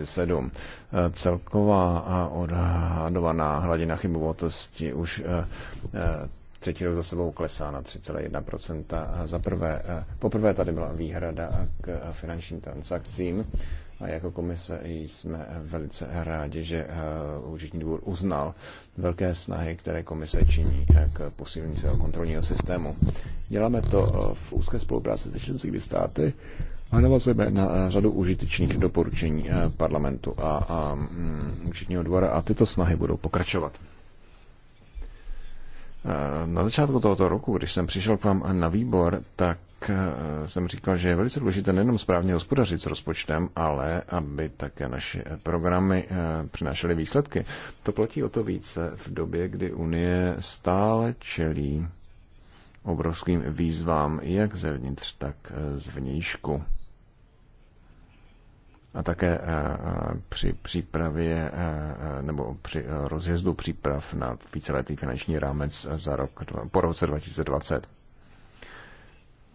2007. Eh, celková eh, odhadovaná hladina chybovatosti už eh, třetí rok za sebou klesá na 3,1%. Za prvé, poprvé tady byla výhrada k finančním transakcím a jako komise jsme velice rádi, že účetní dvůr uznal velké snahy, které komise činí k posílení svého kontrolního systému. Děláme to v úzké spolupráci se členskými státy Hledala sebe na eh, řadu užitečných doporučení eh, parlamentu a, a mm, účetního dvora a tyto snahy budou pokračovat. Eh, na začátku tohoto roku, když jsem přišel k vám na výbor, tak jsem říkal, že je velice důležité nejenom správně hospodařit s rozpočtem, ale aby také naše programy přinášely výsledky. To platí o to více v době, kdy Unie stále čelí obrovským výzvám jak zevnitř, tak zvnějšku a také eh, eh, při přípravě eh, nebo při rozjezdu příprav na víceletý finanční rámec za rok, po roce 2020.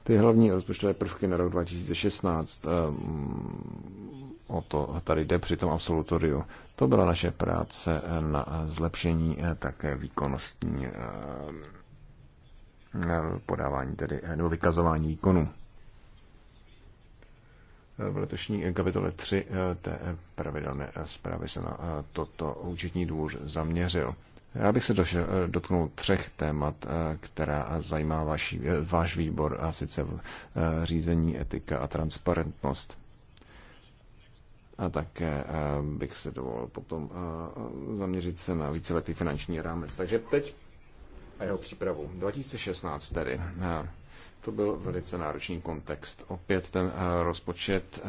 Ty hlavní rozpočtové prvky na rok 2016, mm, o to tady jde při tom absolutoriu, to byla naše práce na zlepšení také výkonnostní podávání, tedy, nebo vykazování výkonu v letošní kapitole 3 eh, té pravidelné eh, zprávy se na eh, toto účetní dvůr zaměřil. Já bych se došel, dotknul třech témat, která zajímá váš, váš výbor, a sice řízení, etika a transparentnost. A také bych se dovolil potom zaměřit se na víceletý finanční rámec. Takže teď a jeho přípravu. 2016 tedy to byl velice náročný kontext. Opět ten eh, rozpočet eh,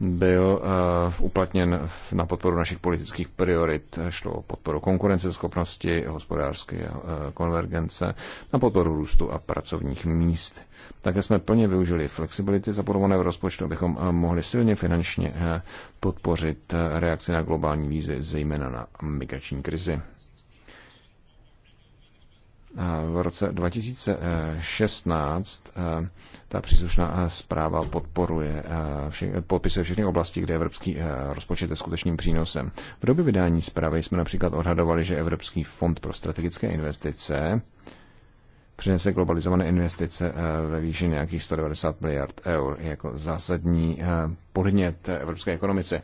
byl eh, uplatněn na podporu našich politických priorit. Šlo o podporu konkurenceschopnosti, hospodářské konvergence, na podporu růstu a pracovních míst. Také jsme plně využili flexibility zapodované v rozpočtu, abychom mohli silně finančně podpořit reakci na globální vízy, zejména na migrační krizi v roce 2016 eh, ta příslušná eh, zpráva podporuje, eh, popisuje všechny oblasti, kde evropský rozpočet je skutečným přínosem. V době vydání zprávy jsme například odhadovali, že Evropský fond pro strategické investice přinese globalizované investice ve výši nějakých 190 miliard eur jako zásadní podnět evropské ekonomice.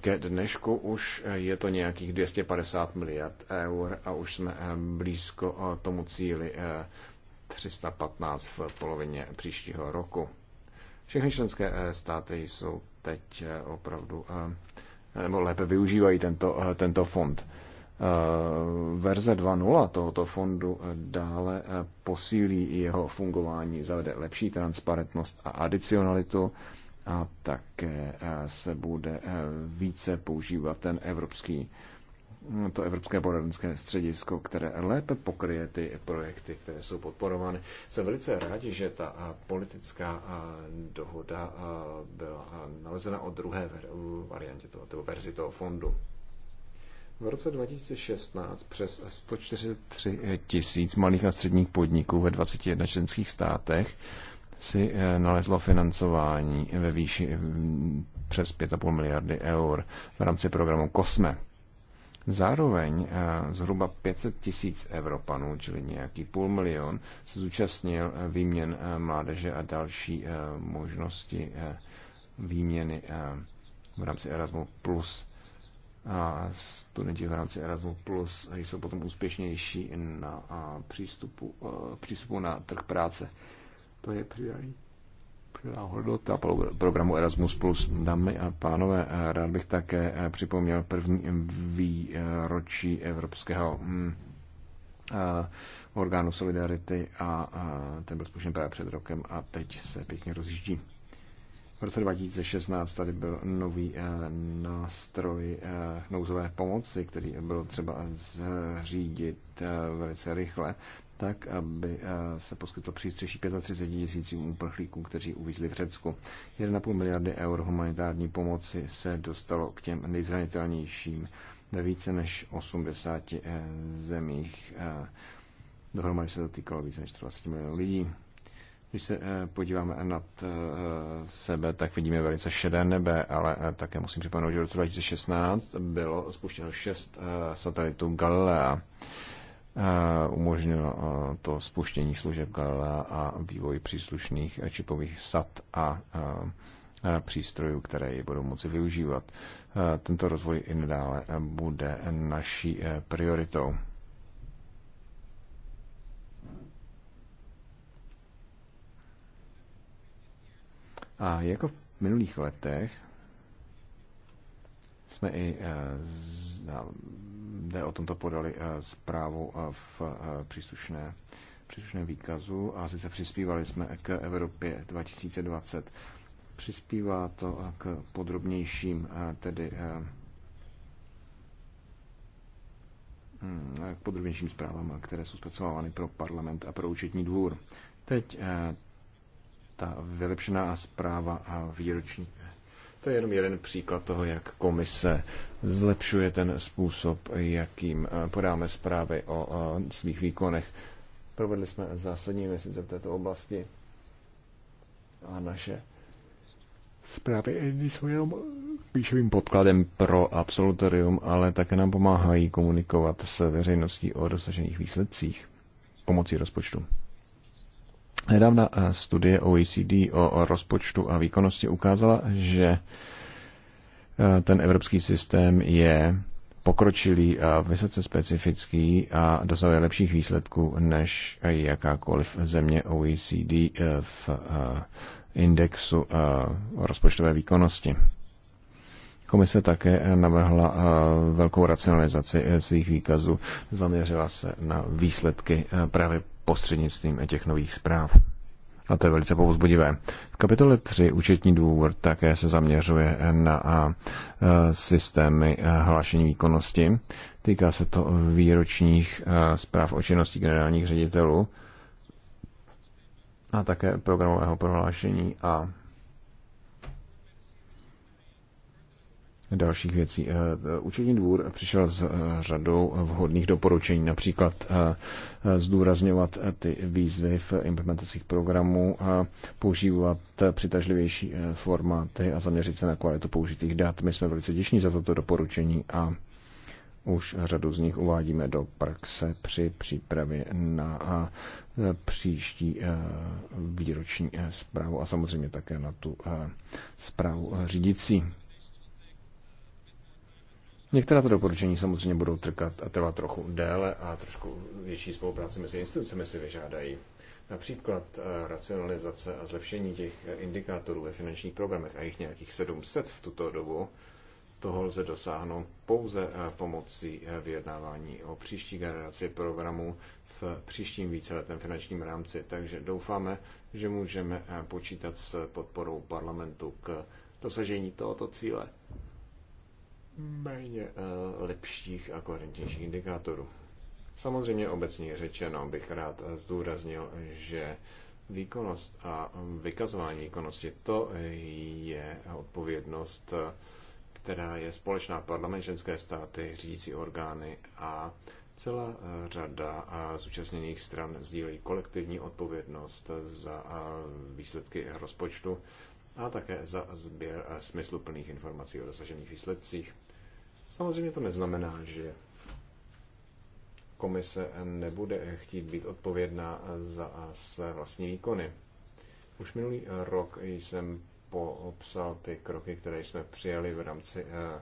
Ke dnešku už je to nějakých 250 miliard eur a už jsme eh, blízko eh, tomu cíli 315 eh, v polovině příštího roku. Všechny členské státy jsou teď opravdu, nebo lépe využívají tento, tento fond. Verze 2.0 tohoto fondu dále posílí jeho fungování, zavede lepší transparentnost a adicionalitu a také eh, se bude eh, více používat ten evropský to Evropské poradenské středisko, které lépe pokryje ty projekty, které jsou podporovány. Jsem velice rádi, že ta eh, politická dohoda byla nalezena o druhé variantě toho, toho verzi toho fondu. V roce 2016 přes 143 tisíc malých a středních podniků ve 21 členských státech si eh, nalezlo financování ve výši eh, přes 5,5 miliardy eur v rámci programu COSME. Zároveň eh, zhruba 500 tisíc Evropanů, čili nějaký půl milion, se zúčastnil výměn mládeže a další možnosti výměny v rámci Erasmu+. A studenti v rámci Erasmu Plus jsou potom úspěšnější na přístupu, přístupu na trh práce. To je přidání přidaná hodnota programu Erasmus+. Dámy a pánové, rád bych také eh, připomněl první výročí Evropského hm, eh, orgánu Solidarity a eh, ten byl spuštěn právě před rokem a teď se pěkně rozjíždí. V roce 2016 tady byl nový nástroj nouzové pomoci, který bylo třeba zřídit velice rychle tak, aby eh, se poskytlo přístřeší 35 tisícím úprchlíkům, kteří uvízli v Řecku. 1,5 miliardy eur humanitární pomoci se dostalo k těm nejzranitelnějším ve více než 80 eh, zemích. Eh, dohromady se to týkalo více než 20 milionů lidí. Když se podíváme nad sebe, tak vidíme velice šedé nebe, ale také musím připomenout, že v roce 2016 bylo spuštěno šest satelitů Galilea. Eh, umožnil eh, to spuštění služeb Galilea a vývoj příslušných čipových sat a eh, přístrojů, které ji budou moci využívat. Tento rozvoj i nadále bude naší prioritou. A jako v minulých letech jsme i Lidé o tomto podali eh, zprávu eh, v eh, příslušné příslušném výkazu a sice přispívali jsme k Evropě 2020. Přispívá to k podrobnějším tedy hmm, k podrobnějším zprávám, které jsou zpracovávány pro parlament a pro účetní dvůr. Teď ta vylepšená zpráva a výroční to je jenom jeden příklad toho, jak komise zlepšuje ten způsob, jakým eh, podáme zprávy o eh, svých výkonech. Provedli jsme zásadní investice v této oblasti a naše zprávy jsou jenom píšovým podkladem pro absolutorium, ale také nám pomáhají komunikovat s veřejností o dosažených výsledcích pomocí rozpočtu. Nedávna eh, studie OECD o rozpočtu a výkonnosti ukázala, že eh, ten evropský systém je pokročilý a vysoce specifický a dosahuje lepších výsledků než jakákoliv země OECD eh, v indexu rozpočtové výkonnosti. Komise také navrhla velkou racionalizaci svých výkazů, zaměřila se na výsledky právě prostřednictvím těch nových zpráv. A to je velice povzbudivé. V kapitole 3 účetní důvod také se zaměřuje na e, systémy e, hlášení výkonnosti. Týká se to výročních e, zpráv o činnosti generálních ředitelů a také programového prohlášení a dalších věcí. Učení eh, eh, dvůr přišel s eh, řadou vhodných doporučení, například zdůrazňovat ty výzvy v implementacích programů, používat přitažlivější formáty a zaměřit se na kvalitu použitých dat. My jsme velice děční za toto doporučení a už řadu z nich uvádíme do praxe při přípravě na příští výroční zprávu a samozřejmě také na tu zprávu řídící. Některá ta doporučení samozřejmě budou trkat a trvat trochu déle a trošku větší spolupráce mezi institucemi si vyžádají. Například eh, racionalizace a zlepšení těch eh, indikátorů ve finančních programech, a jich nějakých 700 v tuto dobu, toho lze dosáhnout pouze eh, pomocí vyjednávání o příští generaci programů v příštím víceletém finančním rámci. Takže doufáme, že můžeme počítat s podporou parlamentu k dosažení tohoto cíle méně eh, lepších a koherentnějších indikátorů. Samozřejmě obecně řečeno bych rád eh, zdůraznil, že výkonnost a vykazování výkonnosti to je odpovědnost, eh, která je společná parlament, ženské státy, řídící orgány a celá řada zúčastněných stran sdílí kolektivní odpovědnost za výsledky rozpočtu a také za sběr smysluplných informací o dosažených výsledcích. Samozřejmě to neznamená, že komise nebude chtít být odpovědná za své vlastní výkony. Už minulý rok jsem popsal ty kroky, které jsme přijali v rámci eh,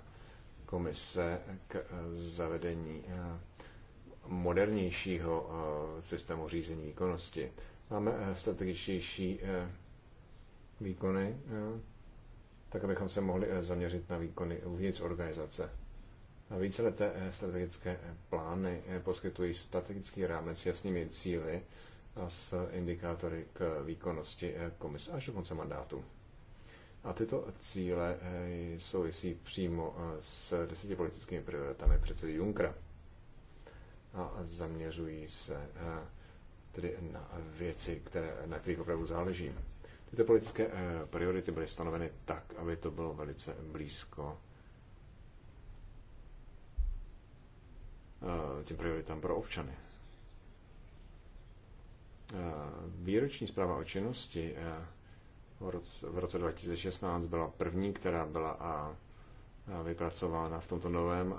komise k eh, zavedení eh, modernějšího systému řízení výkonnosti. Máme strategičtější výkony, tak abychom se mohli zaměřit na výkony uvnitř organizace. Víceleté eh, strategické eh, plány eh, poskytují strategický rámec s jasnými cíly a s indikátory k výkonnosti komise až do konce mandátu. A tyto cíle souvisí přímo s deseti politickými prioritami předsedy Junkra a zaměřují se tedy na věci, které, na kterých opravdu záleží. Tyto politické priority byly stanoveny tak, aby to bylo velice blízko Eh, těm prioritám pro občany. Eh, výroční zpráva o činnosti eh, v roce, v roce 2016 byla první, která byla a vypracována v tomto novém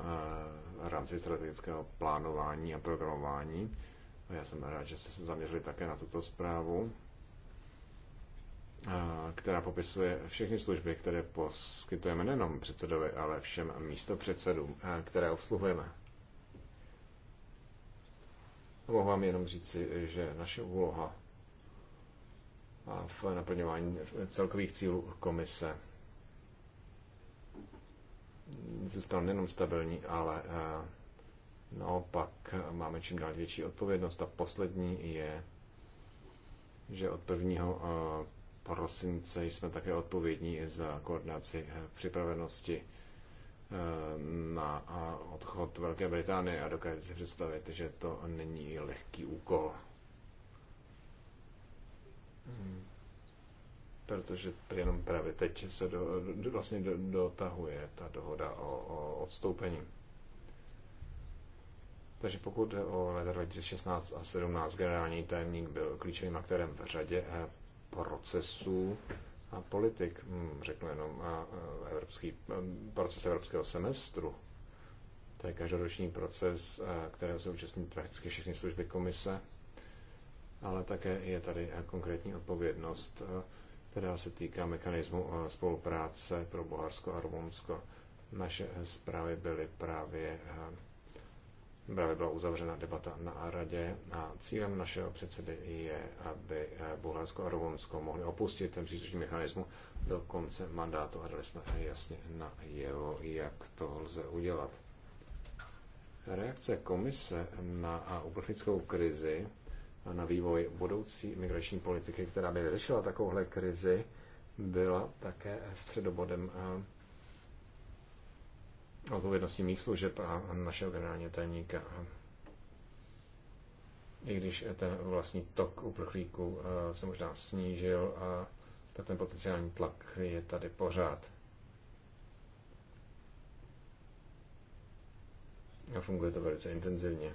rámci strategického plánování a programování. A já jsem rád, že jste se zaměřili také na tuto zprávu, která popisuje všechny služby, které poskytujeme nejenom předsedovi, ale všem místopředsedům, které obsluhujeme. A mohu vám jenom říci, že naše úloha v naplňování celkových cílů komise zůstala nejenom stabilní, ale eh, naopak máme čím dál větší odpovědnost. A poslední je, že od 1. Eh, prosince jsme také odpovědní za koordinaci eh, připravenosti na odchod Velké Británie a dokážete si představit, že to není lehký úkol. Hmm. Protože jenom právě teď se do, do, vlastně do, dotahuje ta dohoda o, o odstoupení. Takže pokud o leta 2016 a 2017 generální tajemník byl klíčovým aktérem v řadě eh, procesů a politik, hmm, řeknu jenom a eh, eh, evropský, proces evropského semestru, to je každoroční proces, eh, kterého se účastní prakticky všechny služby komise, ale také je tady eh, konkrétní odpovědnost, eh, která se týká mechanismu spolupráce pro Bulharsko a Rumunsko. Naše zprávy byly právě Právě byla uzavřena debata na radě a cílem našeho předsedy je, aby Bulharsko a Rumunsko mohli opustit ten příslušný mechanismus do konce mandátu a dali jsme jasně na jeho, jak to lze udělat. Reakce komise na uprchlickou krizi a na vývoj budoucí migrační politiky, která by vyřešila takovouhle krizi, byla také středobodem odpovědnosti mých služeb a našeho generálního tajemníka. I když ten vlastní tok uprchlíků se možná snížil, a tak ten potenciální tlak je tady pořád. A funguje to velice intenzivně.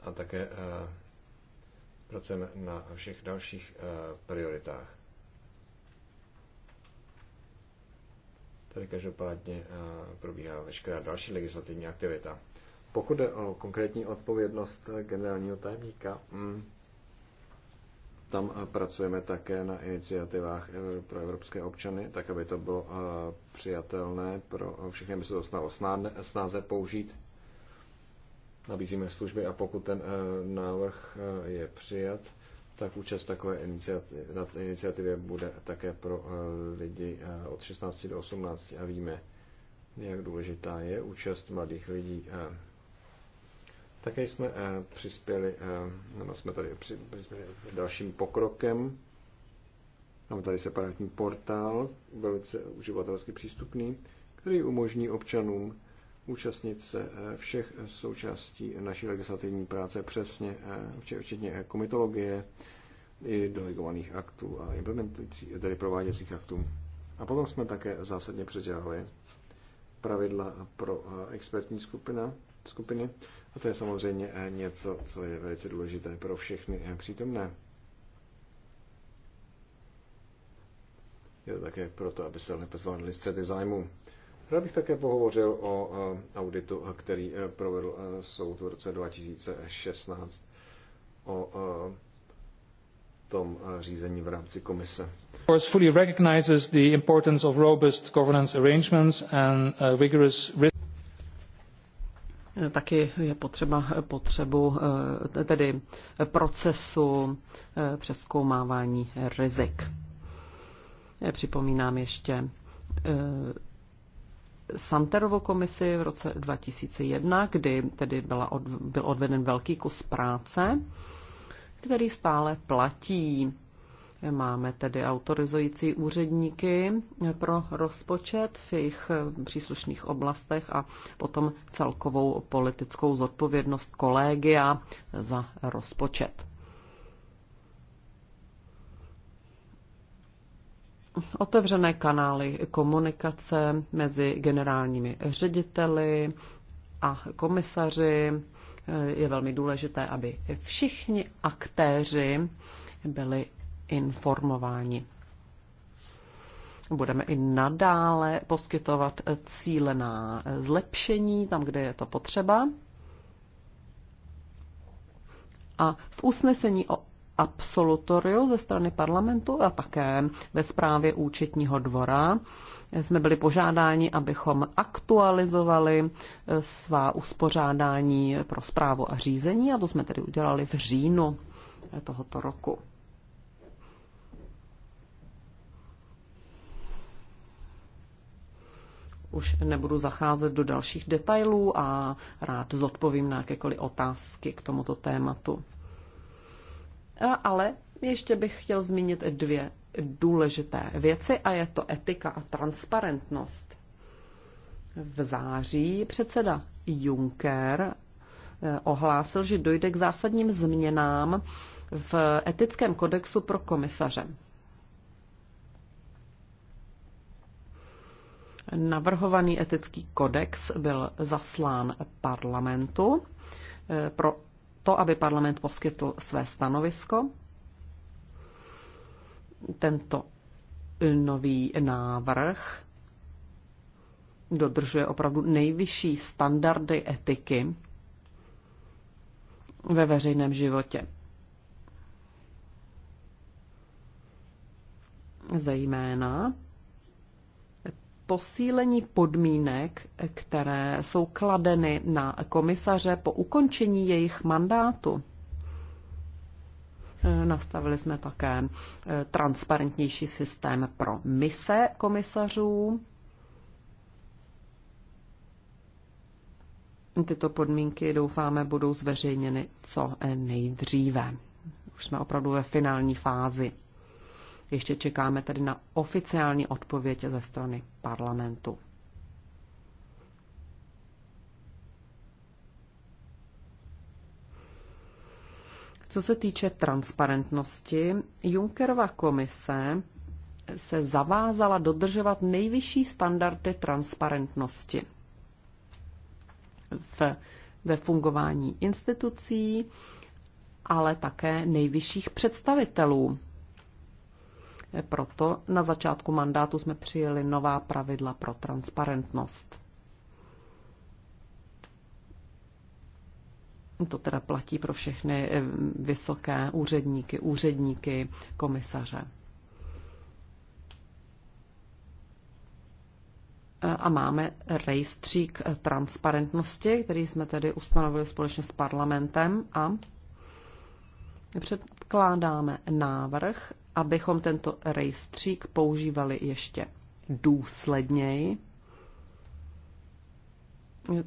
A také eh, pracujeme na všech dalších eh, prioritách. Tady každopádně eh, probíhá veškerá další legislativní aktivita. Pokud jde o konkrétní odpovědnost generálního tajemníka, mm, tam pracujeme také na iniciativách pro evropské občany, tak aby to bylo přijatelné pro všechny, aby se to snadlo snáze použít. Nabízíme služby a pokud ten e, návrh e, je přijat, tak účast takové iniciativy, na iniciativě bude také pro e, lidi od 16 do 18 a víme, jak důležitá je účast mladých lidí. Také jsme eh, přispěli, eh, nebo jsme tady přispěli dalším pokrokem. Máme tady separátní portál, velice uživatelsky přístupný, který umožní občanům účastnit se eh, všech součástí naší legislativní práce, přesně včetně komitologie, i delegovaných aktů a implementací, tedy prováděcích aktů. A potom jsme také zásadně předělali pravidla pro expertní skupina, skupiny. A to je samozřejmě eh, něco, co je velice důležité pro všechny eh, přítomné. Je to také proto, aby se lépe zvládly střety zájmu. Rád bych také pohovořil o eh, auditu, který provedl soud v roce 2016 o tom řízení v rámci komise. fully recognizes the importance of robust governance arrangements and rigorous Taky je potřeba potřebu eh, tedy procesu eh, přeskoumávání rizik. Eh, připomínám ještě Santerovou komisi v roce 2001, kdy tedy byla od, byl odveden velký kus práce, který stále platí. Máme tedy autorizující úředníky pro rozpočet v jejich příslušných oblastech a potom celkovou politickou zodpovědnost kolegia za rozpočet. Otevřené kanály komunikace mezi generálními řediteli a komisaři je velmi důležité, aby všichni aktéři byli informováni. Budeme i nadále poskytovat cílená zlepšení tam, kde je to potřeba. A v usnesení o absolutoriu ze strany parlamentu a také ve zprávě účetního dvora jsme byli požádáni, abychom aktualizovali svá uspořádání pro zprávu a řízení a to jsme tedy udělali v říjnu tohoto roku. už nebudu zacházet do dalších detailů a rád zodpovím na jakékoliv otázky k tomuto tématu. A, ale ještě bych chtěl zmínit dvě důležité věci a je to etika a transparentnost. V září předseda Juncker eh, ohlásil, že dojde k zásadním změnám v etickém kodexu pro komisaře. Navrhovaný etický kodex byl zaslán parlamentu eh, pro to, aby parlament poskytl své stanovisko. Tento nový návrh dodržuje opravdu nejvyšší standardy etiky ve veřejném životě. Zejména posílení podmínek, které jsou kladeny na komisaře po ukončení jejich mandátu. E, nastavili jsme také e, transparentnější systém pro mise komisařů. Tyto podmínky, doufáme, budou zveřejněny co e, nejdříve. Už jsme opravdu ve finální fázi. Ještě čekáme tedy na oficiální odpověď ze strany parlamentu. Co se týče transparentnosti, Junckerova komise se zavázala dodržovat nejvyšší standardy transparentnosti v, ve fungování institucí, ale také nejvyšších představitelů proto na začátku mandátu jsme přijeli nová pravidla pro transparentnost. To teda platí pro všechny eh, vysoké úředníky, úředníky, komisaře. a máme rejstřík transparentnosti, který jsme tedy ustanovili společně s parlamentem a předkládáme návrh abychom tento rejstřík používali ještě důsledněji,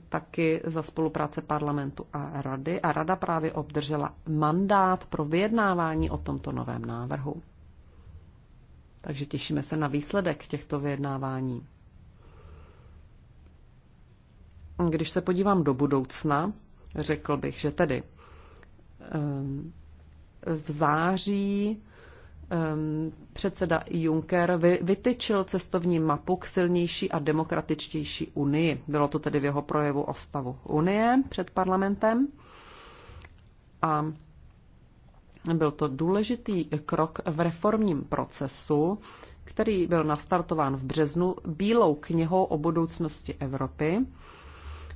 taky za spolupráce parlamentu a rady. A rada právě obdržela mandát pro vyjednávání o tomto novém návrhu. Takže těšíme se na výsledek těchto vyjednávání. Když se podívám do budoucna, řekl bych, že tedy ehm, v září Ehm, předseda Juncker vytyčil cestovní mapu k silnější a demokratičtější unii. Bylo to tedy v jeho projevu o stavu unie před parlamentem. A byl to důležitý krok v reformním procesu, který byl nastartován v březnu Bílou knihou o budoucnosti Evropy,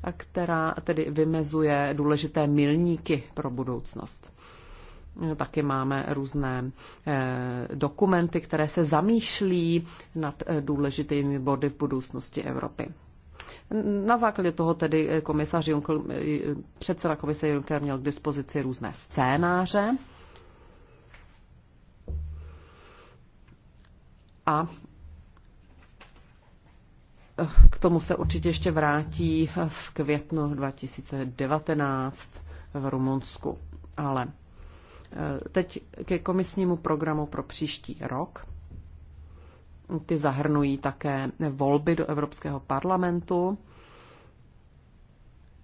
a která tedy vymezuje důležité milníky pro budoucnost. Taky máme různé eh, dokumenty, které se zamýšlí nad eh, důležitými body v budoucnosti Evropy. Na základě toho tedy eh, komisař Juncker, předseda komise Juncker měl k dispozici různé scénáře a k tomu se určitě ještě vrátí v květnu 2019 v Rumunsku. Ale Eh, teď ke komisnímu programu pro příští rok. Ty zahrnují také volby do Evropského parlamentu.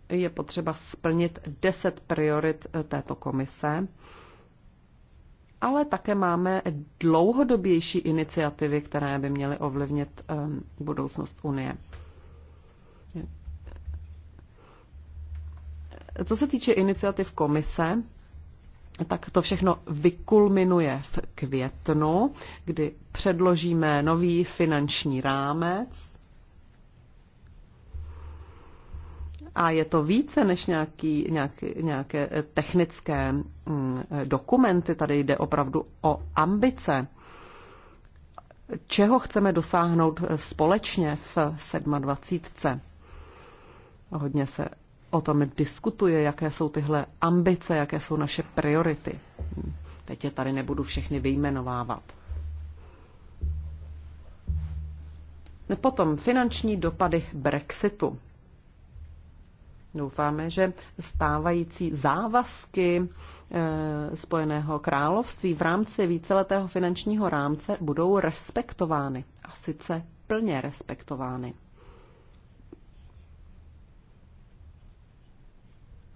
Je potřeba splnit 10 priorit eh, této komise, ale také máme dlouhodobější iniciativy, které by měly ovlivnit eh, budoucnost Unie. Co se týče iniciativ komise, tak to všechno vykulminuje v květnu, kdy předložíme nový finanční rámec. A je to více než nějaký, nějak, nějaké eh, technické mm, eh, dokumenty. Tady jde opravdu o ambice. Čeho chceme dosáhnout eh, společně v 27. Hodně se o tom diskutuje, jaké jsou tyhle ambice, jaké jsou naše priority. Teď je tady nebudu všechny vyjmenovávat. No potom finanční dopady Brexitu. Doufáme, že stávající závazky e, Spojeného království v rámci víceletého finančního rámce budou respektovány. A sice plně respektovány.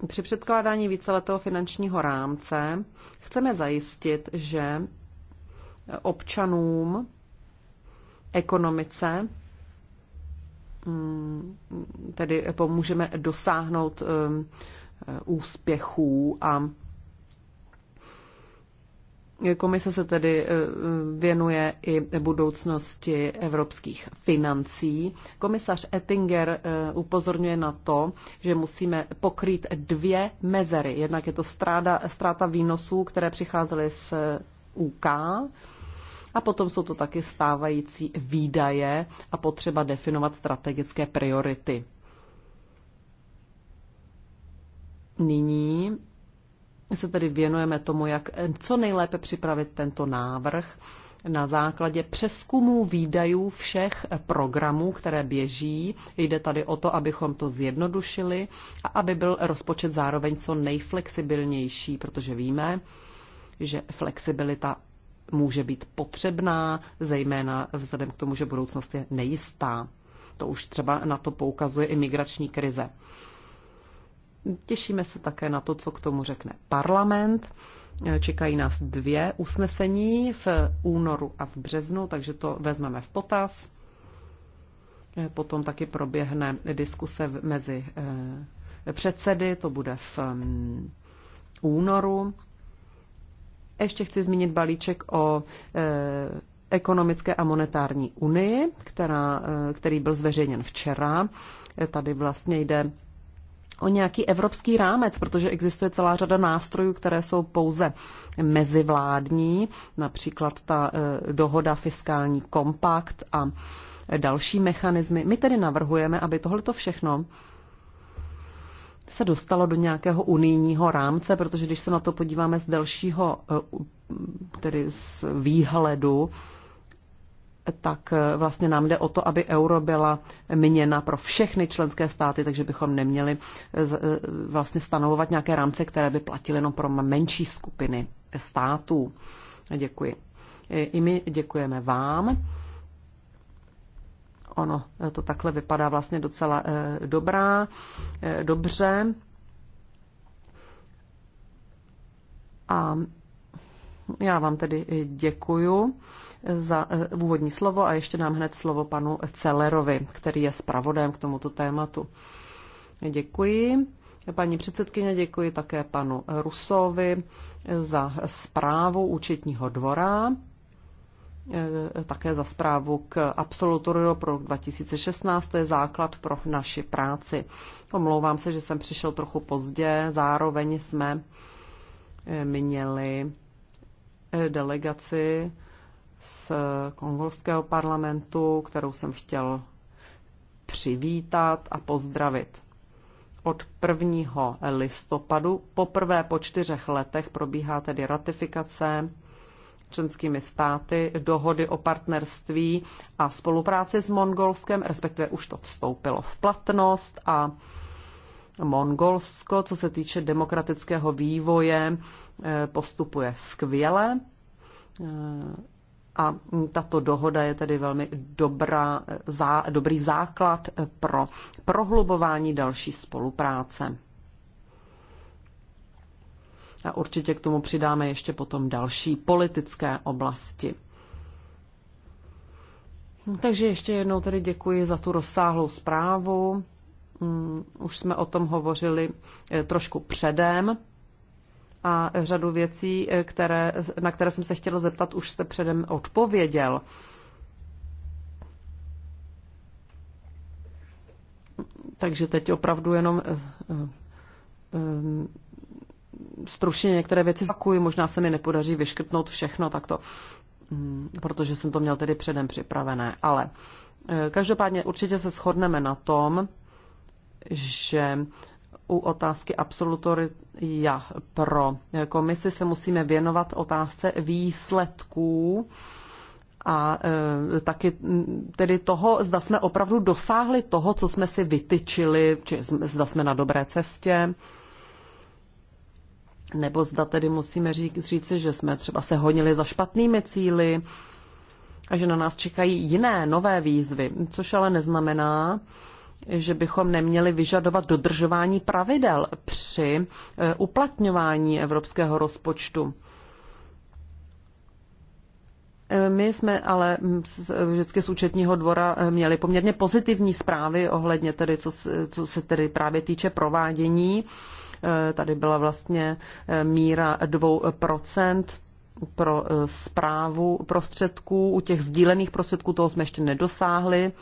Při předkládání víceletého finančního rámce chceme zajistit, že občanům, ekonomice, mm, tedy pomůžeme dosáhnout um, úspěchů a Komise se tedy eh, věnuje i budoucnosti evropských financí. Komisař Ettinger eh, upozorňuje na to, že musíme pokrýt dvě mezery. Jednak je to stráda, stráta výnosů, které přicházely z eh, UK, a potom jsou to taky stávající výdaje a potřeba definovat strategické priority. Nyní se tedy věnujeme tomu, jak co nejlépe připravit tento návrh na základě přeskumů výdajů všech programů, které běží. Jde tady o to, abychom to zjednodušili a aby byl rozpočet zároveň co nejflexibilnější, protože víme, že flexibilita může být potřebná, zejména vzhledem k tomu, že budoucnost je nejistá. To už třeba na to poukazuje i migrační krize. Těšíme se také na to, co k tomu řekne parlament. Eh, čekají nás dvě usnesení v únoru a v březnu, takže to vezmeme v potaz. Eh, potom taky proběhne diskuse mezi eh, předsedy, to bude v mm, únoru. Ještě chci zmínit balíček o ekonomické a monetární unii, která, který byl zveřejněn včera. Tady vlastně jde o nějaký evropský rámec, protože existuje celá řada nástrojů, které jsou pouze mezivládní, například ta e, dohoda fiskální kompakt a další mechanismy. My tedy navrhujeme, aby tohleto všechno se dostalo do nějakého unijního rámce, protože když se na to podíváme z dalšího e, tedy z výhledu, tak eh, vlastně nám jde o to, aby euro byla měna pro všechny členské státy, takže bychom neměli eh, eh, vlastně stanovovat nějaké rámce, které by platily jenom pro menší skupiny států. Děkuji. I my děkujeme vám. Ono to takhle vypadá vlastně docela dobrá, dobře. A já vám tedy děkuju za eh, úvodní slovo a ještě nám hned slovo panu Celerovi, který je zpravodajem k tomuto tématu. Děkuji. Paní předsedkyně, děkuji také panu Rusovi za zprávu účetního dvora, eh, také za zprávu k absolutoriu pro 2016, to je základ pro naši práci. Omlouvám se, že jsem přišel trochu pozdě, zároveň jsme eh, měli delegaci z kongolského parlamentu, kterou jsem chtěl přivítat a pozdravit. Od 1. listopadu poprvé po čtyřech letech probíhá tedy ratifikace členskými státy dohody o partnerství a spolupráci s Mongolskem, respektive už to vstoupilo v platnost a Mongolsko, co se týče demokratického vývoje, eh, postupuje skvěle. Eh, a tato dohoda je tedy velmi dobrá, eh, zá, dobrý základ pro prohlubování další spolupráce. A určitě k tomu přidáme ještě potom další politické oblasti. Takže ještě jednou tedy děkuji za tu rozsáhlou zprávu. Mm, už jsme o tom hovořili eh, trošku předem a řadu věcí, eh, které, na které jsem se chtěla zeptat, už jste předem odpověděl. Takže teď opravdu jenom eh, stručně některé věci zakuji, možná se mi nepodaří vyškrtnout všechno takto, mm, protože jsem to měl tedy předem připravené. Ale každopádně určitě se shodneme na tom, že u otázky absolutoria pro komisi se musíme věnovat otázce výsledků a e, taky tedy toho, zda jsme opravdu dosáhli toho, co jsme si vytyčili, či zda jsme na dobré cestě, nebo zda tedy musíme řík, říci, že jsme třeba se honili za špatnými cíly a že na nás čekají jiné, nové výzvy, což ale neznamená, že bychom neměli vyžadovat dodržování pravidel při eh, uplatňování evropského rozpočtu. Eh, my jsme ale mm, vždycky z účetního dvora eh, měli poměrně pozitivní zprávy ohledně tedy, co, co se tedy právě týče provádění. Tady byla vlastně míra 2% pro zprávu prostředků. U těch sdílených prostředků toho jsme ještě nedosáhli.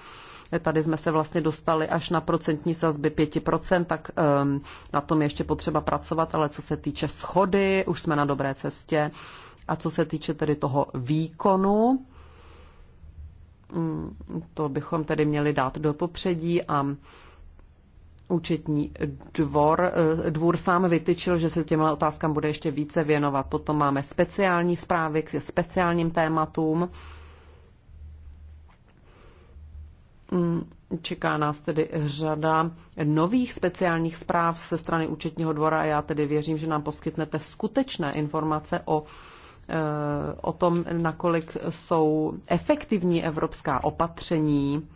Tady jsme se vlastně dostali až na procentní sazby 5%, tak ehm, na tom je ještě potřeba pracovat, ale co se týče schody, už jsme na dobré cestě. A co se týče tedy toho výkonu, mm, to bychom tedy měli dát do popředí a účetní dvor, eh, dvůr sám vytyčil, že se těmhle otázkám bude ještě více věnovat. Potom máme speciální zprávy k speciálním tématům. Mm, čeká nás tedy řada nových speciálních zpráv ze strany účetního dvora a já tedy věřím, že nám poskytnete skutečné informace o, eh, o tom, nakolik jsou efektivní evropská opatření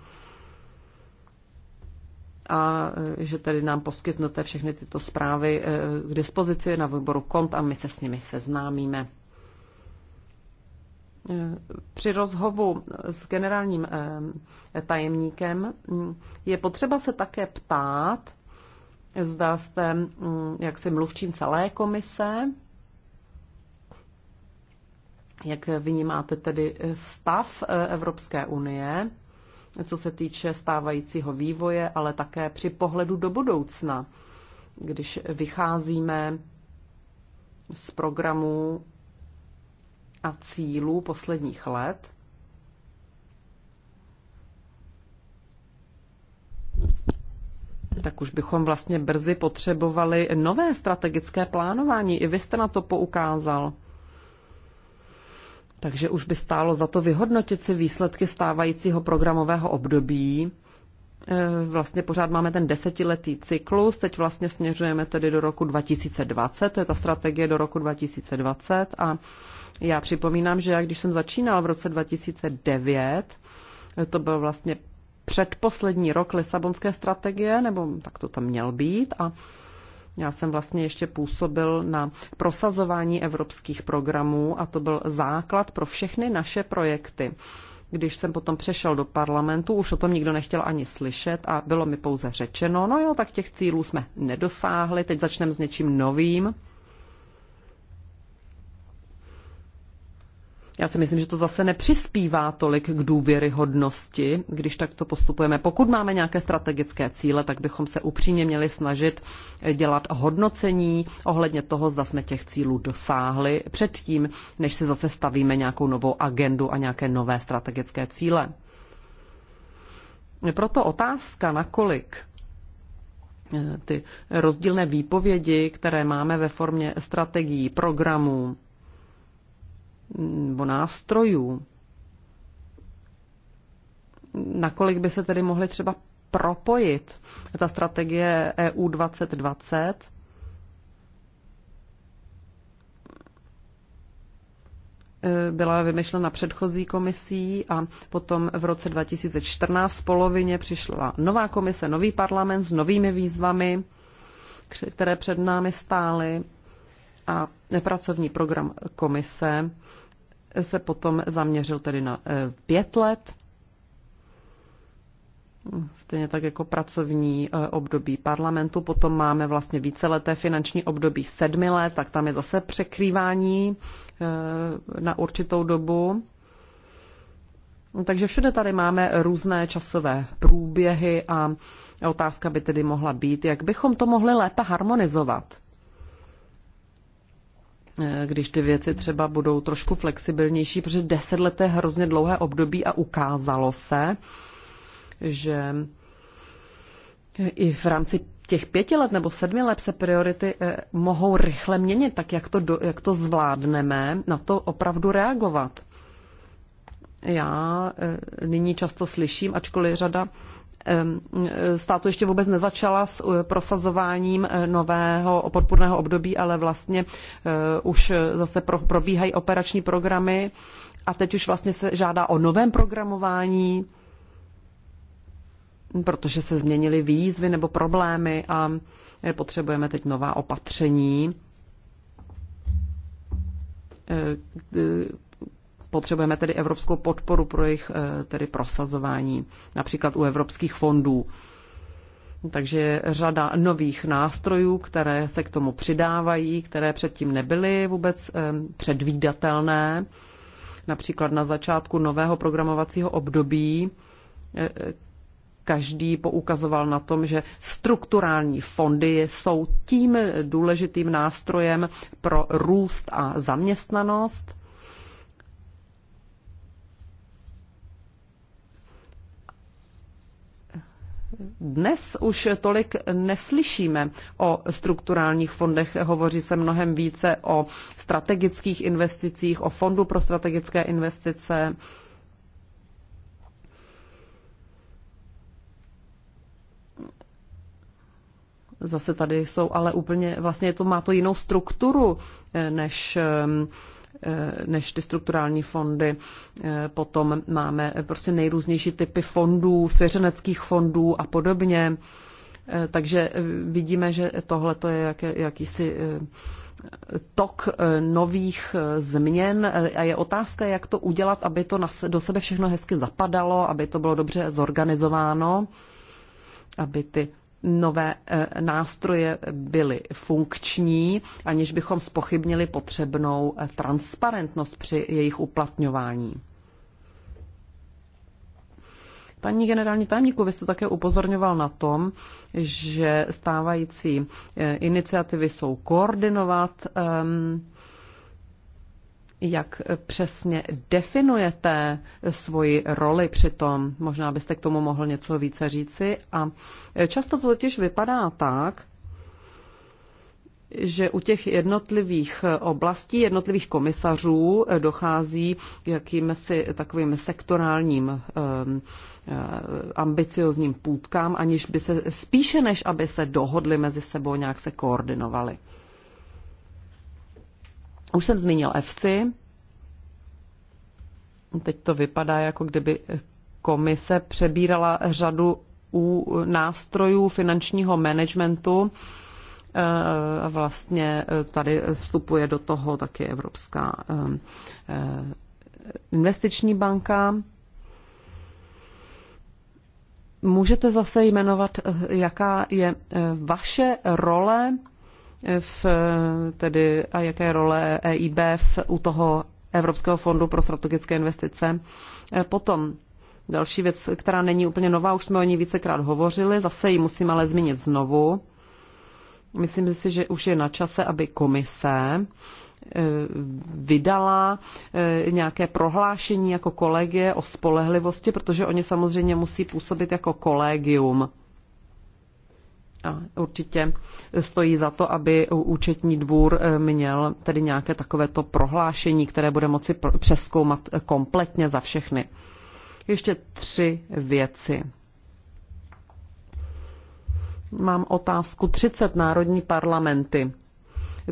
a eh, že tedy nám poskytnete všechny tyto zprávy eh, k dispozici na výboru KONT a my se s nimi seznámíme. Eh, při rozhovu s generálním eh, tajemníkem mm, je potřeba se také ptát, zda jste mm, jak si mluvčím celé komise, jak vnímáte tedy eh, stav Evropské unie, co se týče stávajícího vývoje, ale také při pohledu do budoucna, když vycházíme z programů a cílů posledních let. Tak už bychom vlastně brzy potřebovali nové strategické plánování. I vy jste na to poukázal. Takže už by stálo za to vyhodnotit si výsledky stávajícího programového období E, vlastně pořád máme ten desetiletý cyklus, teď vlastně směřujeme tedy do roku 2020, to je ta strategie do roku 2020 a já připomínám, že já když jsem začínal v roce 2009, e, to byl vlastně předposlední rok Lisabonské strategie, nebo tak to tam měl být a já jsem vlastně ještě působil na prosazování evropských programů a to byl základ pro všechny naše projekty. Když jsem potom přešel do parlamentu, už o tom nikdo nechtěl ani slyšet a bylo mi pouze řečeno, no jo, tak těch cílů jsme nedosáhli, teď začneme s něčím novým. Já si myslím, že to zase nepřispívá tolik k důvěryhodnosti, když takto postupujeme. Pokud máme nějaké strategické cíle, tak bychom se upřímně měli snažit dělat hodnocení ohledně toho, zda jsme těch cílů dosáhli předtím, než si zase stavíme nějakou novou agendu a nějaké nové strategické cíle. Proto otázka, nakolik eh, ty rozdílné výpovědi, které máme ve formě strategií, programů, nebo nástrojů. Nakolik by se tedy mohly třeba propojit ta strategie EU 2020 eh, byla vymyšlena předchozí komisí a potom v roce 2014 v polovině přišla nová komise, nový parlament s novými výzvami, které před námi stály a pracovní program komise se potom zaměřil tedy na eh, pět let, stejně tak jako pracovní eh, období parlamentu. Potom máme vlastně víceleté finanční období sedmi let, tak tam je zase překrývání eh, na určitou dobu. Takže všude tady máme různé časové průběhy a otázka by tedy mohla být, jak bychom to mohli lépe harmonizovat. Eh, když ty věci třeba budou trošku flexibilnější, protože deset let je hrozně dlouhé období a ukázalo se, že i v rámci těch pěti let nebo sedmi let se priority eh, mohou rychle měnit, tak jak to, do, jak to zvládneme, na to opravdu reagovat. Já eh, nyní často slyším, ačkoliv řada E, státu ještě vůbec nezačala s e, prosazováním e, nového podpůrného období, ale vlastně už zase probíhají operační programy a teď už vlastně se žádá o novém programování, protože se změnily výzvy nebo problémy a potřebujeme teď nová opatření, Potřebujeme tedy evropskou podporu pro jejich eh, tedy prosazování, například u evropských fondů. Takže je řada nových nástrojů, které se k tomu přidávají, které předtím nebyly vůbec eh, předvídatelné. Například na začátku nového programovacího období eh, každý poukazoval na tom, že strukturální fondy jsou tím důležitým nástrojem pro růst a zaměstnanost. dnes už tolik neslyšíme o strukturálních fondech, hovoří se mnohem více o strategických investicích, o fondu pro strategické investice. Zase tady jsou, ale úplně vlastně to má to jinou strukturu eh, než eh, Eh, než ty strukturální fondy. Eh, potom máme prostě nejrůznější typy fondů, svěřeneckých fondů a podobně. Eh, takže vidíme, že tohle to je jak, jakýsi tok nových změn a je otázka, jak to udělat, aby to do sebe všechno hezky zapadalo, aby to bylo dobře zorganizováno, aby ty nové eh, nástroje byly funkční, aniž bychom spochybnili potřebnou eh, transparentnost při jejich uplatňování. Paní generální tajemníku, vy jste také upozorňoval na tom, že stávající eh, iniciativy jsou koordinovat um, jak přesně definujete svoji roli tom? Možná byste k tomu mohl něco více říci. A často to totiž vypadá tak, že u těch jednotlivých oblastí, jednotlivých komisařů eh, dochází k jakýmsi takovým sektorálním ehm, eh, ambiciozním půdkám, aniž by se spíše než aby se dohodli mezi sebou, nějak se koordinovali. Už jsem zmínil EFSI. Teď to vypadá, jako kdyby komise přebírala řadu u nástrojů finančního managementu. Eh, vlastně eh, tady vstupuje do toho taky Evropská eh, investiční banka. Můžete zase jmenovat, jaká je vaše role v, tedy, a jaké role EIB v, u toho Evropského fondu pro strategické investice. E, potom další věc, která není úplně nová, už jsme o ní vícekrát hovořili, zase ji musím ale zmínit znovu. Myslím si, že už je na čase, aby komise e, vydala e, nějaké prohlášení jako kolegie o spolehlivosti, protože oni samozřejmě musí působit jako kolegium a určitě stojí za to, aby účetní dvůr eh, měl tedy nějaké takovéto prohlášení, které bude moci přeskoumat eh, kompletně za všechny. Ještě tři věci. Mám otázku 30 národní parlamenty.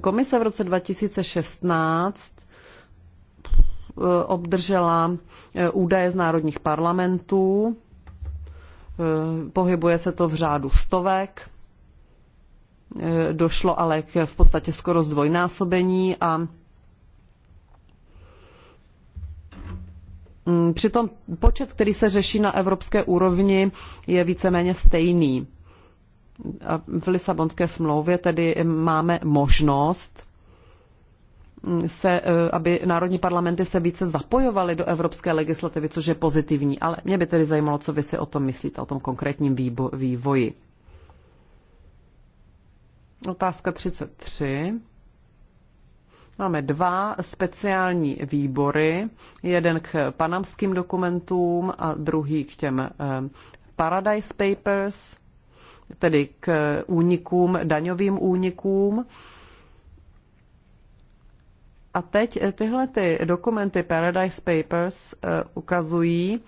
Komise v roce 2016 eh, obdržela údaje z národních parlamentů. Pohybuje se to v řádu stovek. Eh, došlo ale k v podstatě skoro zdvojnásobení a mm, Přitom počet, který se řeší na evropské úrovni, je víceméně stejný. V Lisabonské smlouvě tedy máme možnost, mm, se, eh, aby národní parlamenty se více zapojovaly do evropské legislativy, což je pozitivní. Ale mě by tedy zajímalo, co vy si o tom myslíte, o tom konkrétním vývoji. Otázka 33. Máme dva speciální výbory, jeden k panamským dokumentům a druhý k těm eh, Paradise Papers, tedy k únikům, daňovým únikům. A teď eh, tyhle ty dokumenty Paradise Papers eh, ukazují,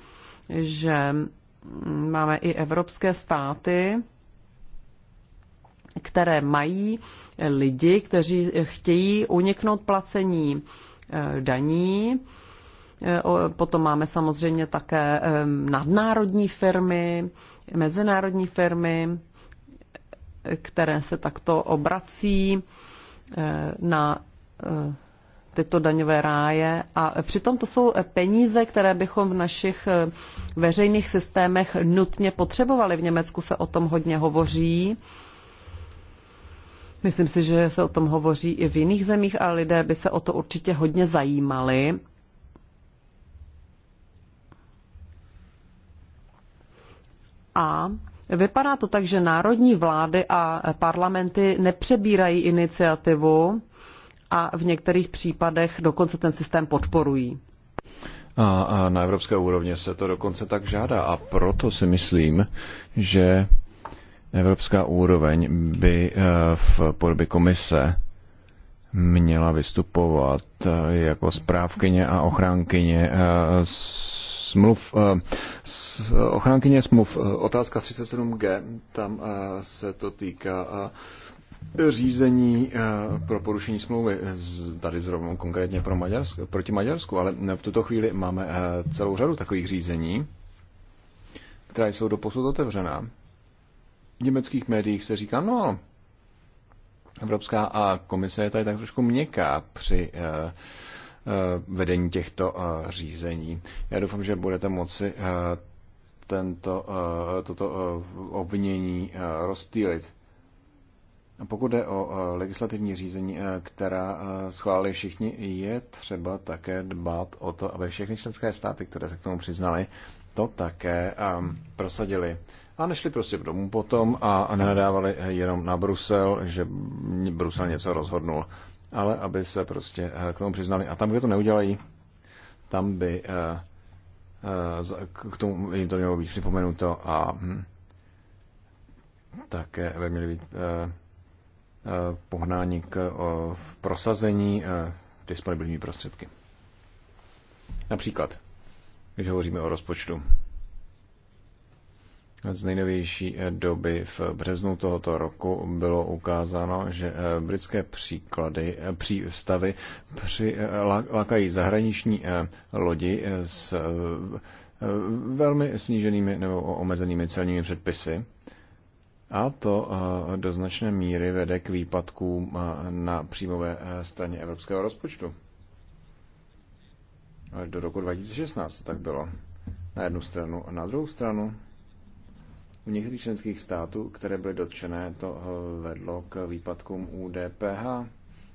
že mm, máme i evropské státy, které mají lidi, kteří chtějí uniknout placení eh, daní. Eh, potom máme samozřejmě také eh, nadnárodní firmy, mezinárodní firmy, které se takto obrací na tyto daňové ráje. A přitom to jsou peníze, které bychom v našich veřejných systémech nutně potřebovali. V Německu se o tom hodně hovoří. Myslím si, že se o tom hovoří i v jiných zemích a lidé by se o to určitě hodně zajímali. A vypadá to tak, že národní vlády a parlamenty nepřebírají iniciativu a v některých případech dokonce ten systém podporují. A, na evropské úrovni se to dokonce tak žádá a proto si myslím, že Evropská úroveň by eh, v podobě komise měla vystupovat eh, jako správkyně a ochránkyně eh, smluv, ochránkyně smluv. Otázka 37G, tam se to týká řízení pro porušení smlouvy tady zrovna konkrétně pro Maďarsk, proti Maďarsku, ale v tuto chvíli máme celou řadu takových řízení, která jsou doposud otevřená německých médiích se říká, no, Evropská a komise je tady tak trošku měkká při eh, eh, vedení těchto eh, řízení. Já doufám, že budete moci tento, toto obvinění rozptýlit. Pokud jde o legislativní řízení, která schválili všichni, je třeba také dbát o to, aby všechny členské státy, které se k tomu přiznaly, to také prosadili. A nešli prostě domů potom a, a nenadávali jenom na Brusel, že Brusel něco rozhodnul, ale aby se prostě eh, k tomu přiznali. A tam, kde to neudělají, tam by eh, eh, k tomu jim to mělo být připomenuto a hm, také by měly být pohnání k v prosazení disponibilní prostředky. Například, když hovoříme o rozpočtu, z nejnovější eh, doby v březnu tohoto roku bylo ukázáno, že eh, britské příklady, eh, přístavy při, lákají zahraniční lodi s velmi sníženými nebo omezenými celními předpisy. A to do značné míry vede k výpadkům na příjmové straně evropského rozpočtu. Až do roku 2016 tak bylo. Na jednu stranu a na druhou stranu u některých členských států, které byly dotčené, to eh, vedlo k výpadkům u DPH.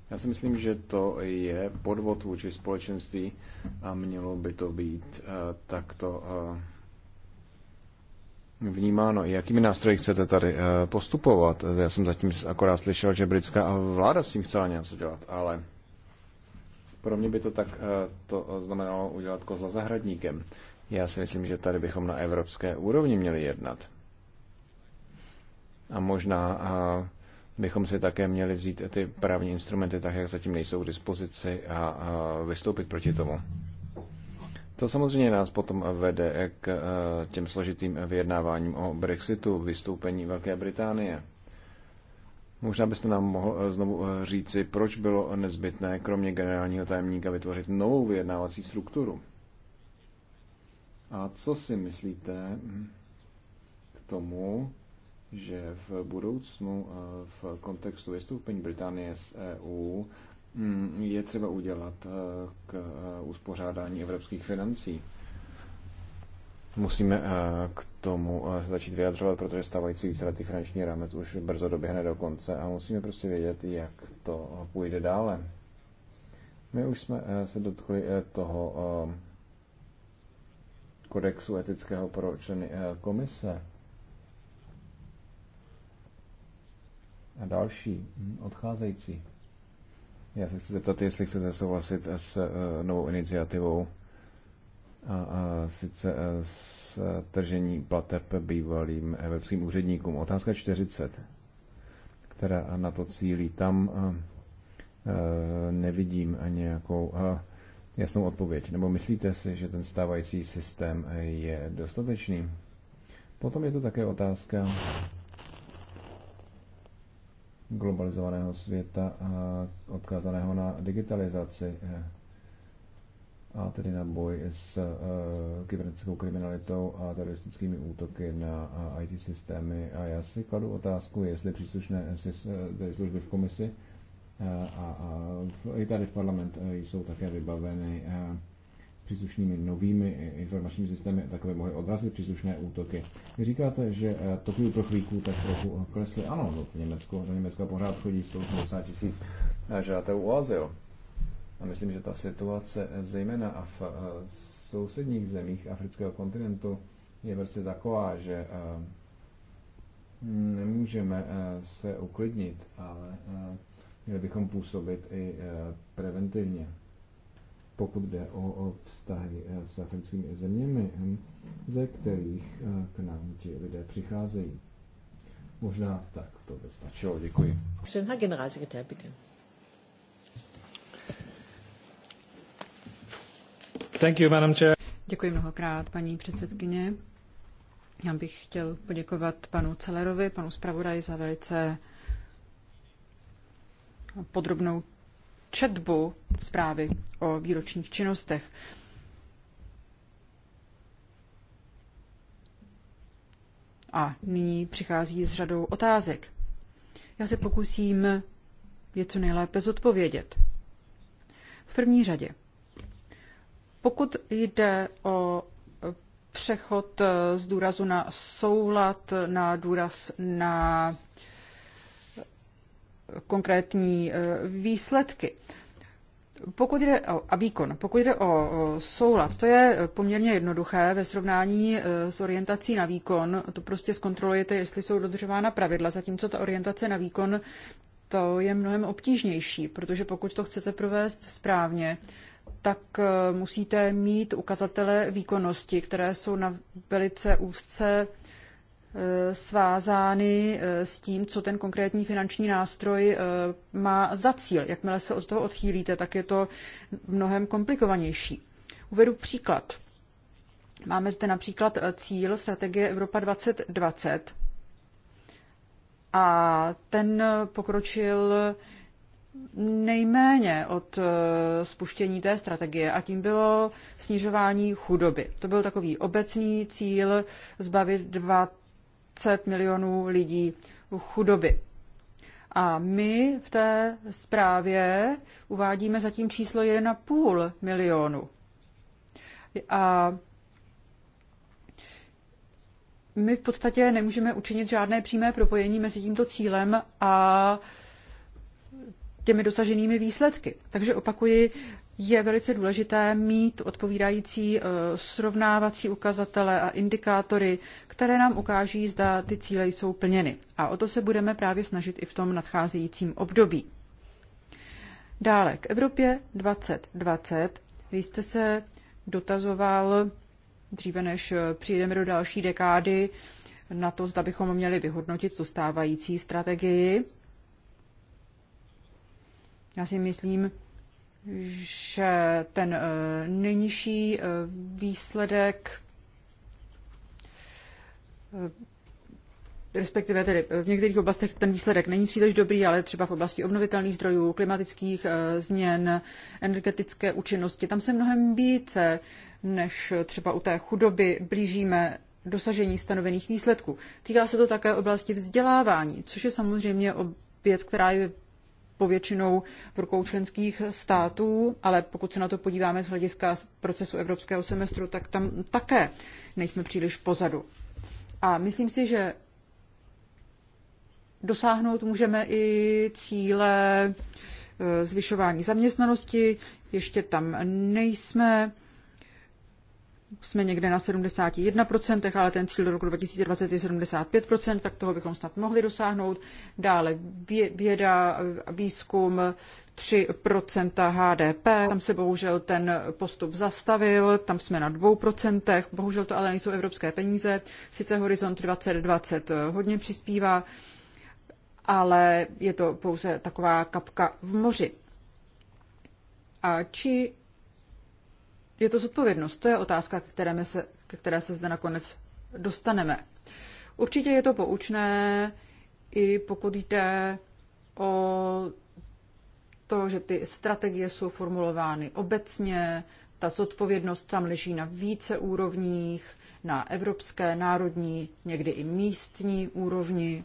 Já si myslím, že to je podvod vůči společenství a mělo by to být eh, takto eh, vnímáno. Jakými nástroji chcete tady postupovat? Já jsem zatím akorát slyšel, že britská vláda s tím chcela něco dělat, ale pro mě by to tak to znamenalo udělat kozla zahradníkem. Já si myslím, že tady bychom na evropské úrovni měli jednat. A možná a bychom si také měli vzít ty právní instrumenty tak, jak zatím nejsou k dispozici a, a vystoupit proti tomu. To samozřejmě nás potom vede k e, těm složitým vyjednáváním o Brexitu, vystoupení Velké Británie. Možná byste nám mohl e, znovu e, říci, proč bylo nezbytné, kromě generálního tajemníka, vytvořit novou vyjednávací strukturu. A co si myslíte k tomu, že v budoucnu eh, v kontextu vystoupení Británie z EU mm, je třeba udělat eh, k eh, uspořádání evropských financí. Musíme k tomu začít vyjadřovat, protože stávající víceletý finanční rámec už brzo doběhne do konce a musíme prostě vědět, jak to půjde dále. My už jsme se dotkli toho kodexu etického pro členy komise A další, hm, odcházející. Já se chci zeptat, jestli chcete souhlasit s eh, novou iniciativou, a, a sice eh, s tržení plateb bývalým evropským eh, úředníkům. Otázka 40, která na to cílí. Tam nevidím nějakou jasnou odpověď. Nebo myslíte si, že ten stávající systém je dostatečný? Potom je to také otázka globalizovaného světa a odkázaného na digitalizaci eh, a tedy na boj s eh, kybernetickou kriminalitou a teroristickými útoky na eh, IT systémy. A já si kladu otázku, jestli příslušné služby v komisi a, a v, i tady v parlament jsou také vybaveny příslušnými novými informačními systémy, takové mohly odrazit příslušné útoky. Vy říkáte, že eh, toky uprchlíků tak trochu eh, klesly. Ano, do no Německo, do Německa pořád chodí 180 tisíc eh, žádatelů o azyl. A myslím, že ta situace zejména v sousedních zemích afrického kontinentu je prostě taková, že nemůžeme se uklidnit, ale měli bychom působit i preventivně pokud jde o vztahy eh, s africkými zeměmi, hm, ze kterých eh, k nám ti lidé přicházejí. Možná tak to by stačilo. Děkuji. Thank you, Madam Chair. Děkuji mnohokrát, paní předsedkyně. Já bych chtěl poděkovat panu Celerovi, panu zpravodaji za velice podrobnou četbu zprávy o výročních činnostech. A nyní přichází s řadou otázek. Já se pokusím je co nejlépe zodpovědět. V první řadě, pokud jde o přechod z důrazu na soulad na důraz na konkrétní eh, výsledky. Pokud jde o, a výkon, pokud jde o soulad, to je poměrně jednoduché ve srovnání eh, s orientací na výkon. To prostě zkontrolujete, jestli jsou dodržována pravidla, zatímco ta orientace na výkon to je mnohem obtížnější, protože pokud to chcete provést správně, tak eh, musíte mít ukazatele výkonnosti, které jsou na velice úzce Eh, svázány eh, s tím, co ten konkrétní finanční nástroj eh, má za cíl. Jakmile se od toho odchýlíte, tak je to mnohem komplikovanější. Uvedu příklad. Máme zde například cíl strategie Evropa 2020 a ten pokročil nejméně od spuštění té strategie a tím bylo snižování chudoby. To byl takový obecný cíl zbavit 20 milionů lidí chudoby. A my v té zprávě uvádíme zatím číslo 1,5 milionu. A my v podstatě nemůžeme učinit žádné přímé propojení mezi tímto cílem a těmi dosaženými výsledky. Takže opakuji, je velice důležité mít odpovídající eh, srovnávací ukazatele a indikátory, které nám ukáží, zda ty cíle jsou plněny. A o to se budeme právě snažit i v tom nadcházejícím období. Dále k Evropě 2020. Vy jste se dotazoval dříve, než eh, přijdeme do další dekády, na to, zda bychom měli vyhodnotit tu stávající strategii. Já si myslím, že ten eh, nejnižší eh, výsledek eh, respektive tedy v některých oblastech ten výsledek není příliš dobrý, ale třeba v oblasti obnovitelných zdrojů, klimatických změn, energetické účinnosti, tam se mnohem více než třeba u té chudoby blížíme dosažení stanovených výsledků. Týká se to také oblasti vzdělávání, což je samozřejmě věc, která je povětšinou v rukou členských států, ale pokud se na to podíváme z hlediska procesu evropského semestru, tak tam také nejsme příliš pozadu. A myslím si, že dosáhnout můžeme i cíle e, zvyšování zaměstnanosti, ještě tam nejsme jsme někde na 71%, ale ten cíl do roku 2020 je 75%, tak toho bychom snad mohli dosáhnout. Dále věda, výzkum 3% HDP, tam se bohužel ten postup zastavil, tam jsme na 2%, bohužel to ale nejsou evropské peníze, sice Horizont 2020 hodně přispívá, ale je to pouze taková kapka v moři. A či je to zodpovědnost. To je otázka, ke které, se, ke které se zde nakonec dostaneme. Určitě je to poučné, i pokud jde o to, že ty strategie jsou formulovány obecně, ta zodpovědnost tam leží na více úrovních, na evropské, národní, někdy i místní úrovni.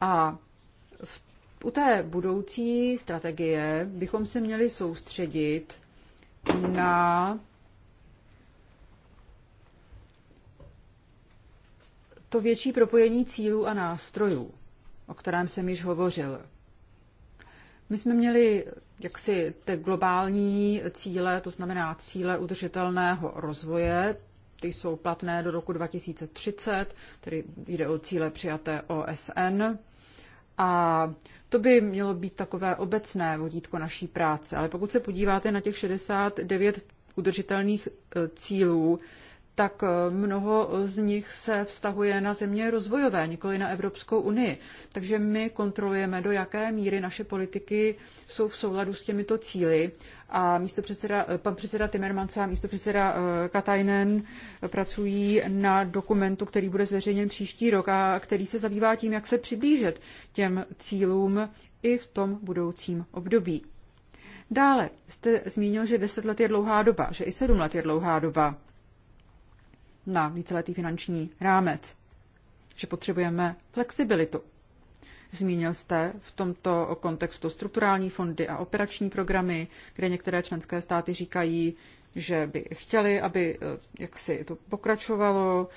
A v, u té budoucí strategie bychom se měli soustředit na to větší propojení cílů a nástrojů, o kterém jsem již hovořil. My jsme měli jaksi ty globální cíle, to znamená cíle udržitelného rozvoje, ty jsou platné do roku 2030, tedy jde o cíle přijaté OSN. A to by mělo být takové obecné vodítko naší práce. Ale pokud se podíváte na těch 69 udržitelných e, cílů, tak eh, mnoho z nich se vztahuje na země rozvojové, nikoli na Evropskou unii. Takže my kontrolujeme, do jaké míry naše politiky jsou v souladu s těmito cíli. A místo předseda, eh, pan předseda Timmermans a místo předseda eh, Katajnen pracují na dokumentu, který bude zveřejněn příští rok a který se zabývá tím, jak se přiblížit těm cílům i v tom budoucím období. Dále jste zmínil, že 10 let je dlouhá doba, že i 7 let je dlouhá doba na víceletý finanční rámec, že potřebujeme flexibilitu. Zmínil jste v tomto kontextu strukturální fondy a operační programy, kde některé členské státy říkají, že by chtěli, aby eh, jaksi to pokračovalo.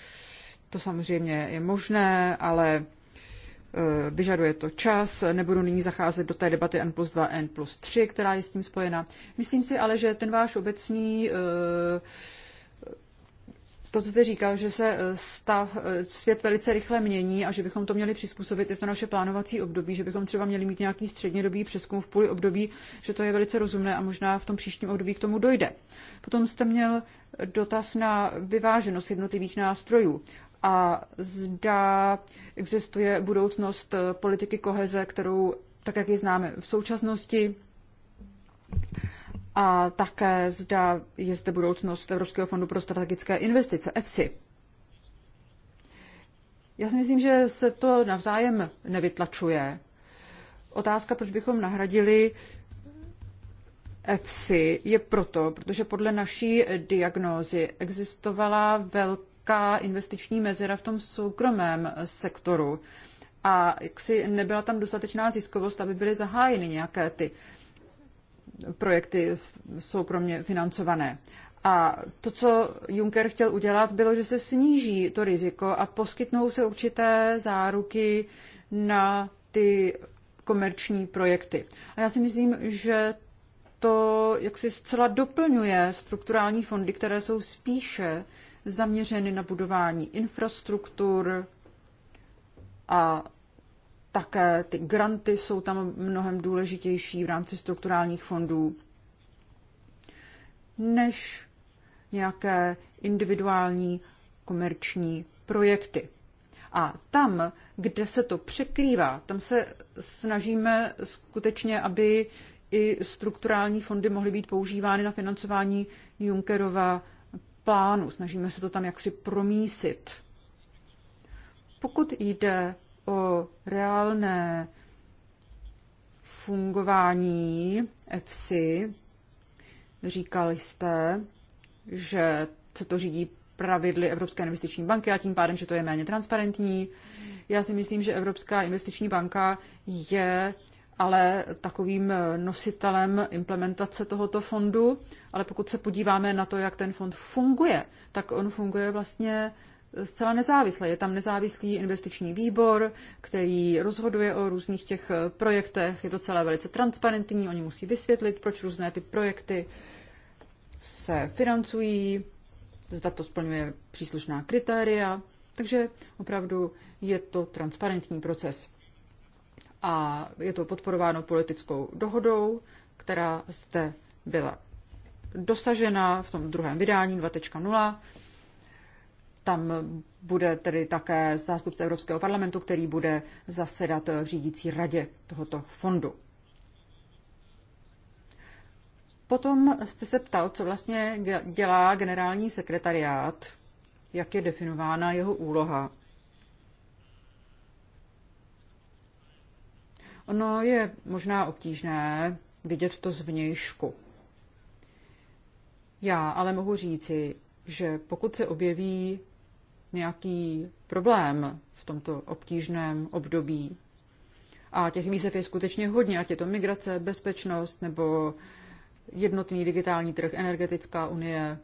To samozřejmě je možné, ale eh, vyžaduje to čas. Nebudu nyní zacházet do té debaty N plus 2, N plus 3, která je s tím spojena. Myslím si ale, že ten váš obecný eh, to, co jste říkal, že se eh, stav, eh, svět velice rychle mění a že bychom to měli přizpůsobit je to naše plánovací období, že bychom třeba měli mít nějaký střednědobý přeskum v půli období, že to je velice rozumné a možná v tom příštím období k tomu dojde. Potom jste měl dotaz na vyváženost jednotlivých nástrojů a zda existuje budoucnost eh, politiky koheze, kterou, tak jak ji známe v současnosti, a také zda je zde budoucnost Evropského fondu pro strategické investice, EFSI. Já si myslím, že se to navzájem nevytlačuje. Otázka, proč bychom nahradili EFSI, je proto, protože podle naší diagnózy existovala velká investiční mezera v tom soukromém sektoru a jaksi nebyla tam dostatečná ziskovost, aby byly zahájeny nějaké ty projekty soukromně financované. A to, co Juncker chtěl udělat, bylo, že se sníží to riziko a poskytnou se určité záruky na ty komerční projekty. A já si myslím, že to jaksi zcela doplňuje strukturální fondy, které jsou spíše zaměřeny na budování infrastruktur a také ty granty jsou tam mnohem důležitější v rámci strukturálních fondů než nějaké individuální komerční projekty. A tam, kde se to překrývá, tam se snažíme skutečně, aby i strukturální fondy mohly být používány na financování Junckerova plánu. Snažíme se to tam jaksi promísit. Pokud jde o reálné fungování EFSI, říkal jste, že se to řídí pravidly Evropské investiční banky a tím pádem, že to je méně transparentní. Já si myslím, že Evropská investiční banka je ale takovým nositelem implementace tohoto fondu. Ale pokud se podíváme na to, jak ten fond funguje, tak on funguje vlastně zcela nezávisle. Je tam nezávislý investiční výbor, který rozhoduje o různých těch eh, projektech. Je to celé velice transparentní, oni musí vysvětlit, proč různé ty projekty se financují, zda to splňuje příslušná kritéria. Takže opravdu je to transparentní proces. A je to podporováno politickou dohodou, která zde byla dosažena v tom druhém vydání 2.0 tam bude tedy také zástupce Evropského parlamentu, který bude zasedat v řídící radě tohoto fondu. Potom jste se ptal, co vlastně dělá generální sekretariát, jak je definována jeho úloha. Ono je možná obtížné vidět to zvnějšku. Já ale mohu říci, že pokud se objeví nějaký problém v tomto obtížném období. A těch výzev je skutečně hodně, ať je to migrace, bezpečnost nebo jednotný digitální trh, energetická unie,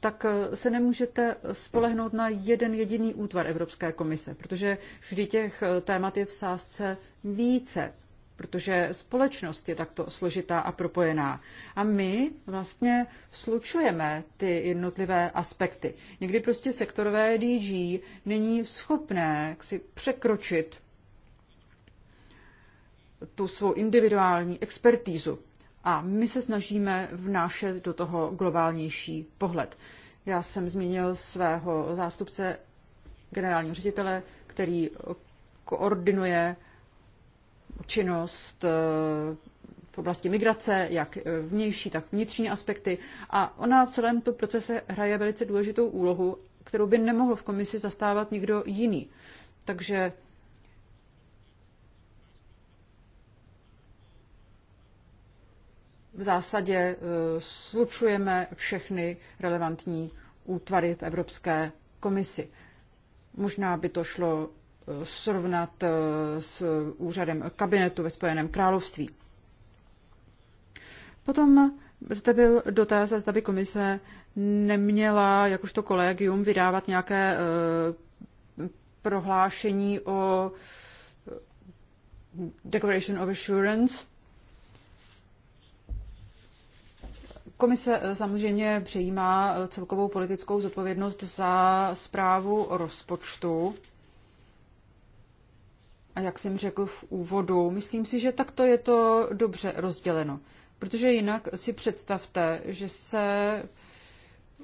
tak eh, se nemůžete spolehnout na jeden jediný útvar Evropské komise, protože vždy těch eh, témat je v sázce více protože společnost je takto složitá a propojená. A my vlastně slučujeme ty jednotlivé aspekty. Někdy prostě sektorové DG není schopné si překročit tu svou individuální expertízu. A my se snažíme vnášet do toho globálnější pohled. Já jsem zmínil svého zástupce generálního ředitele, který koordinuje činnost eh, v oblasti migrace, jak eh, vnější, tak vnitřní aspekty. A ona v celém tom procese hraje velice důležitou úlohu, kterou by nemohl v komisi zastávat nikdo jiný. Takže v zásadě slučujeme eh, všechny relevantní útvary v Evropské komisi. Možná by to šlo srovnat eh, s úřadem kabinetu ve Spojeném království. Potom zde byl dotaz, zda by komise neměla jakožto kolegium vydávat nějaké eh, prohlášení o eh, Declaration of Assurance. Komise samozřejmě přejímá celkovou politickou zodpovědnost za zprávu rozpočtu a jak jsem řekl v úvodu, myslím si, že takto je to dobře rozděleno. Protože jinak si představte, že se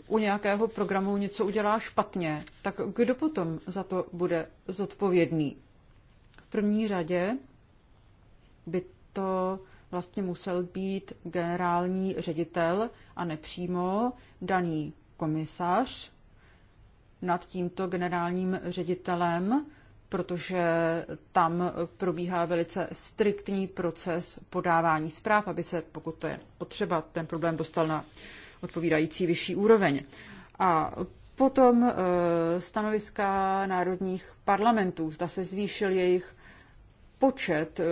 u nějakého programu něco udělá špatně, tak kdo potom za to bude zodpovědný? V první řadě by to vlastně musel být generální ředitel a nepřímo daný komisař nad tímto generálním ředitelem protože tam probíhá velice striktní proces podávání zpráv, aby se, pokud to je potřeba, ten problém dostal na odpovídající vyšší úroveň. A potom eh, stanoviska národních parlamentů, zda se zvýšil jejich počet eh,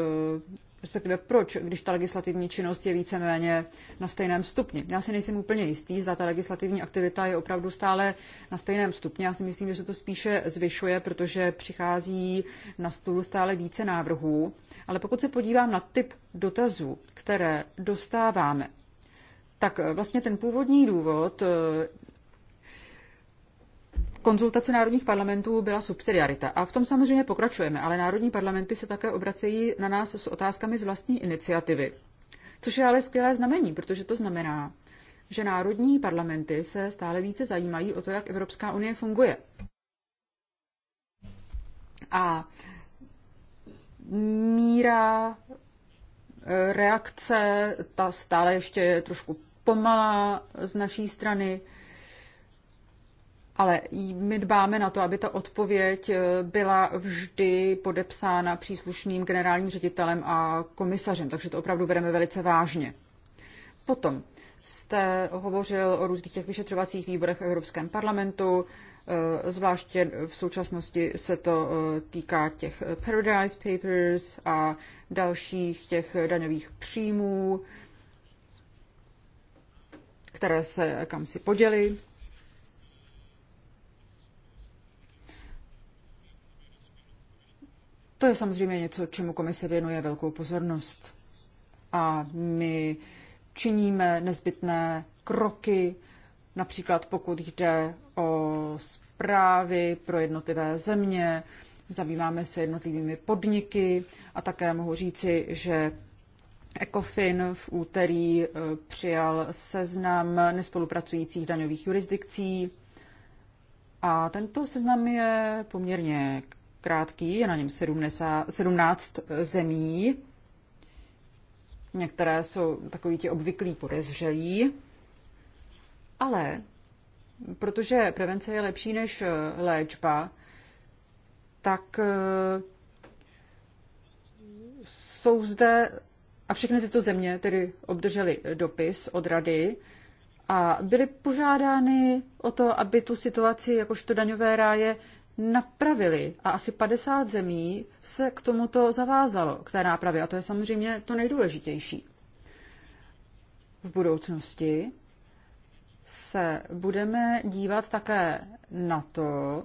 respektive proč, když ta legislativní činnost je víceméně na stejném stupni. Já si nejsem úplně jistý, zda ta legislativní aktivita je opravdu stále na stejném stupni. Já si myslím, že se to spíše zvyšuje, protože přichází na stůl stále více návrhů. Ale pokud se podívám na typ dotazů, které dostáváme, tak vlastně ten původní důvod konzultace národních parlamentů byla subsidiarita. A v tom samozřejmě pokračujeme, ale národní parlamenty se také obracejí na nás s otázkami z vlastní iniciativy. Což je ale skvělé znamení, protože to znamená, že národní parlamenty se stále více zajímají o to, jak Evropská unie funguje. A míra e, reakce, ta stále ještě je trošku pomalá z naší strany ale my dbáme na to, aby ta odpověď eh, byla vždy podepsána příslušným generálním ředitelem a komisařem, takže to opravdu bereme velice vážně. Potom jste hovořil o různých těch vyšetřovacích výborech v Evropském parlamentu, eh, zvláště v současnosti se to eh, týká těch Paradise Papers a dalších těch daňových příjmů, které se kam si podělí. To je samozřejmě něco, čemu komise věnuje velkou pozornost. A my činíme nezbytné kroky, například pokud jde o zprávy pro jednotlivé země, zabýváme se jednotlivými podniky a také mohu říci, že ECOFIN v úterý eh, přijal seznam nespolupracujících daňových jurisdikcí a tento seznam je poměrně krátký, je na něm 70, 17 zemí. Některé jsou takový ti obvyklí podezřelí, ale protože prevence je lepší než eh, léčba, tak eh, jsou zde, a všechny tyto země tedy obdržely dopis od rady a byly požádány o to, aby tu situaci jakožto daňové ráje napravili a asi 50 zemí se k tomuto zavázalo, k té nápravě a to je samozřejmě to nejdůležitější. V budoucnosti se budeme dívat také na to,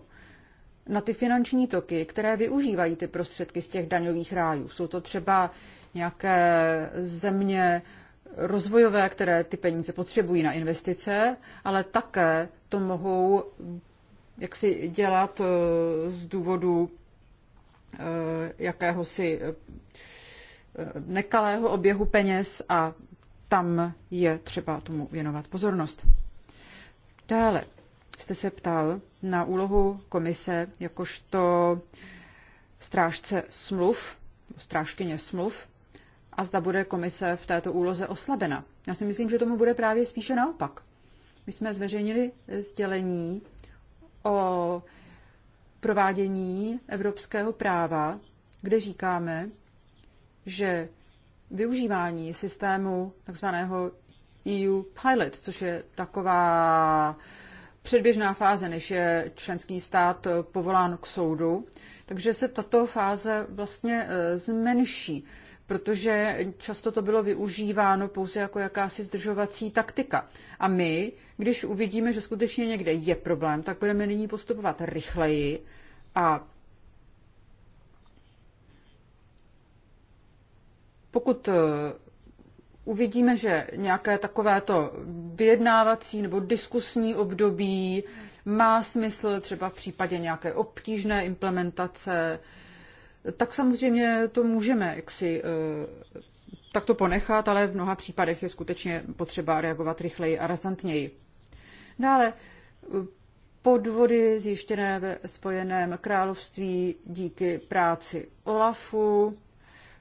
na ty finanční toky, které využívají ty prostředky z těch daňových rájů. Jsou to třeba nějaké země rozvojové, které ty peníze potřebují na investice, ale také to mohou jak si dělat eh, z důvodu eh, jakéhosi eh, nekalého oběhu peněz a tam je třeba tomu věnovat pozornost. Dále jste se ptal na úlohu komise jakožto strážce smluv, strážkyně smluv, a zda bude komise v této úloze oslabena. Já si myslím, že tomu bude právě spíše naopak. My jsme zveřejnili sdělení o provádění evropského práva, kde říkáme, že využívání systému takzvaného EU Pilot, což je taková předběžná fáze, než je členský stát povolán k soudu, takže se tato fáze vlastně e, zmenší, protože často to bylo využíváno pouze jako jakási zdržovací taktika. A my když uvidíme, že skutečně někde je problém, tak budeme nyní postupovat rychleji a pokud eh, uvidíme, že nějaké takovéto vyjednávací nebo diskusní období má smysl třeba v případě nějaké obtížné implementace, tak samozřejmě to můžeme jaksi eh, takto ponechat, ale v mnoha případech je skutečně potřeba reagovat rychleji a razantněji. Dále no eh, podvody zjištěné ve Spojeném království díky práci OLAFu.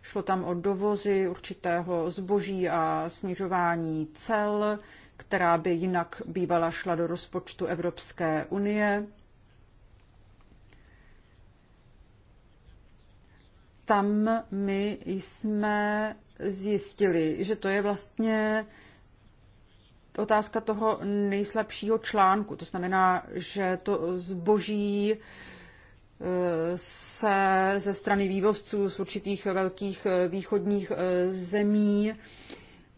Šlo tam o dovozy určitého zboží a snižování cel, která by jinak bývala šla do rozpočtu Evropské unie. Tam my jsme zjistili, že to je vlastně otázka toho nejslabšího článku. To znamená, že to zboží eh, se ze strany vývozců z určitých velkých eh, východních eh, zemí,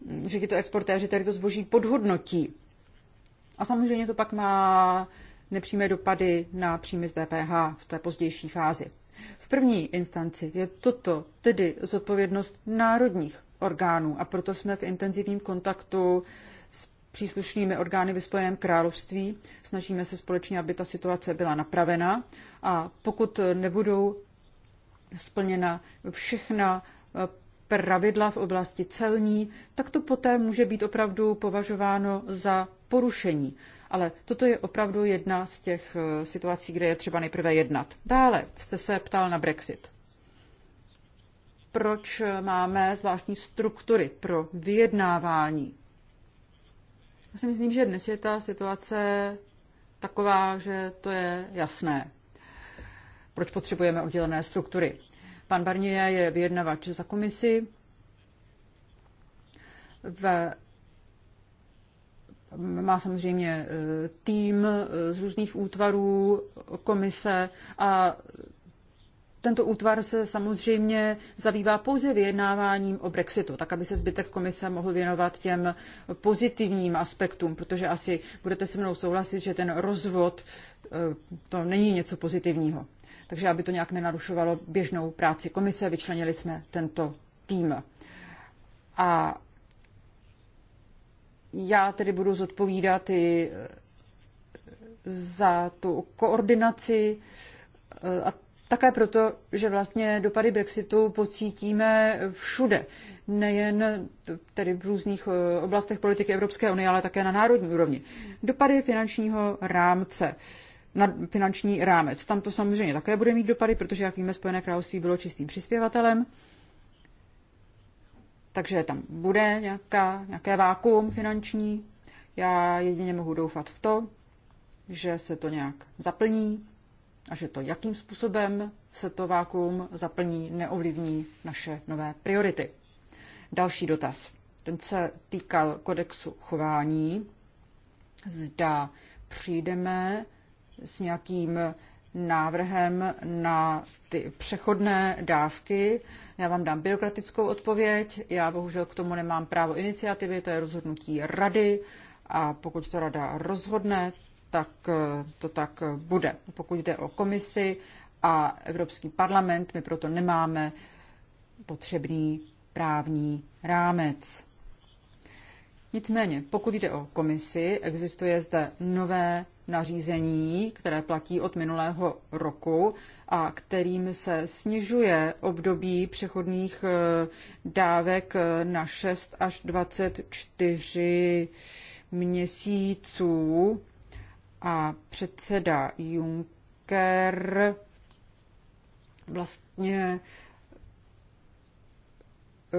mm, že to exportéři tady to zboží podhodnotí. A samozřejmě to pak má nepřímé dopady na příjmy z DPH v té pozdější fázi. V první instanci je toto tedy zodpovědnost národních orgánů a proto jsme v intenzivním kontaktu příslušnými orgány ve Spojeném království. Snažíme se společně, aby ta situace byla napravena a pokud nebudou splněna všechna eh, pravidla v oblasti celní, tak to poté může být opravdu považováno za porušení. Ale toto je opravdu jedna z těch eh, situací, kde je třeba nejprve jednat. Dále jste se ptal na Brexit. Proč máme zvláštní struktury pro vyjednávání si myslím, že dnes je ta situace taková, že to je jasné. Proč potřebujeme oddělené struktury? Pan Barnier je vyjednavač za komisi. V, má samozřejmě e, tým e, z různých útvarů komise a tento útvar se samozřejmě zabývá pouze vyjednáváním o Brexitu, tak aby se zbytek komise mohl věnovat těm pozitivním aspektům, protože asi budete se mnou souhlasit, že ten rozvod eh, to není něco pozitivního. Takže aby to nějak nenarušovalo běžnou práci komise, vyčlenili jsme tento tým. A já tedy budu zodpovídat i eh, za tu koordinaci eh, a také proto, že vlastně dopady Brexitu pocítíme všude, nejen tedy v různých eh, oblastech politiky Evropské unie, ale také na národní úrovni. Dopady finančního rámce na finanční rámec. Tam to samozřejmě také bude mít dopady, protože, jak víme, Spojené království bylo čistým přispěvatelem. Takže tam bude nějaká, nějaké vákuum finanční. Já jedině mohu doufat v to, že se to nějak zaplní, a že to, jakým způsobem se to vákuum zaplní, neovlivní naše nové priority. Další dotaz. Ten se týkal kodexu chování. Zda přijdeme s nějakým návrhem na ty přechodné dávky. Já vám dám byrokratickou odpověď. Já bohužel k tomu nemám právo iniciativy, to je rozhodnutí rady. A pokud to rada rozhodne, tak eh, to tak eh, bude. Pokud jde o komisi a Evropský parlament, my proto nemáme potřebný právní rámec. Nicméně, pokud jde o komisi, existuje zde nové nařízení, které platí od minulého roku a kterým se snižuje období přechodných eh, dávek na 6 až 24 měsíců a předseda Juncker vlastně eh,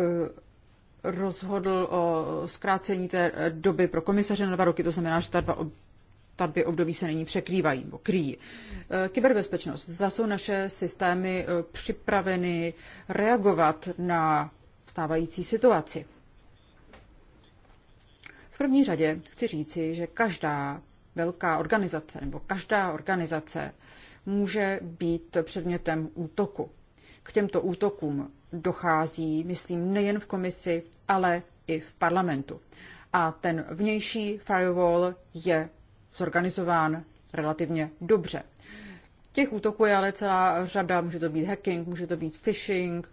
rozhodl o zkrácení té doby pro komisaře na dva roky, to znamená, že ta, dva, ta dvě období se není překrývají, nebo kryjí. Eh, kyberbezpečnost. Zda jsou naše systémy eh, připraveny reagovat na stávající situaci? V první řadě chci říci, že každá velká organizace nebo každá organizace může být předmětem útoku. K těmto útokům dochází, myslím, nejen v komisi, ale i v parlamentu. A ten vnější firewall je zorganizován relativně dobře. Těch útoků je ale celá řada, může to být hacking, může to být phishing,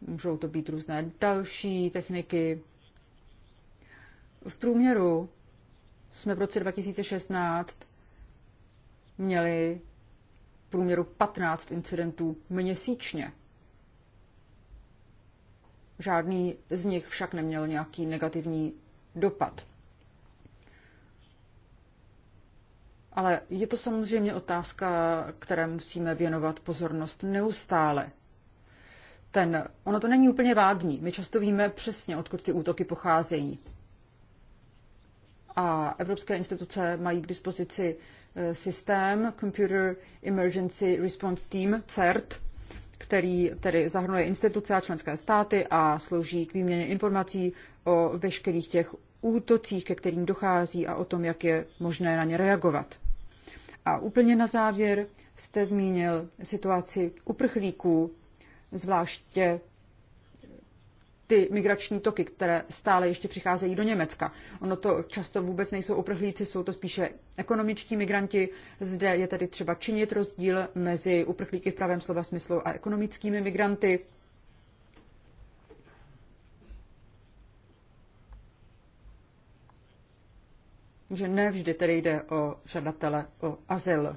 můžou to být různé další techniky. V průměru jsme v roce 2016 měli v průměru 15 incidentů měsíčně. Žádný z nich však neměl nějaký negativní dopad. Ale je to samozřejmě otázka, které musíme věnovat pozornost neustále. Ten, ono to není úplně vágní. My často víme přesně, odkud ty útoky pocházejí a evropské instituce mají k dispozici eh, systém Computer Emergency Response Team, CERT, který tedy zahrnuje instituce a členské státy a slouží k výměně informací o veškerých těch útocích, ke kterým dochází a o tom, jak je možné na ně reagovat. A úplně na závěr jste zmínil situaci uprchlíků, zvláště ty migrační toky, které stále ještě přicházejí do Německa. Ono to často vůbec nejsou uprchlíci, jsou to spíše ekonomičtí migranti. Zde je tedy třeba činit rozdíl mezi uprchlíky v pravém slova smyslu a ekonomickými migranty. že ne vždy tedy jde o žadatele o azyl.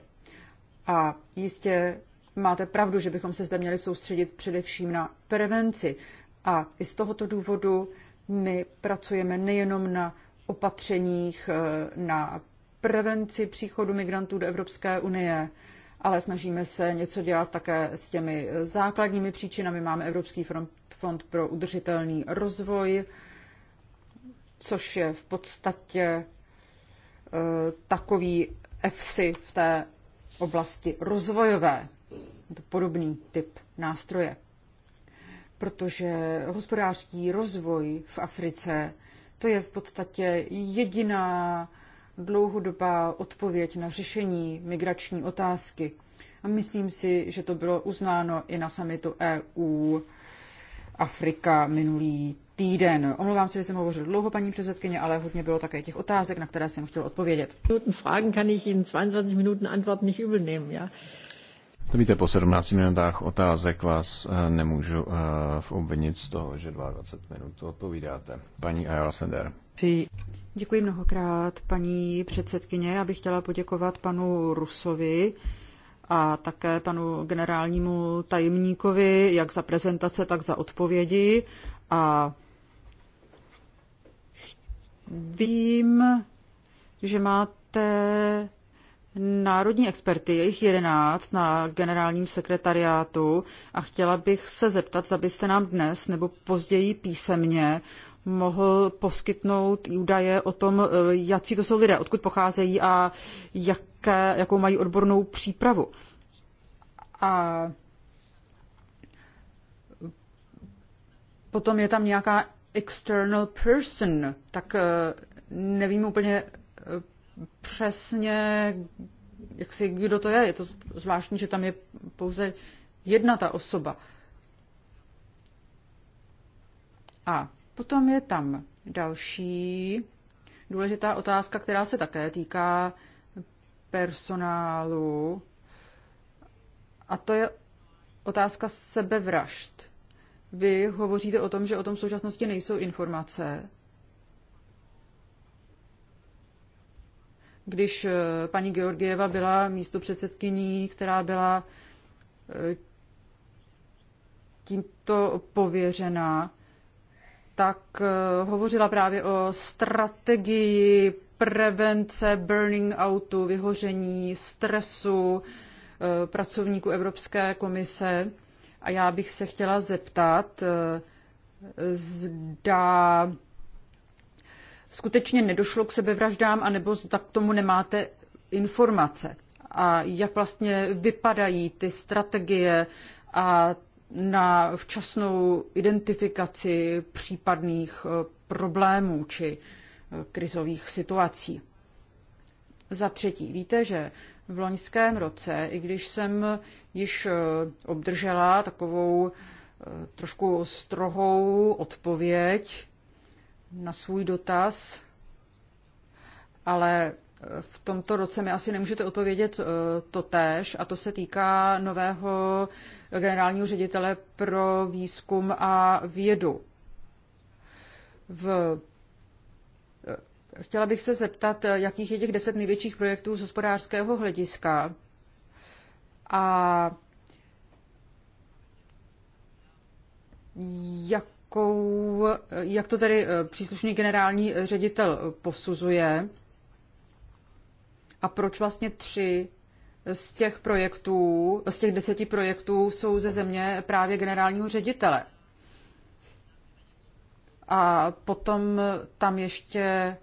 A jistě máte pravdu, že bychom se zde měli soustředit především na prevenci. A i z tohoto důvodu my pracujeme nejenom na opatřeních eh, na prevenci příchodu migrantů do Evropské unie, ale snažíme se něco dělat také s těmi základními příčinami. Máme Evropský front, fond pro udržitelný rozvoj, což je v podstatě eh, takový EFSI v té oblasti rozvojové, podobný typ nástroje protože hospodářský rozvoj v Africe to je v podstatě jediná dlouhodobá odpověď na řešení migrační otázky. A myslím si, že to bylo uznáno i na samitu EU Afrika minulý týden. Omlouvám se, že jsem hovořil dlouho, paní předsedkyně, ale hodně bylo také těch otázek, na které jsem chtěl odpovědět. Minuten Fragen kann ich in 22 Minuten antwort nicht übel nehmen, ja? To víte, po 17 minutách otázek vás eh, nemůžu uh, obvinit z toho, že 22 minut to odpovídáte. Paní Ayala Sender. Děkuji mnohokrát, paní předsedkyně. Já bych chtěla poděkovat panu Rusovi a také panu generálnímu tajemníkovi, jak za prezentace, tak za odpovědi. A vím, že máte národní experty, jich jedenáct na generálním sekretariátu a chtěla bych se zeptat, zda byste nám dnes nebo později písemně mohl poskytnout údaje o tom, eh, jaký to jsou lidé, odkud pocházejí a jaké, jakou mají odbornou přípravu. A potom je tam nějaká external person, tak eh, nevím úplně, eh, přesně, jak si, kdo to je. Je to zvláštní, že tam je pouze jedna ta osoba. A potom je tam další důležitá otázka, která se také týká personálu. A to je otázka sebevražd. Vy hovoříte o tom, že o tom v současnosti nejsou informace. když eh, paní Georgieva byla místo předsedkyní, která byla eh, tímto pověřená, tak eh, hovořila právě o strategii prevence burning outu, vyhoření, stresu pracovníků Evropské komise. A já bych se chtěla zeptat, zda skutečně nedošlo k sebevraždám, anebo zda k tomu nemáte informace. A jak vlastně vypadají ty strategie a na včasnou identifikaci případných eh, problémů či eh, krizových situací. Za třetí, víte, že v loňském roce, i když jsem již eh, obdržela takovou trošku strohou odpověď na svůj dotaz, ale e, v tomto roce mi asi nemůžete odpovědět e, to též, a to se týká nového generálního ředitele pro výzkum a vědu. V e, Chtěla bych se zeptat, jakých je těch deset největších projektů z hospodářského hlediska a jak jakou, jak to tady eh, příslušný generální eh, ředitel eh, posuzuje a proč vlastně tři z těch projektů, z těch deseti projektů jsou ze země právě generálního ředitele. A potom tam ještě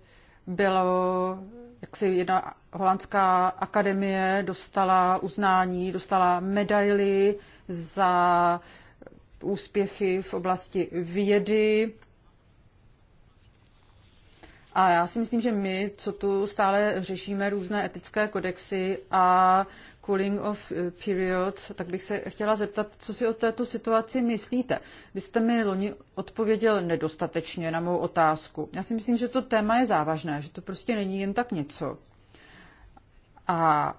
bylo, jak si jedna holandská akademie dostala uznání, dostala medaily za úspěchy v oblasti vědy. A já si myslím, že my, co tu stále řešíme různé etické kodexy a cooling of eh, period, tak bych se chtěla zeptat, co si o této situaci myslíte. Vy jste mi loni odpověděl nedostatečně na mou otázku. Já si myslím, že to téma je závažné, že to prostě není jen tak něco. A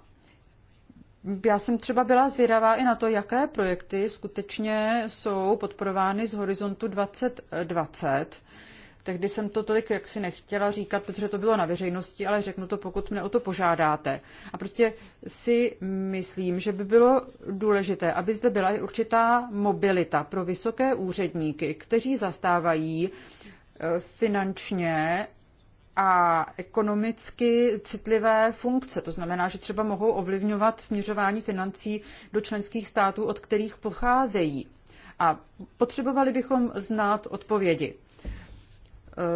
já jsem třeba byla zvědavá i na to, jaké projekty skutečně jsou podporovány z Horizontu 2020. Tehdy jsem to tolik jaksi nechtěla říkat, protože to bylo na veřejnosti, ale řeknu to, pokud mne o to požádáte. A prostě si myslím, že by bylo důležité, aby zde byla i určitá mobilita pro vysoké úředníky, kteří zastávají eh, finančně a ekonomicky citlivé funkce. To znamená, že třeba mohou ovlivňovat směřování financí do členských států, od kterých pocházejí. A potřebovali bychom znát odpovědi. Eh,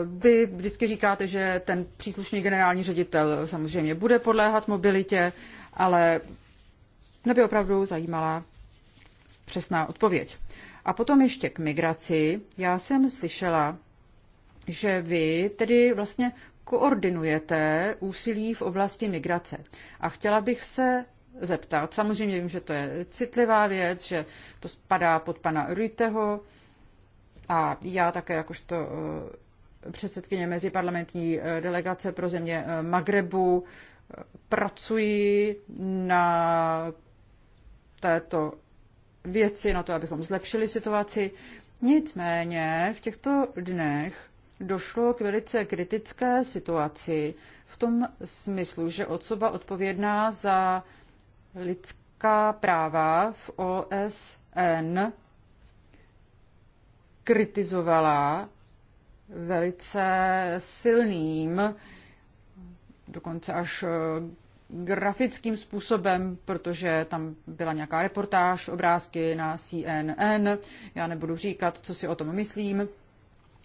vy vždycky říkáte, že ten příslušný generální ředitel samozřejmě bude podléhat mobilitě, ale mě by opravdu zajímala přesná odpověď. A potom ještě k migraci. Já jsem slyšela, že vy tedy vlastně koordinujete úsilí v oblasti migrace. A chtěla bych se zeptat, samozřejmě vím, že to je citlivá věc, že to spadá pod pana Rüteho a já také jakožto eh, předsedkyně meziparlamentní eh, delegace pro země eh, Magrebu pracuji na této věci, na to, abychom zlepšili situaci. Nicméně v těchto dnech došlo k velice kritické situaci v tom smyslu, že osoba odpovědná za lidská práva v OSN kritizovala velice silným, dokonce až eh, grafickým způsobem, protože tam byla nějaká reportáž, obrázky na CNN. Já nebudu říkat, co si o tom myslím.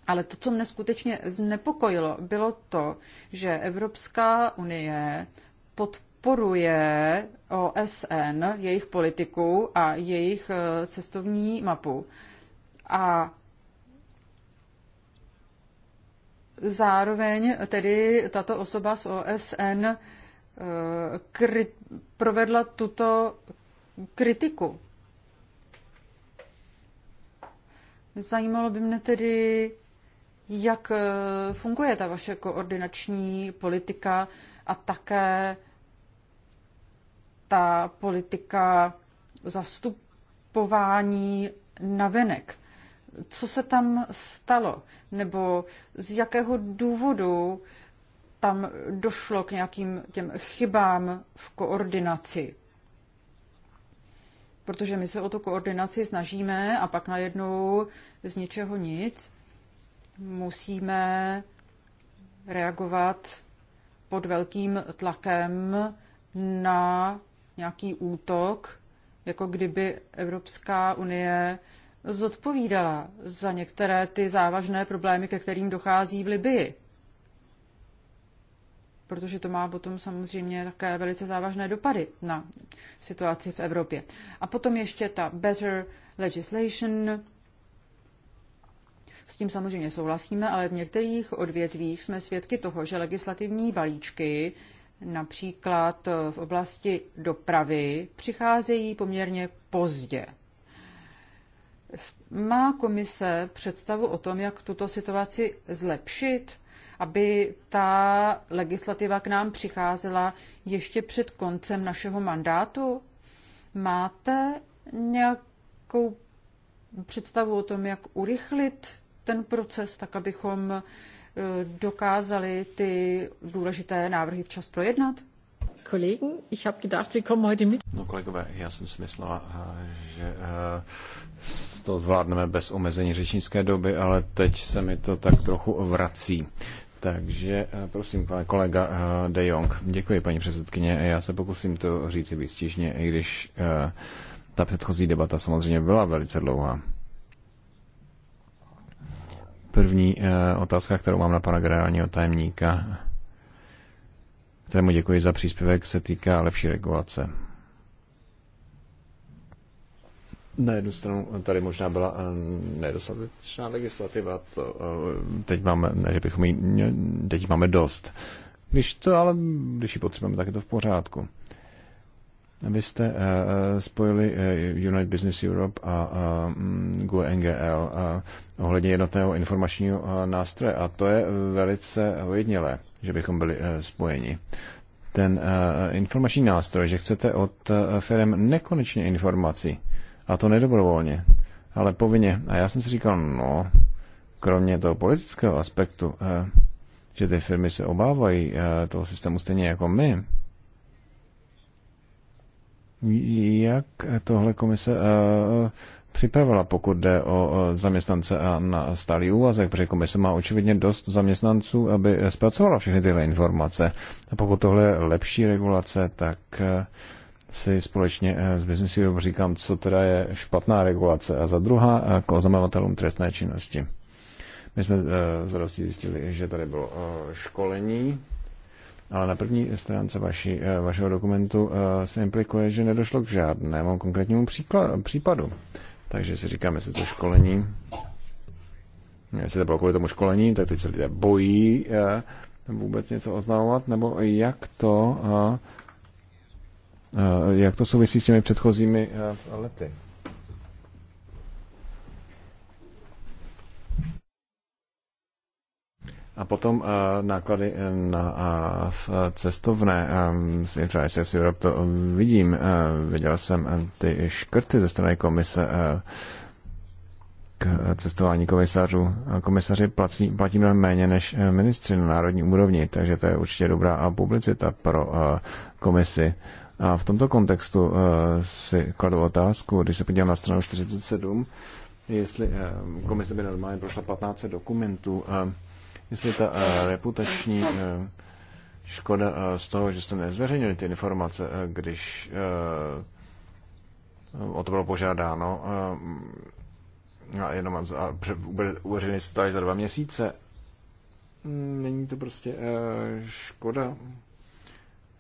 Ale to, co mne skutečně znepokojilo, bylo to, že Evropská unie podporuje OSN, jejich politiku a jejich e, cestovní mapu. A zároveň tedy tato osoba z OSN e, kri- provedla tuto kritiku. Zajímalo by mne tedy, jak eh, funguje ta vaše koordinační politika a také ta politika zastupování navenek. Co se tam stalo? Nebo z jakého důvodu tam došlo k nějakým těm chybám v koordinaci? Protože my se o tu koordinaci snažíme a pak najednou z ničeho nic musíme reagovat pod velkým tlakem na nějaký útok, jako kdyby Evropská unie zodpovídala za některé ty závažné problémy, ke kterým dochází v Libii. Protože to má potom samozřejmě také velice závažné dopady na situaci v Evropě. A potom ještě ta better legislation, s tím samozřejmě souhlasíme, ale v některých odvětvích jsme svědky toho, že legislativní balíčky, například eh, v oblasti dopravy, přicházejí poměrně pozdě. Má komise představu o tom, jak tuto situaci zlepšit, aby ta legislativa k nám přicházela ještě před koncem našeho mandátu? Máte nějakou představu o tom, jak urychlit ten proces, tak abychom eh, dokázali ty důležité návrhy včas projednat? Kollegen, ich habe gedacht, wir kommen heute mit. No kolegové, já jsem si myslela, eh, že eh, to zvládneme bez omezení řečnické doby, ale teď se mi to tak trochu vrací. Takže prosím, pane kolega De Jong. Děkuji, paní předsedkyně. Já se pokusím to říct výstižně, i když ta předchozí debata samozřejmě byla velice dlouhá. První eh, otázka, kterou mám na pana generálního tajemníka, kterému děkuji za příspěvek, se týká lepší regulace. Na jednu stranu tady možná byla eh, nedostatečná legislativa, to eh, teď máme, ne, že bychom jí, teď máme dost. Když to ale, když ji potřebujeme, tak je to v pořádku. Vy jste eh, eh, spojili eh, United Business Europe a mm, GUE NGL ohledně jednotného informačního nástroje a to je velice ojednělé, že bychom byli spojeni. Ten informační nástroj, že chcete od firm nekonečně informací, a to nedobrovolně, ale povinně. A já jsem si říkal, no, kromě toho politického aspektu, že ty firmy se obávají toho systému stejně jako my, jak tohle komise eh, eh, připravila, pokud jde o eh, zaměstnance a na stálý úvazek, protože komise má očividně dost zaměstnanců, aby zpracovala všechny tyhle informace. A pokud tohle je lepší regulace, tak si společně s Business Europe říkám, co teda je špatná regulace a za druhá k oznamovatelům trestné činnosti. My jsme zrovna zjistili, že tady bylo školení ale na první stránce vaši, eh, vašeho dokumentu eh, se implikuje, že nedošlo k žádnému konkrétnímu příkladu, případu. Takže si říkáme, jestli to školení, jestli to bylo kvůli tomu školení, tak teď se lidé bojí eh, vůbec něco oznamovat, nebo jak to, jak to souvisí s těmi předchozími lety. A potom eh, náklady eh, na eh, cestovné z Intrasis Europe, to vidím, viděl jsem ty škrty ze strany komise k cestování komisařů. Komisaři platí, platí mnohem méně než ministři na národní úrovni, takže to je určitě dobrá publicita pro komisi. A v tomto kontextu si kladu otázku, když se podívám na stranu 47, jestli komise by normálně prošla 15 dokumentů, jestli ta eh, reputační eh, škoda eh, z toho, že jste nezveřejnili ty informace, když o to bylo požádáno, a jenom a uveřejnili jste to až za dva měsíce, není to prostě škoda.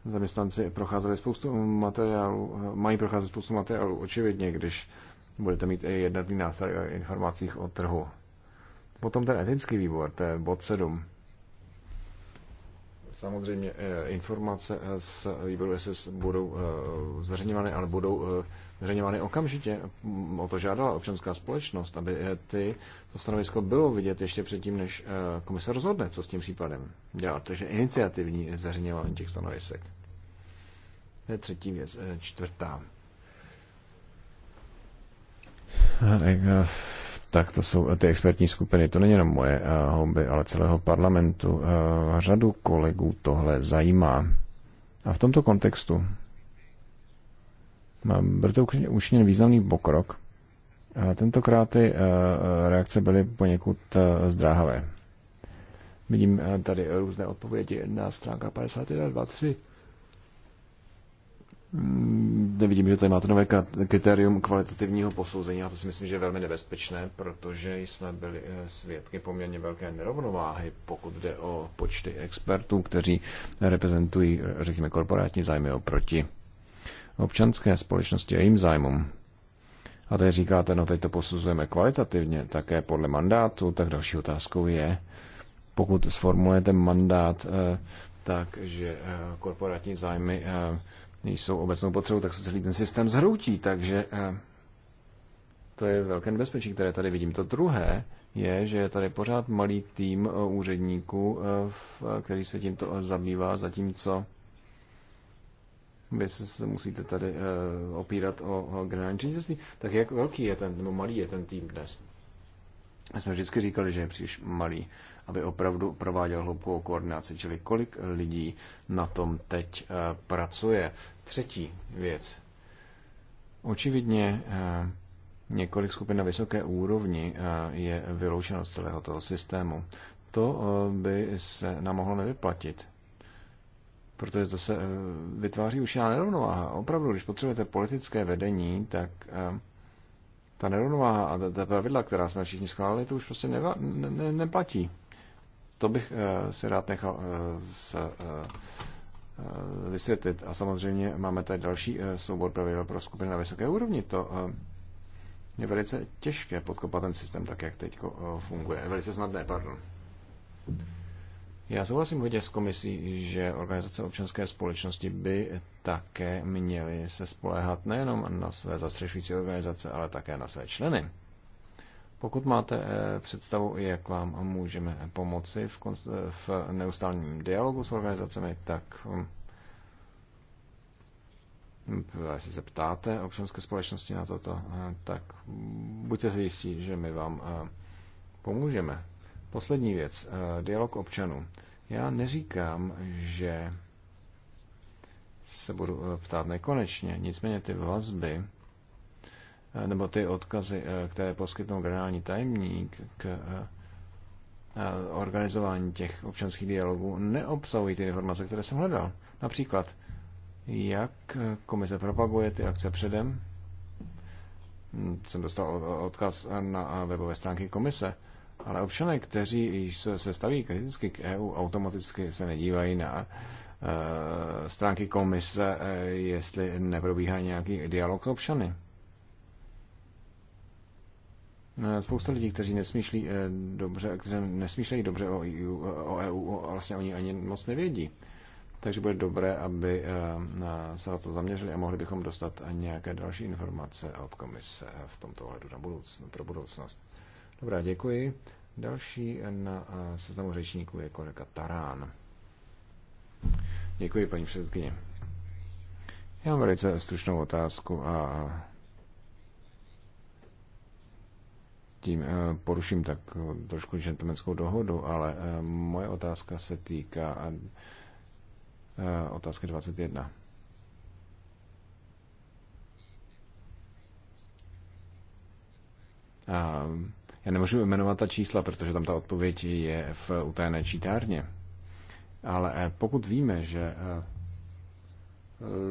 Zaměstnanci procházeli spoustu materiálu, mají procházet spoustu materiálu, očividně, když budete mít i jednotný nástroj o informacích o trhu. Potom ten etický výbor, to je bod 7. Samozřejmě eh, informace eh, z výboru SS budou eh, zveřejňovány, ale budou zveřejňovány okamžitě. O to žádala občanská společnost, aby ty, to stanovisko bylo vidět ještě předtím, než komise rozhodne, co s tím případem dělat. Takže iniciativní zveřejňování těch stanovisek. To je třetí věc, čtvrtá. Ehm, tak to jsou eh, ty expertní skupiny. To není jenom moje eh, hobby, ale celého parlamentu. Eh, řadu kolegů tohle zajímá. A v tomto kontextu byl to učiněn významný pokrok, ale tentokrát ty reakce byly poněkud zdráhavé. Vidím tady různé odpovědi na stránka 51 23. Mm, nevidím, že tady máte nové kritérium kvalitativního posouzení a to si myslím, že je velmi nebezpečné, protože jsme byli eh, svědky poměrně velké nerovnováhy, pokud jde o počty expertů, kteří reprezentují, eh, řekněme, korporátní zájmy oproti občanské společnosti a jejím zájmům. A tady říkáte, no teď to posuzujeme kvalitativně, také podle mandátu, tak další otázkou je, pokud sformulujete mandát eh, tak, že korporátní zájmy když jsou obecnou potřebu, tak se celý ten systém zhroutí. Takže eh, to je velké nebezpečí, které tady vidím. To druhé je, že je tady pořád malý tým eh, úředníků, eh, který se tímto zabývá, zatímco vy se musíte tady opírat o generální ředitelství. Tak jak velký je ten, nebo malý je ten tým dnes? My jsme vždycky říkali, že je příliš malý aby opravdu prováděl hloubkovou koordinaci, čili kolik lidí na tom teď eh, pracuje. Třetí věc. Očividně eh, několik skupin na vysoké úrovni eh, je vyloučeno z celého toho systému. To by se nám mohlo nevyplatit, protože to se vytváří už jiná nerovnováha. Opravdu, když potřebujete politické vedení, tak ta nerovnováha a ta pravidla, která jsme všichni schválili, to už prostě neva, ne, ne, neplatí. To bych eh, si rád nechal z, eh, eh, vysvětlit. A samozřejmě máme tady další soubor pravidel pro skupiny na vysoké úrovni. To je velice těžké podkopat ten systém tak, jak teď funguje. Velice snadné, pardon. Já souhlasím hodně s komisí, že organizace občanské společnosti by také měly se spoléhat nejenom na své zastřešující organizace, ale také na své členy. Pokud máte eh, představu, jak vám můžeme pomoci v, v neustálním dialogu s organizacemi, tak hm, hm, jestli se ptáte občanské společnosti na toto, eh, tak buďte si jistí, že my vám eh, pomůžeme. Poslední věc, dialog občanů. Já neříkám, že se budu ptát nekonečně, nicméně ty vazby Eh, nebo ty odkazy, eh, které poskytnou generální tajemník k eh, organizování těch občanských dialogů, neobsahují ty informace, které jsem hledal. Například, jak komise propaguje ty akce předem. Hm, jsem dostal odkaz na webové stránky komise, ale občané, kteří se staví kriticky k EU, automaticky se nedívají na stránky komise, jestli neprobíhá nějaký dialog s občany. Eh, spousta lidí, kteří nesmýšlí eh, dobře, kteří nesmýšlejí dobře o EU, o EU, vlastně oni ani moc nevědí. Takže bude dobré, aby eh, se na to zaměřili a mohli bychom dostat nějaké další informace od komise v tomto ohledu na budoucnost, pro budoucnost. Dobrá, děkuji. Další na seznamu řečníků je kolega Tarán. Děkuji, paní předsedkyně. Já mám velice stručnou otázku a tím eh, poruším tak eh, trošku gentlemanskou dohodu, ale eh, moje otázka se týká otázky 21. A já nemůžu jmenovat ta čísla, protože tam ta odpověď je v utajené čítárně. Ale pokud víme, že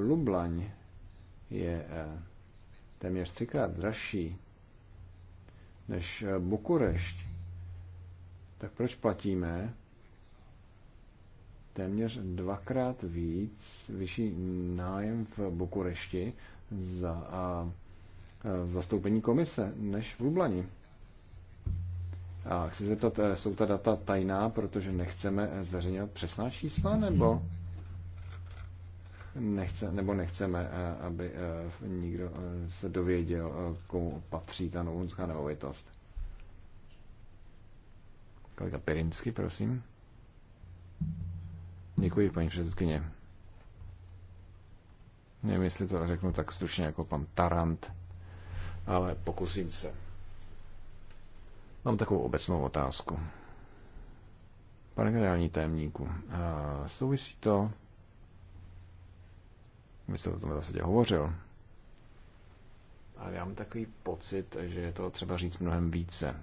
Lublaň je téměř třikrát dražší než eh, Bukurešť, tak proč platíme téměř dvakrát víc vyšší nájem v Bukurešti za a, eh, zastoupení komise než v Lublani? A chci zeptat, eh, jsou ta data tajná, protože nechceme zveřejňovat přesná čísla, nebo? nechce, nebo nechceme, eh, aby eh, nikdo eh, se dověděl, komu patří ta novunská nemovitost. Kolega Pirinsky, prosím. Děkuji, paní předsedkyně. Nevím, jestli to řeknu tak stručně jako pan Tarant, ale pokusím se. Mám takovou obecnou otázku. Pane generální tajemníku, souvisí to vy jste o tom zase hovořil. Ale já mám takový pocit, že je to třeba říct mnohem více.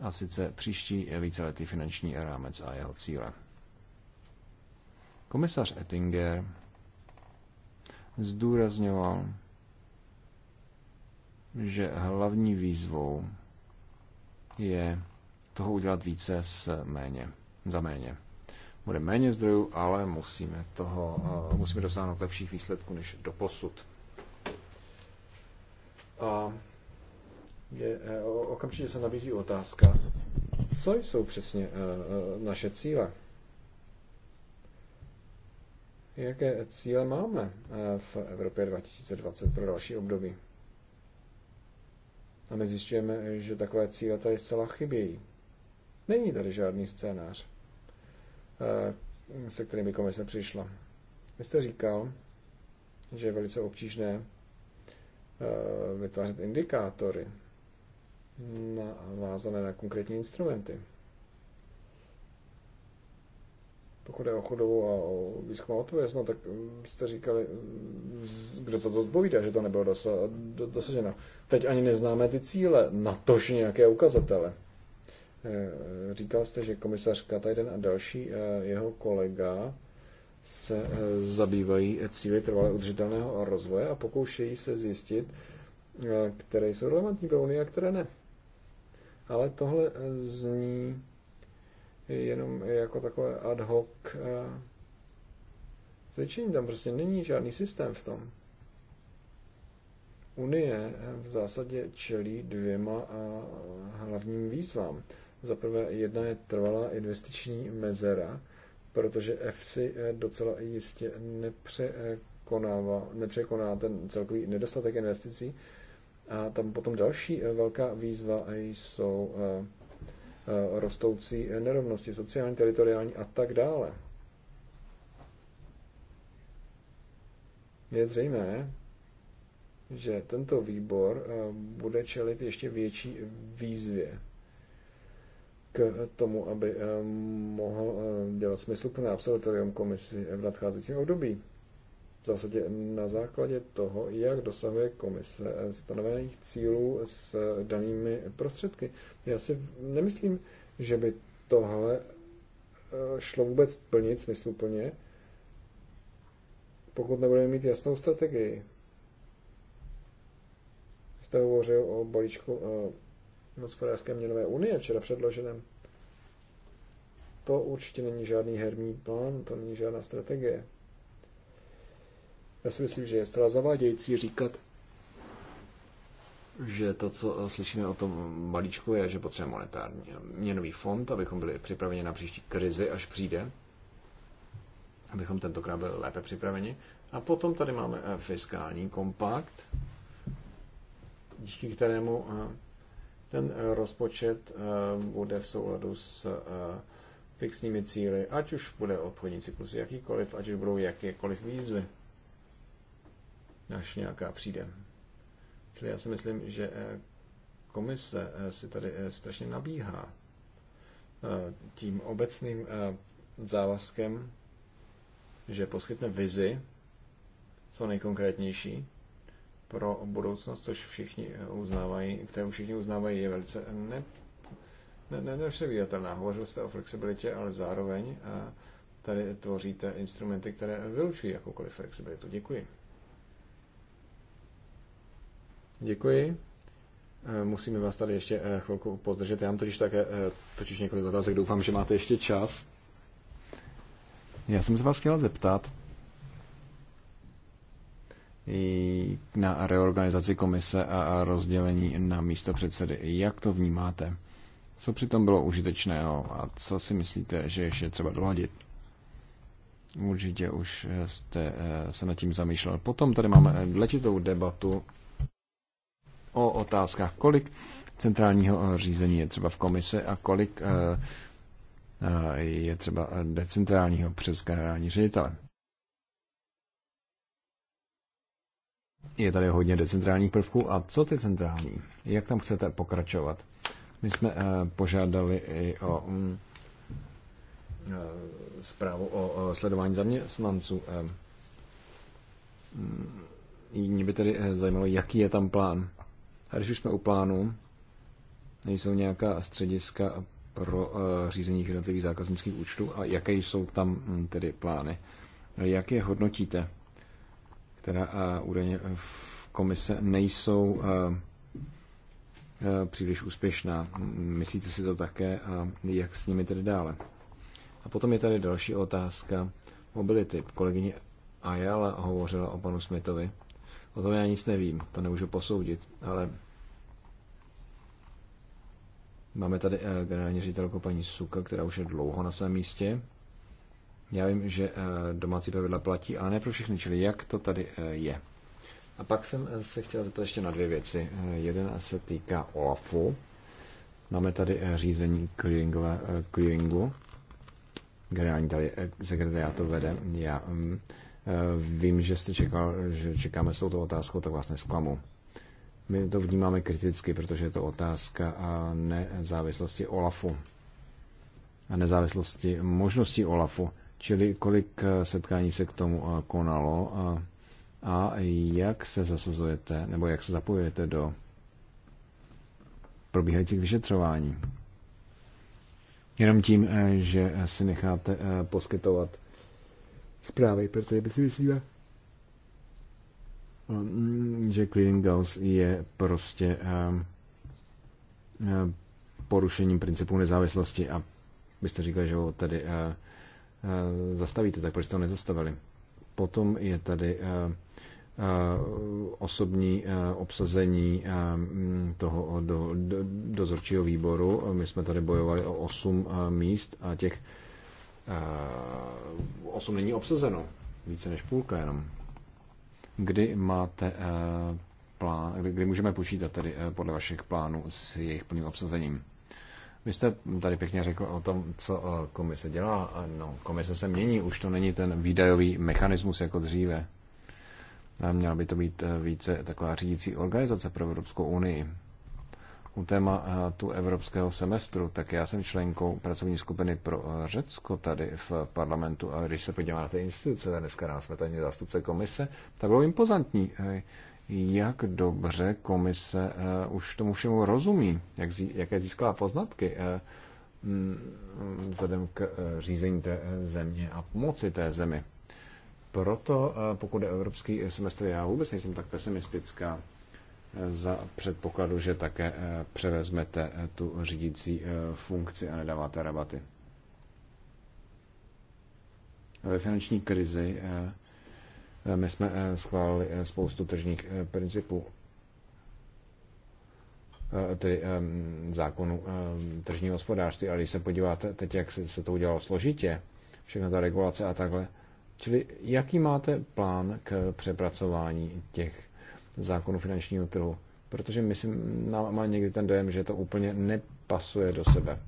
A sice příští je víceletý finanční rámec a jeho cíle. Komisař Ettinger zdůrazňoval, že hlavní výzvou je toho udělat více s méně, za méně bude méně zdrojů, ale musíme, toho, eh, musíme dosáhnout lepších výsledků než do posud. A je, eh, okamžitě se nabízí otázka, co jsou přesně eh, naše cíle? Jaké cíle máme v Evropě 2020 pro další období? A my zjišťujeme, že takové cíle tady zcela chybějí. Není tady žádný scénář. Eh, se kterými komise přišla. Vy jste říkal, že je velice obtížné eh, vytvářet indikátory navázané na konkrétní instrumenty. Pokud je o chodovou a o výzkumu odpověst, no, tak mm, jste říkali, mm, kdo za to odpovídá, že to nebylo dosaženo. Teď ani neznáme ty cíle, natož nějaké ukazatele. Eh, říkal jste, že komisař Katajden a další eh, jeho kolega se eh, zabývají cíly trvalého udržitelného rozvoje a pokoušejí se zjistit, které jsou relevantní pro Unii a které ne. Ale tohle zní jenom jako takové ad hoc cvičení. Tam prostě není žádný systém v tom. Unie v zásadě čelí dvěma hlavním výzvám. Za prvé, jedna je trvalá investiční mezera, protože FC e docela jistě nepřekonává, nepřekoná ten celkový nedostatek investicí. A tam potom další eh, velká výzva jsou eh, eh, rostoucí nerovnosti sociální, teritoriální a tak dále. Je zřejmé, že tento výbor bude čelit ještě větší výzvě k tomu, aby eh, mohl eh, dělat smysluplné absolutorium komisi v nadcházejícím období. V zásadě na základě toho, jak dosahuje komise eh, stanovených cílů s danými prostředky. Já si nemyslím, že by tohle šlo vůbec plnit smysluplně, pokud nebudeme mít jasnou strategii. Jste hovořil o balíčku hospodářské měnové unie včera předloženém, to určitě není žádný herní plán, to není žádná strategie. Já si myslím, že je zcela zavádějící říkat, že to, co slyšíme o tom balíčku, je, že potřebujeme monetární měnový fond, abychom byli připraveni na příští krizi, až přijde, abychom tentokrát byli lépe připraveni. A potom tady máme fiskální kompakt, díky kterému eh, ten eh, rozpočet eh, bude v souladu s eh, fixními cíly, ať už bude obchodní cyklus jakýkoliv, ať už budou jakékoliv výzvy, až nějaká přijde. Čili já si myslím, že komise si tady strašně nabíhá tím obecným závazkem, že poskytne vizi, co nejkonkrétnější, pro budoucnost, což všichni uznávají, které všichni uznávají, je velice ne, ne, ne, nepředvídatelná. Hovořil jste o flexibilitě, ale zároveň a tady tvoříte instrumenty, které vylučují jakoukoliv flexibilitu. Děkuji. Děkuji. E, musíme vás tady ještě e, chvilku podržet. Já mám totiž také e, totiž několik otázek. Doufám, že máte ještě čas. Já jsem se vás chtěla zeptat, na reorganizaci komise a rozdělení na místo předsedy. Jak to vnímáte? Co přitom bylo užitečného a co si myslíte, že ještě třeba doladit? Určitě už jste eh, se nad tím zamýšlel. Potom tady máme letitou debatu o otázkách, kolik centrálního eh, řízení je třeba v komise a kolik eh, je třeba decentrálního přes generální ředitele. Je tady hodně decentrálních prvků. A co ty centrální? Jak tam chcete pokračovat? My jsme eh, požádali i o mm, eh, zprávu o sledování zaměstnanců. Eh, mm, mě by tedy zajímalo, jaký je tam plán. A když už jsme u plánu, nejsou nějaká střediska pro řízení jednotlivých zákaznických účtů a jaké jsou tam mm, tedy plány? Jak je hodnotíte? která údajně eh, v komise nejsou eh, eh, příliš úspěšná. Myslíte si to také a jak s nimi tedy dále? A potom je tady další otázka mobility. Kolegyně Ayala hovořila o panu Smithovi. O tom já nic nevím, to nemůžu posoudit, ale máme tady generální ředitelku paní Suka, která už je dlouho na svém místě. Já vím, že eh, domácí pravidla platí, ale ne pro všechny, čili jak to tady eh, je. A pak jsem eh, se chtěl zeptat ještě na dvě věci. Jeden se týká OLAFu. Máme tady řízení clearingové, clearingu. Generální tady sekretariát to vede. Já mm, vím, že jste čekal, že čekáme s touto otázkou, tak vás nesklamu. My to vnímáme kriticky, protože je to otázka nezávislosti OLAFu a nezávislosti možností OLAFu. Čili kolik eh, setkání se k tomu eh, konalo a, a jak se zasazujete nebo jak se zapojujete do probíhajících vyšetřování? Jenom tím, eh, že si necháte poskytovat zprávy, protože by si myslíme, mm, že Clean Gauss je prostě ehm, porušením principu nezávislosti a byste říkali, že ho tady Eh, zastavíte, tak proč to nezastavili? Potom je tady eh, eh, osobní obsazení toho do, do, dozorčího výboru. My jsme tady bojovali o 8 míst a těch 8 není obsazeno. Více než půlka jenom. Kdy máte plán, kdy můžeme počítat tedy podle vašich plánů s jejich plným obsazením? Vy jste tady pěkně řekl o tom, co eh, komise dělá. Eh, no, komise se mění, už to není ten výdajový mechanismus jako dříve. měla by to být eh, více taková řídící organizace pro Evropskou unii. U téma tu evropského semestru, tak já jsem členkou pracovní skupiny pro Řecko tady v parlamentu a když se podíváme na ty instituce, dneska nás jsme tady zástupce komise, tak bylo impozantní jak dobře komise eh, už tomu všemu rozumí, jak zí, jaké získala poznatky eh, mm, vzhledem k eh, řízení té země a pomoci té zemi. Proto, pokud je evropský semestr, já vůbec nejsem tak pesimistická za předpokladu, že také převezmete tu řídící funkci a nedáváte rabaty. Ve finanční krizi Eh, my jsme eh, schválili eh, spoustu tržních principů, tedy zákonu tržního hospodářství, ale když se podíváte teď, jak se to udělalo složitě, všechna ta regulace a takhle, čili jaký máte plán k přepracování těch zákonů finančního trhu? Protože myslím, mám má někdy ten dojem, že to úplně nepasuje do sebe,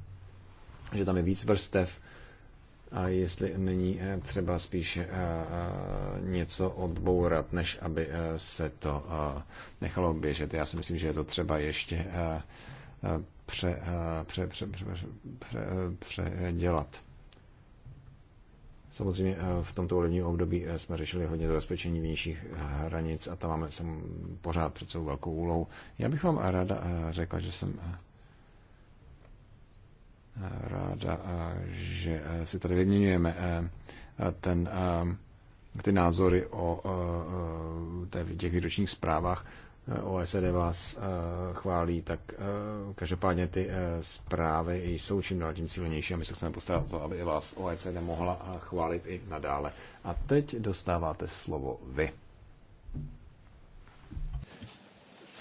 že tam je víc vrstev, a jestli není eh, třeba spíš eh, eh, něco odbourat, než aby se to nechalo běžet. Já si myslím, že je to třeba ještě pře, pře, pře, pře, pře, pře, předělat. Samozřejmě v tomto volebním období jsme řešili hodně zabezpečení vnějších hranic a tam máme pořád před sebou velkou úlohu. Já bych vám ráda řekla, že jsem ráda, že si tady vyměňujeme ten, ty názory o těch výročních zprávách. OSD vás chválí, tak každopádně ty zprávy jsou čím dál tím cílenější a my se chceme postarat o to, aby vás OECD mohla chválit i nadále. A teď dostáváte slovo vy.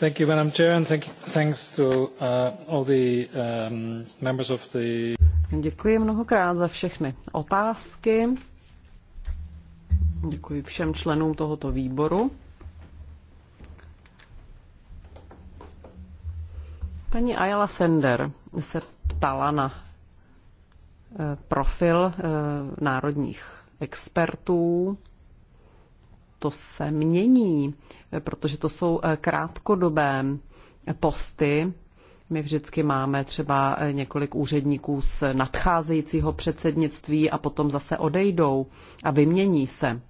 Thank you, Madam Chair, and thanks to uh, all the um, members of the... Děkuji mnohokrát za všechny otázky. Děkuji všem členům tohoto výboru. Paní Ayala Sender se ptala na uh, profil uh, národních expertů to se mění, protože to jsou eh, krátkodobé posty. My vždycky máme třeba eh, několik úředníků z nadcházejícího předsednictví a potom zase odejdou a vymění se.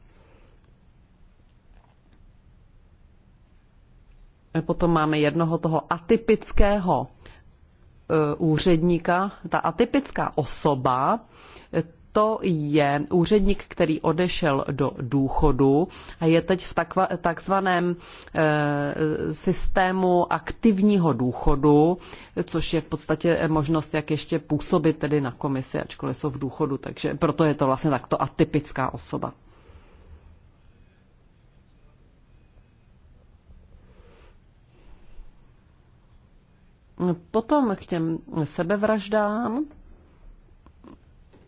Potom máme jednoho toho atypického eh, úředníka. Ta atypická osoba to je úředník, který odešel do důchodu a je teď v takzvaném eh, systému aktivního důchodu, což je v podstatě možnost, jak ještě působit tedy na komisi, ačkoliv jsou v důchodu, takže proto je to vlastně takto atypická osoba. Potom k těm sebevraždám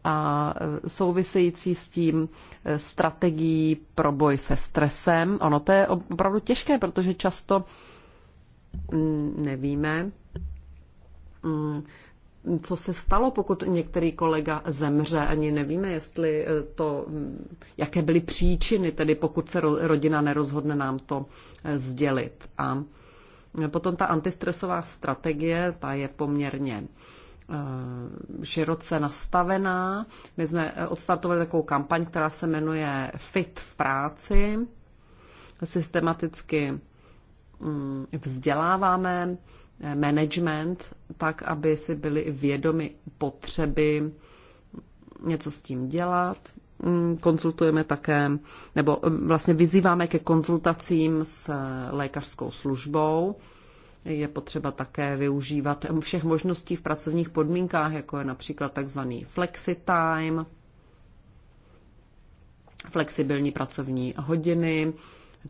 a e, související s tím e, strategií pro boj se stresem. Ono to je opravdu těžké, protože často mm, nevíme, mm, co se stalo, pokud některý kolega zemře. Ani nevíme, jestli e, to, jaké byly příčiny, tedy pokud se rodina nerozhodne nám to sdělit. A potom ta antistresová strategie, ta je poměrně Eh, široce nastavená. My jsme eh, odstartovali takovou kampaň, která se jmenuje Fit v práci. Systematicky mm, vzděláváme eh, management tak, aby si byli vědomi potřeby něco s tím dělat. Mm, konzultujeme také, nebo vlastně vyzýváme ke konzultacím s lékařskou službou je potřeba také využívat všech možností v pracovních podmínkách, jako je například takzvaný flexitime, flexibilní pracovní hodiny,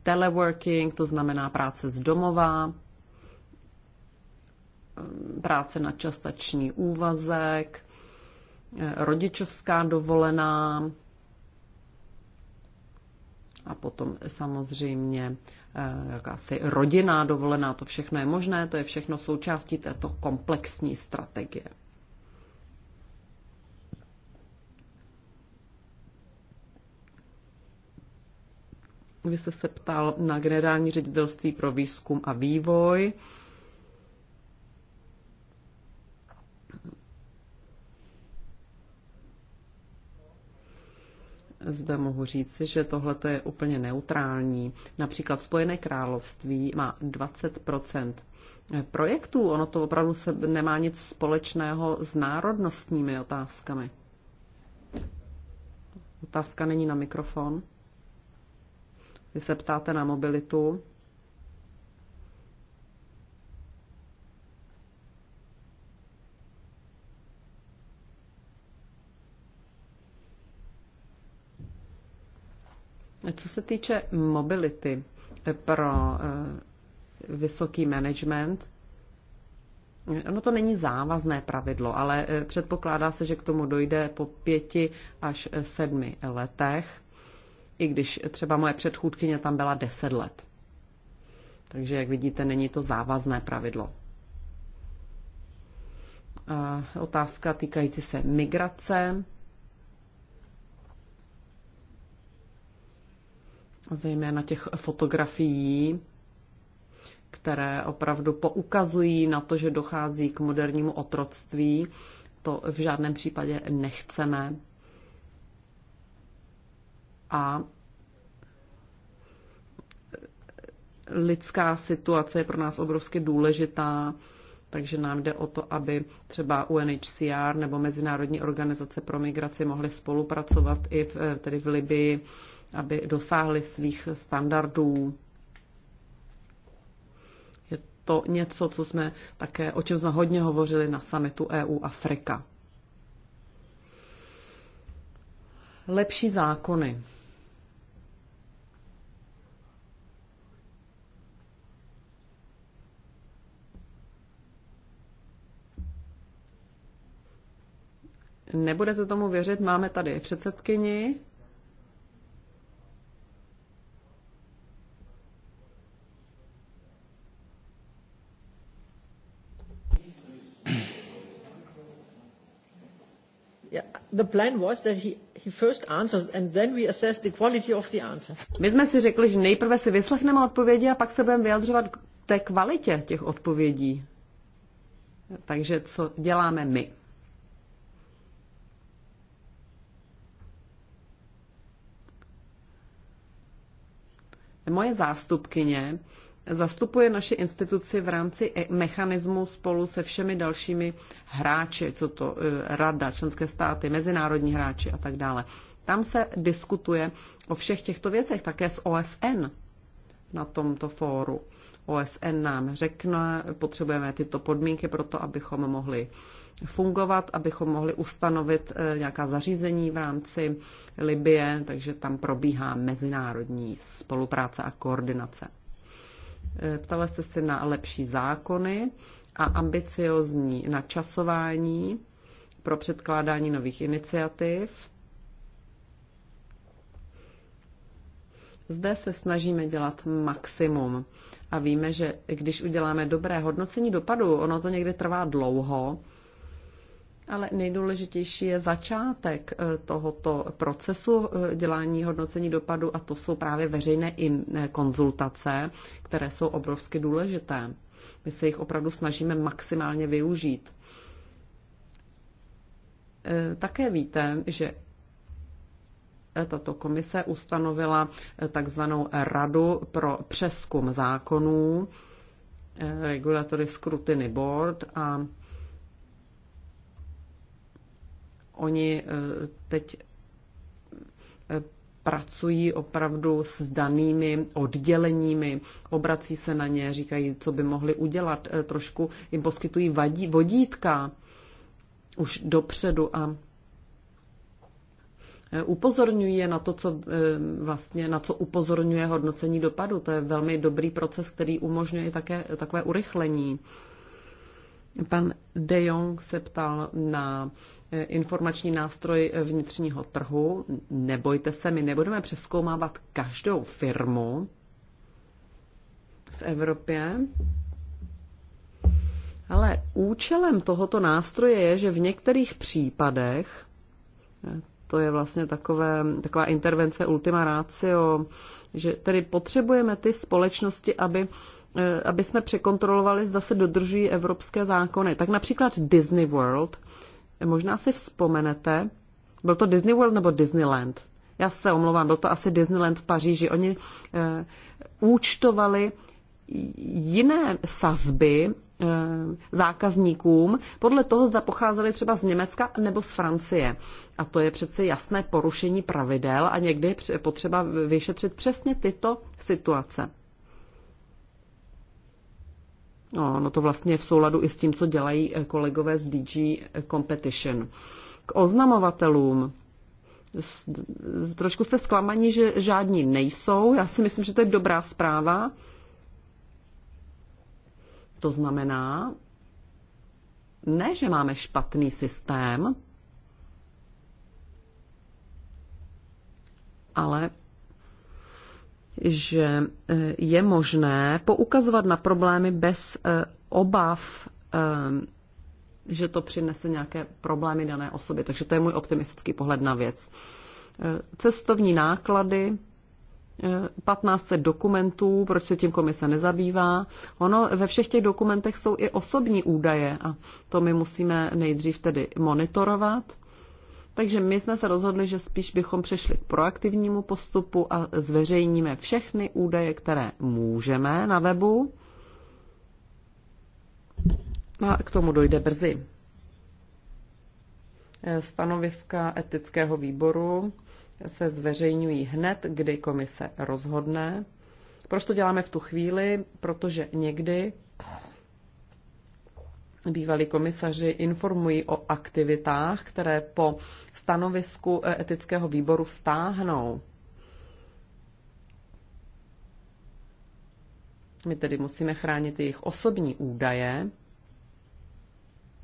teleworking, to znamená práce z domova, práce na častační úvazek, rodičovská dovolená a potom samozřejmě Eh, jakási rodinná dovolená, to všechno je možné, to je všechno součástí této komplexní strategie. Vy jste se ptal na generální ředitelství pro výzkum a vývoj. zde mohu říci, že tohle je úplně neutrální. Například Spojené království má 20 projektů. Ono to opravdu se nemá nic společného s národnostními otázkami. Otázka není na mikrofon. Vy se ptáte na mobilitu. Co se týče mobility pro eh, vysoký management, No to není závazné pravidlo, ale eh, předpokládá se, že k tomu dojde po pěti až sedmi letech, i když třeba moje předchůdkyně tam byla deset let. Takže, jak vidíte, není to závazné pravidlo. A otázka týkající se migrace. zejména těch fotografií, které opravdu poukazují na to, že dochází k modernímu otroctví. To v žádném případě nechceme. A lidská situace je pro nás obrovsky důležitá, takže nám jde o to, aby třeba UNHCR nebo Mezinárodní organizace pro migraci mohly spolupracovat i v, tedy v Libii aby dosáhli svých standardů. Je to něco, co jsme také, o čem jsme hodně hovořili na summitu EU Afrika. Lepší zákony. Nebudete tomu věřit, máme tady předsedkyni the plan was that he, he first answers and then we assess the quality of the answer. My jsme si řekli, že nejprve si vyslechneme odpovědi a pak se budeme vyjadřovat k té kvalitě těch odpovědí. Takže co děláme my? Moje zástupkyně zastupuje naše instituci v rámci e- mechanismu spolu se všemi dalšími hráči, co to e, rada, členské státy, mezinárodní hráči a tak dále. Tam se diskutuje o všech těchto věcech, také s OSN na tomto fóru. OSN nám řekne, potřebujeme tyto podmínky pro to, abychom mohli fungovat, abychom mohli ustanovit e, nějaká zařízení v rámci Libie, takže tam probíhá mezinárodní spolupráce a koordinace. Ptala jste se na lepší zákony a ambiciozní načasování pro předkládání nových iniciativ. Zde se snažíme dělat maximum a víme, že když uděláme dobré hodnocení dopadu, ono to někdy trvá dlouho, ale nejdůležitější je začátek eh, tohoto procesu eh, dělání hodnocení dopadu a to jsou právě veřejné eh, konzultace, které jsou obrovsky důležité. My se jich opravdu snažíme maximálně využít. Také víte, že tato komise ustanovila takzvanou Radu pro přeskum zákonů, Regulatory Scrutiny Board a Oni eh, teď eh, pracují opravdu s danými odděleními, obrací se na ně, říkají, co by mohli udělat, eh, trošku jim poskytují vadí, vodítka už dopředu a upozorňují je na to, co vlastně, na co upozorňuje hodnocení dopadu. To je velmi dobrý proces, který umožňuje také takové urychlení. Pan De Jong se ptal na eh, informační nástroj vnitřního trhu. Nebojte se, my nebudeme přeskoumávat každou firmu v Evropě. Ale účelem tohoto nástroje je, že v některých případech, eh, to je vlastně takové, taková intervence ultima ratio, že tedy potřebujeme ty společnosti, aby Eh, aby jsme překontrolovali, zda se dodržují evropské zákony. Tak například Disney World, možná si vzpomenete, byl to Disney World nebo Disneyland? Já se omlouvám, byl to asi Disneyland v Paříži. Oni eh, účtovali jiné sazby eh, zákazníkům podle toho, zda pocházeli třeba z Německa nebo z Francie. A to je přece jasné porušení pravidel a někdy je potřeba vyšetřit přesně tyto situace. No, no to vlastně v souladu i s tím, co dělají eh, kolegové z DG Competition. K oznamovatelům. Trošku jste zklamaní, že žádní nejsou. Já si myslím, že to je dobrá zpráva. To znamená, ne, že máme špatný systém, ale že e, je možné poukazovat na problémy bez e, obav, e, že to přinese nějaké problémy dané osobě. Takže to je můj optimistický pohled na věc. Cestovní náklady, 1500 dokumentů, proč se tím komise nezabývá. Ono ve všech těch dokumentech jsou i osobní údaje a to my musíme nejdřív tedy monitorovat takže my jsme se rozhodli, že spíš bychom přešli k proaktivnímu postupu a zveřejníme všechny údaje, které můžeme na webu. A k tomu dojde brzy. Stanoviska etického výboru se zveřejňují hned, kdy komise rozhodne. Proč to děláme v tu chvíli? Protože někdy bývalí komisaři informují o aktivitách, které po stanovisku eh, etického výboru stáhnou. My tedy musíme chránit jejich osobní údaje.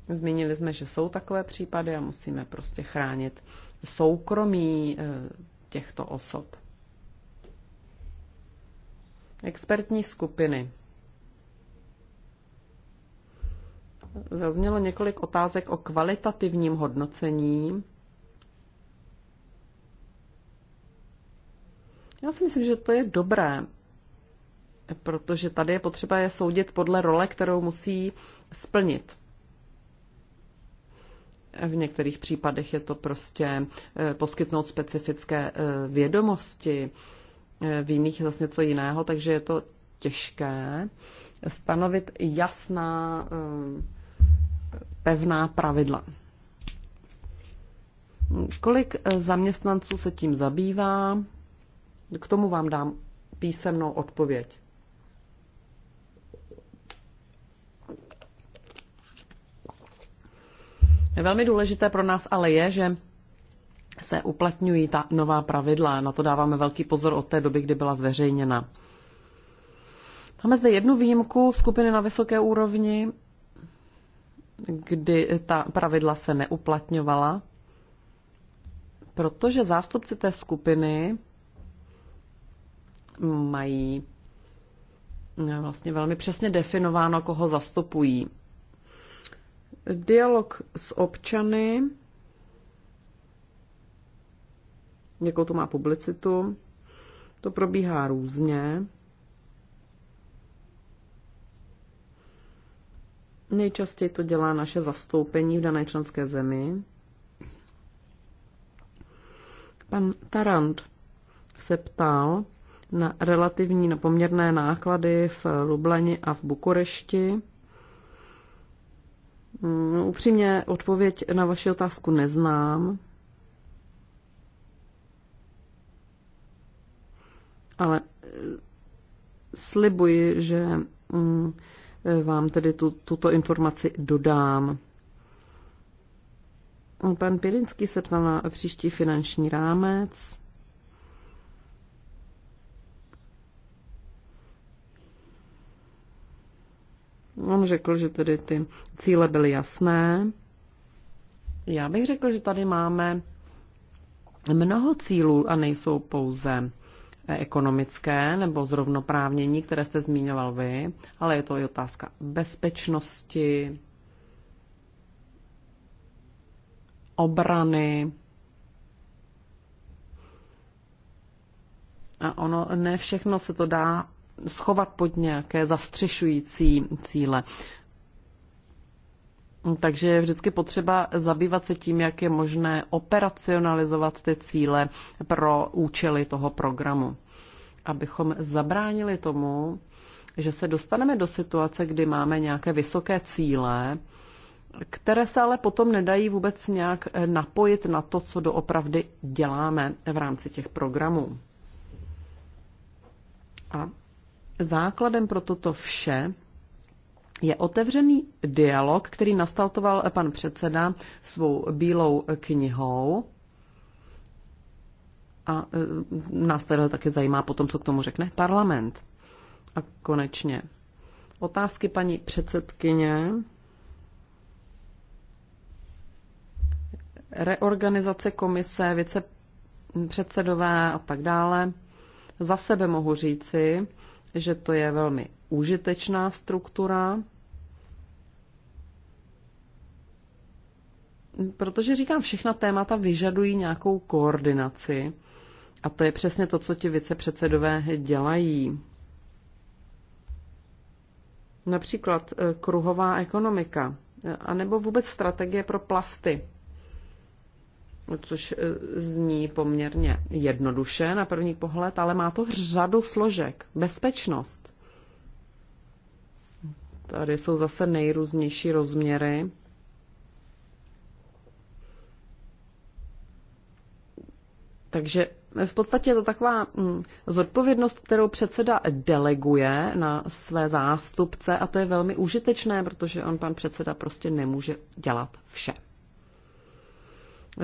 Zmínili jsme, že jsou takové případy a musíme prostě chránit soukromí eh, těchto osob. Expertní skupiny. Zaznělo několik otázek o kvalitativním hodnocení. Já si myslím, že to je dobré, protože tady je potřeba je soudit podle role, kterou musí splnit. V některých případech je to prostě eh, poskytnout specifické eh, vědomosti, eh, v jiných zase něco jiného, takže je to těžké stanovit jasná pevná pravidla. Kolik eh, zaměstnanců se tím zabývá? K tomu vám dám písemnou odpověď. Velmi důležité pro nás ale je, že se uplatňují ta nová pravidla. Na to dáváme velký pozor od té doby, kdy byla zveřejněna. Máme zde jednu výjimku skupiny na vysoké úrovni, kdy ta pravidla se neuplatňovala, protože zástupci té skupiny mají eh, vlastně velmi přesně definováno, koho zastupují. Dialog s občany, jakou to má publicitu, to probíhá různě. Nejčastěji to dělá naše zastoupení v dané členské zemi. Pan Tarant se ptal na relativní napoměrné náklady v Lublani a v Bukurešti. No, upřímně odpověď na vaši otázku neznám, ale eh, slibuji, že mm, vám tedy tu, tuto informaci dodám. Pan Pirinský se ptal na příští finanční rámec. On řekl, že tedy ty cíle byly jasné. Já bych řekl, že tady máme mnoho cílů a nejsou pouze ekonomické nebo zrovnoprávnění, které jste zmiňoval vy, ale je to i otázka bezpečnosti, obrany. A ono ne všechno se to dá schovat pod nějaké zastřešující cíle. Takže je vždycky potřeba zabývat se tím, jak je možné operacionalizovat ty cíle pro účely toho programu, abychom zabránili tomu, že se dostaneme do situace, kdy máme nějaké vysoké cíle, které se ale potom nedají vůbec nějak eh, napojit na to, co doopravdy děláme v rámci těch programů. A základem pro toto vše je otevřený dialog, který nastartoval pan předseda svou bílou knihou. A e, nás tady také zajímá potom, co k tomu řekne parlament. A konečně otázky paní předsedkyně. Reorganizace komise, vicepředsedové a tak dále. Za sebe mohu říci, že to je velmi užitečná struktura, protože říkám, všechna témata vyžadují nějakou koordinaci a to je přesně to, co ti vicepředsedové dělají. Například eh, kruhová ekonomika, eh, anebo vůbec strategie pro plasty což eh, zní poměrně jednoduše na první pohled, ale má to řadu složek. Bezpečnost. Tady jsou zase nejrůznější rozměry. Takže v podstatě je to taková mm, zodpovědnost, kterou předseda deleguje na své zástupce a to je velmi užitečné, protože on pan předseda prostě nemůže dělat vše.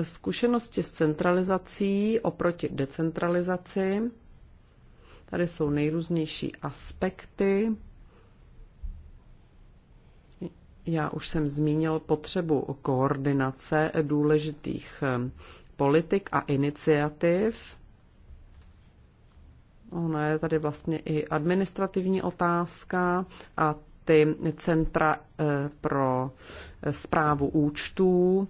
Zkušenosti s centralizací oproti decentralizaci. Tady jsou nejrůznější aspekty. Já už jsem zmínil potřebu koordinace důležitých eh, politik a iniciativ. Ona je tady vlastně i administrativní otázka a ty centra eh, pro zprávu eh, účtů,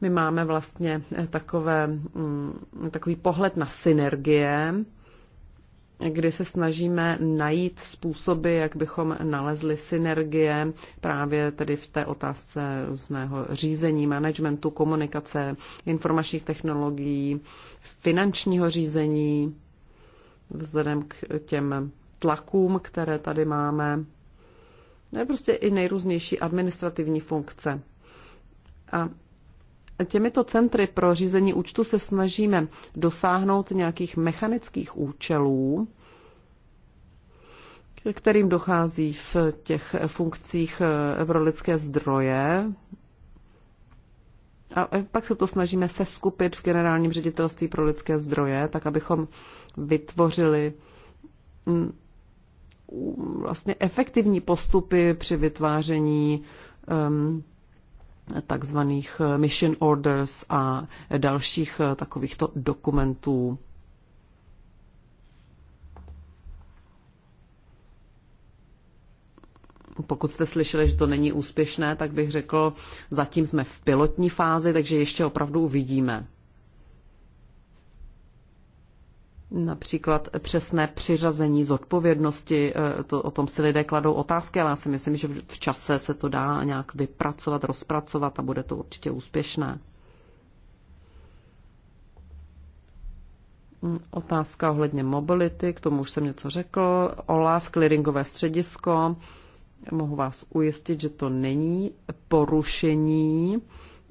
my máme vlastně eh, takové, mm, takový pohled na synergie, kdy se snažíme najít způsoby, jak bychom nalezli synergie právě tedy v té otázce různého řízení, managementu, komunikace, informačních technologií, finančního řízení, vzhledem k těm tlakům, které tady máme, je prostě i nejrůznější administrativní funkce. A Těmito centry pro řízení účtu se snažíme dosáhnout nějakých mechanických účelů, kterým dochází v těch funkcích eh, pro lidské zdroje. A eh, pak se to snažíme seskupit v generálním ředitelství pro lidské zdroje, tak abychom vytvořili mm, vlastně efektivní postupy při vytváření um, takzvaných eh, mission orders a dalších eh, takovýchto dokumentů. Pokud jste slyšeli, že to není úspěšné, tak bych řekl, zatím jsme v pilotní fázi, takže ještě opravdu uvidíme. Například přesné přiřazení zodpovědnosti, eh, to, o tom si lidé kladou otázky, ale já si myslím, že v čase se to dá nějak vypracovat, rozpracovat a bude to určitě úspěšné. Hm, otázka ohledně mobility, k tomu už jsem něco řekl. OLAF, clearingové středisko. Mohu vás ujistit, že to není porušení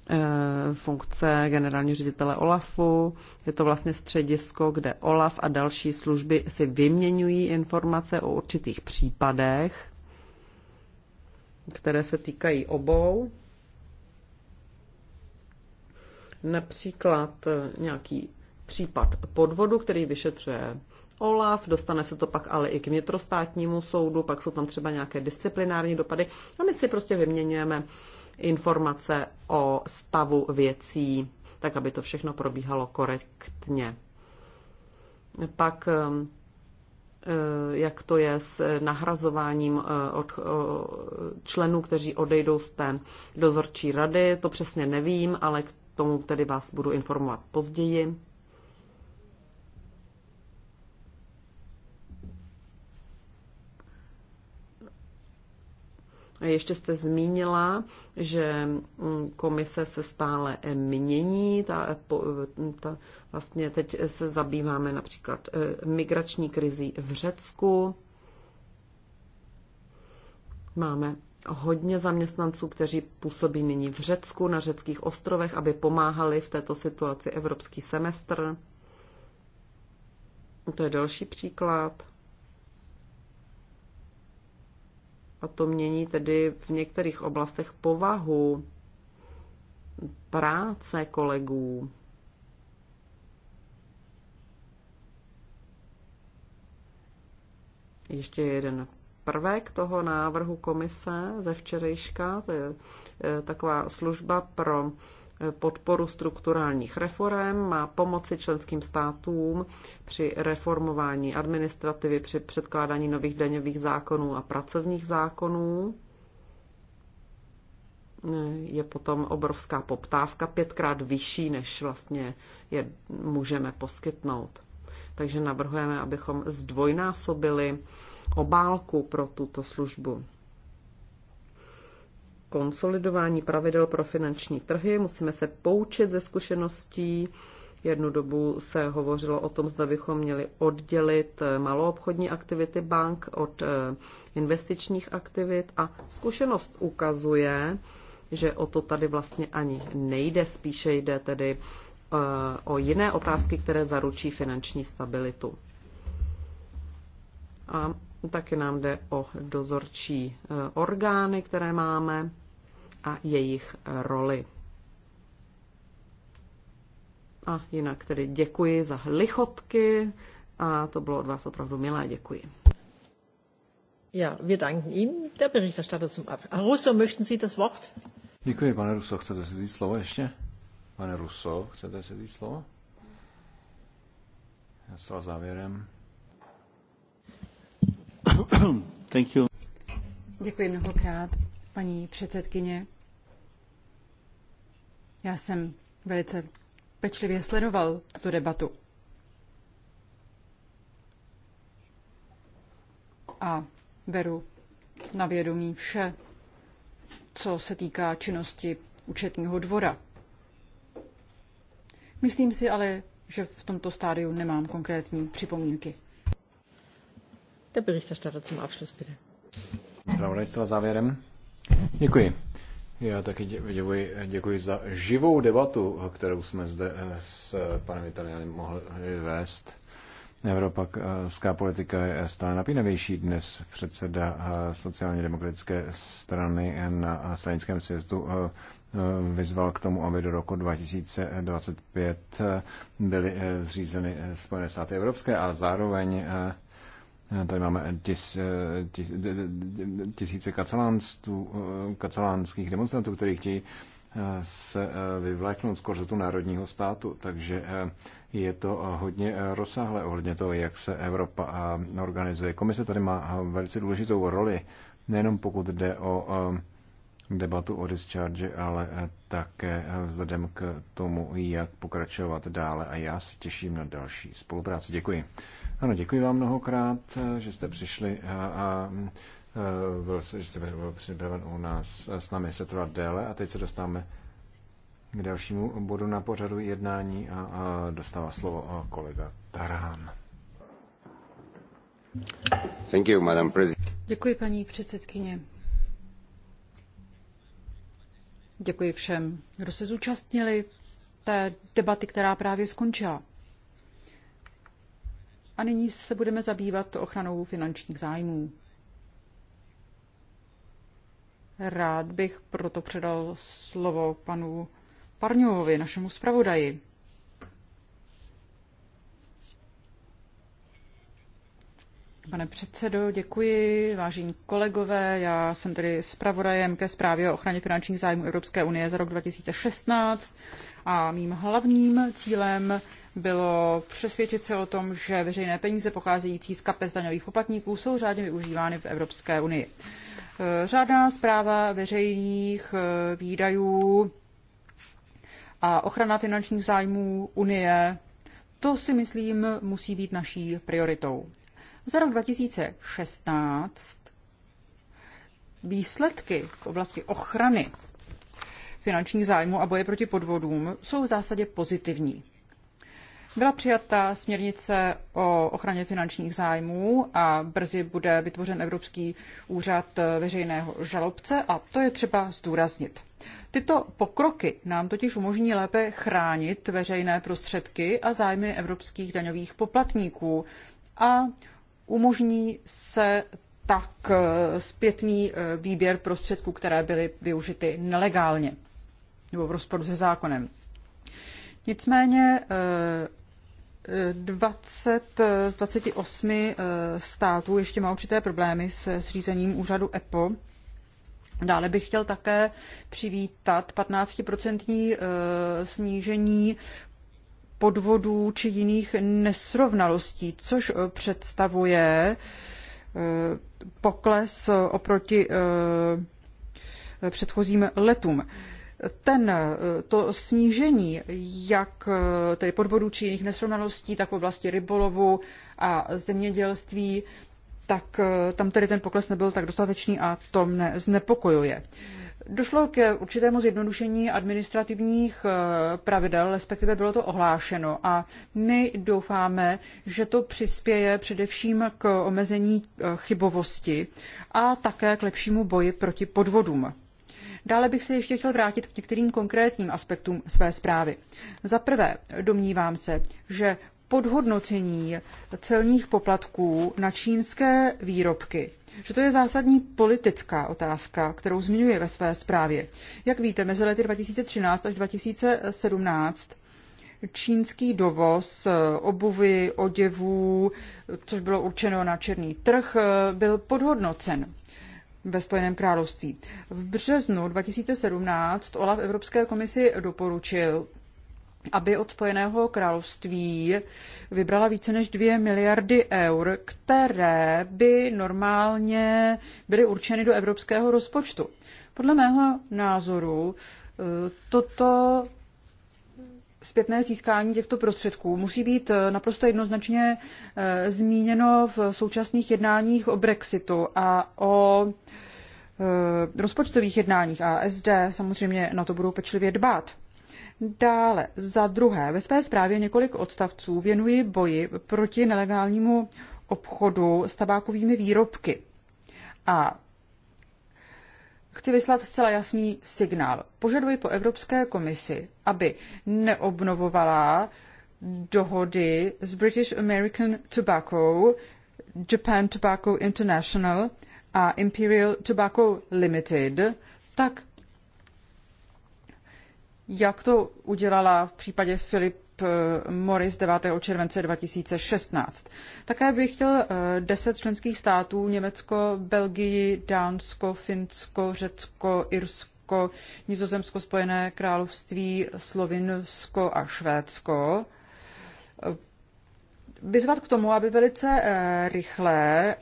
Eh, funkce generálního ředitele OLAFu. Je to vlastně středisko, kde OLAF a další služby si vyměňují informace o určitých případech, které se týkají obou. Například eh, nějaký případ podvodu, který vyšetřuje OLAF, dostane se to pak ale i k vnitrostátnímu soudu, pak jsou tam třeba nějaké disciplinární dopady a my si prostě vyměňujeme informace o stavu věcí, tak aby to všechno probíhalo korektně. Pak um, eh, jak to je s nahrazováním eh, od členů, kteří odejdou z té dozorčí rady. To přesně nevím, ale k tomu tedy vás budu informovat později. Ještě jste zmínila, že mm, komise se stále eh, mění. Ta, eh, eh, ta, vlastně teď se zabýváme například migrační krizí v Řecku. Máme hodně zaměstnanců, kteří působí nyní v Řecku, na řeckých ostrovech, aby pomáhali v této situaci evropský semestr. To je další příklad. A to mění tedy v některých oblastech povahu práce kolegů. Ještě jeden prvek toho návrhu komise ze včerejška, to je e, taková služba pro podporu strukturálních reform, má pomoci členským státům při reformování administrativy, při předkládání nových daňových zákonů a pracovních zákonů. Je potom obrovská poptávka, pětkrát vyšší, než vlastně je můžeme poskytnout. Takže navrhujeme, abychom zdvojnásobili obálku pro tuto službu konsolidování pravidel pro finanční trhy. Musíme se poučit ze zkušeností. Jednu dobu se hovořilo o tom, zda bychom měli oddělit eh, maloobchodní aktivity bank od eh, investičních aktivit a zkušenost ukazuje, že o to tady vlastně ani nejde, spíše jde tedy eh, o jiné otázky, které zaručí finanční stabilitu. A Taky nám jde o dozorčí e, orgány, které máme a jejich roli. A jinak tedy děkuji za lichotky a to bylo od vás opravdu milé, děkuji. Ja, wir danken Ihnen, der Berichterstatter zum Ab. Herr ah, Russo, möchten Sie das Wort? Děkuji, pane Russo, chcete si říct slovo ještě? Pane Russo, chcete si říct slovo? Já zcela závěrem. Děkuji mnohokrát, paní předsedkyně. Já jsem velice pečlivě sledoval tuto debatu. A beru na vědomí vše, co se týká činnosti účetního dvora. Myslím si ale, že v tomto stádiu nemám konkrétní připomínky. Der Berichterstatter zum Abschluss, bitte. závěrem. Děkuji. Já taky děkuji, děkuji za živou debatu, kterou jsme zde eh, s panem Italianem mohli eh, vést. Evropská eh, politika je stále napínavější. Dnes předseda sociálně demokratické strany na stranickém sjezdu vyzval k tomu, aby do roku 2025 byly zřízeny Spojené státy evropské a zároveň Eh, tady máme tis, eh, tis, tisíce katalánských eh, kacelánských demonstrantů, kteří chtějí se vyvléknout z korzetu národního státu, takže je to hodně rozsáhlé ohledně toho, jak se Evropa organizuje. Komise tady má velice důležitou roli, nejenom pokud jde o debatu o discharge, ale také vzhledem k tomu, jak pokračovat dále. A já se těším na další spolupráci. Děkuji. Ano, děkuji vám mnohokrát, eh, že jste přišli a, a eh, byl, že jste byl připraven u nás eh, s námi se trvat déle a teď se dostáváme k dalšímu bodu na pořadu jednání a, a dostává slovo kolega Tarán. Thank you, Madam Děkuji, paní předsedkyně. Děkuji všem, kdo se zúčastnili té debaty, která právě skončila. A nyní se budeme zabývat ochranou finančních zájmů. Rád bych proto předal slovo panu Parňovovi, našemu zpravodaji. Pane předsedo, děkuji. Vážení kolegové, já jsem tedy zpravodajem ke zprávě o ochraně finančních zájmů Evropské unie za rok 2016 a mým hlavním cílem bylo přesvědčit se o tom, že veřejné peníze pocházející z kapes daňových poplatníků jsou řádně využívány v Evropské unii. Eh, řádná zpráva veřejných eh, výdajů a ochrana finančních zájmů Unie, to si myslím musí být naší prioritou. Za rok 2016 výsledky v oblasti ochrany finančních zájmů a boje proti podvodům jsou v zásadě pozitivní. Byla přijata směrnice o ochraně finančních zájmů a brzy bude vytvořen Evropský úřad veřejného žalobce a to je třeba zdůraznit. Tyto pokroky nám totiž umožní lépe chránit veřejné prostředky a zájmy evropských daňových poplatníků a umožní se tak zpětný eh, výběr prostředků, které byly využity nelegálně nebo v rozporu se zákonem. Nicméně eh, 20 z 28 eh, států ještě má určité problémy se zřízením úřadu EPO. Dále bych chtěl také přivítat 15% eh, snížení podvodů či jiných nesrovnalostí, což eh, představuje pokles oproti předchozím letům ten, to snížení jak eh, tedy podvodů či jiných nesrovnalostí, tak v oblasti rybolovu a zemědělství, tak eh, tam tedy ten pokles nebyl tak dostatečný a to mne znepokojuje. Došlo k určitému zjednodušení administrativních eh, pravidel, respektive bylo to ohlášeno a my doufáme, že to přispěje především k omezení chybovosti a také k lepšímu boji proti podvodům. Dále bych se ještě chtěl vrátit k některým konkrétním aspektům své zprávy. Za prvé, domnívám se, že podhodnocení celních poplatků na čínské výrobky. Že to je zásadní politická otázka, kterou zmiňuje ve své zprávě. Jak víte, mezi lety 2013 až 2017 čínský dovoz obuvy, oděvů, což bylo určeno na černý trh, byl podhodnocen ve Spojeném království. V březnu 2017 Olaf Evropské komisi doporučil, aby od Spojeného království vybrala více než 2 miliardy eur, které by normálně byly určeny do evropského rozpočtu. Podle mého názoru eh, toto zpětné získání těchto prostředků musí být eh, naprosto jednoznačně eh, zmíněno v současných jednáních o Brexitu a o eh, rozpočtových jednáních a SD samozřejmě na to budou pečlivě dbát. Dále, za druhé, ve své zprávě několik odstavců věnuji boji proti nelegálnímu obchodu s tabákovými výrobky. A chci vyslat zcela jasný signál. Požaduji po Evropské komisi, aby neobnovovala dohody s British American Tobacco, Japan Tobacco International a Imperial Tobacco Limited, tak jak to udělala v případě Philip Eh, Morris 9. července 2016. Také bych chtěl 10 eh, členských států, Německo, Belgii, Dánsko, Finsko, Řecko, Irsko, Nizozemsko, Spojené království, Slovinsko a Švédsko, eh, vyzvat k tomu, aby velice rychle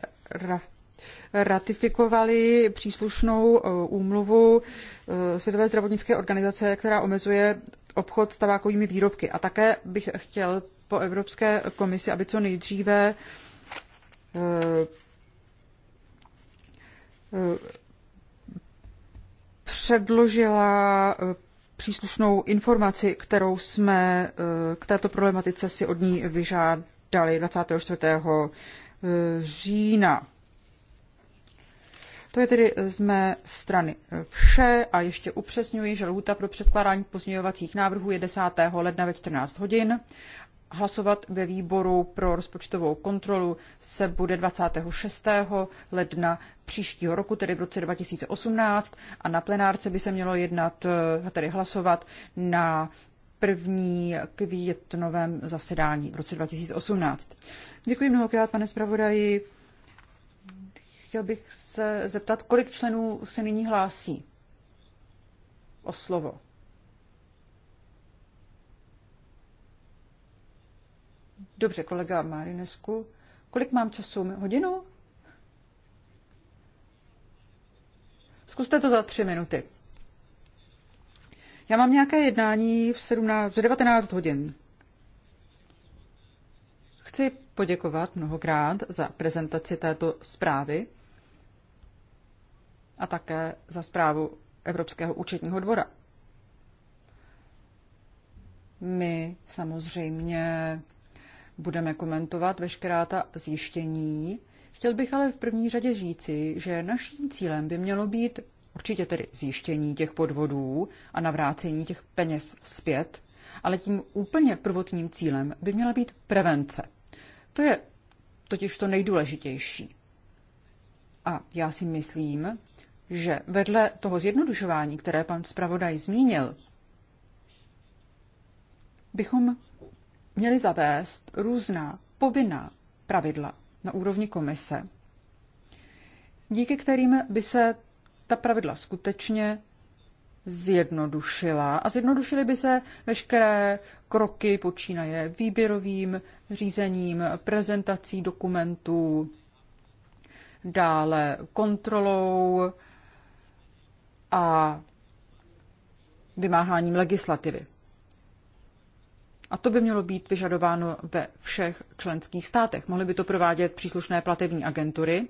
ratifikovali příslušnou úmluvu Světové zdravotnické organizace, která omezuje obchod s tabákovými výrobky. A také bych chtěl po Evropské komisi, aby co nejdříve eh, eh, předložila eh, příslušnou informaci, kterou jsme k této problematice si od ní vyžádali 24. října. To je tedy z mé strany eh, vše a ještě upřesňuji, že lhůta pro předkládání pozměňovacích návrhů je 10. ledna ve 14 hodin. Hlasovat ve výboru pro rozpočtovou kontrolu se bude 26. ledna příštího roku, tedy v roce 2018, a na plenárce by se mělo jednat, eh, tedy hlasovat na první květnovém zasedání v roce 2018. Děkuji mnohokrát, pane zpravodaji. Chtěl bych se zeptat, kolik členů se nyní hlásí o slovo. Dobře, kolega Marinesku. Kolik mám času? Hodinu? Zkuste to za tři minuty. Já mám nějaké jednání v, 17, v 19 hodin. Chci poděkovat mnohokrát za prezentaci této zprávy a také za zprávu Evropského účetního dvora. My samozřejmě budeme komentovat veškerá ta zjištění. Chtěl bych ale v první řadě říci, že naším cílem by mělo být určitě tedy zjištění těch podvodů a navrácení těch peněz zpět, ale tím úplně prvotním cílem by měla být prevence. To je totiž to nejdůležitější. A já si myslím, že vedle toho zjednodušování, které pan zpravodaj zmínil, bychom měli zavést různá povinná pravidla na úrovni komise, díky kterým by se ta pravidla skutečně zjednodušila a zjednodušily by se veškeré kroky počínaje výběrovým řízením, prezentací dokumentů, dále kontrolou a vymáháním legislativy. A to by mělo být vyžadováno ve všech členských státech. Mohly by to provádět příslušné platební agentury,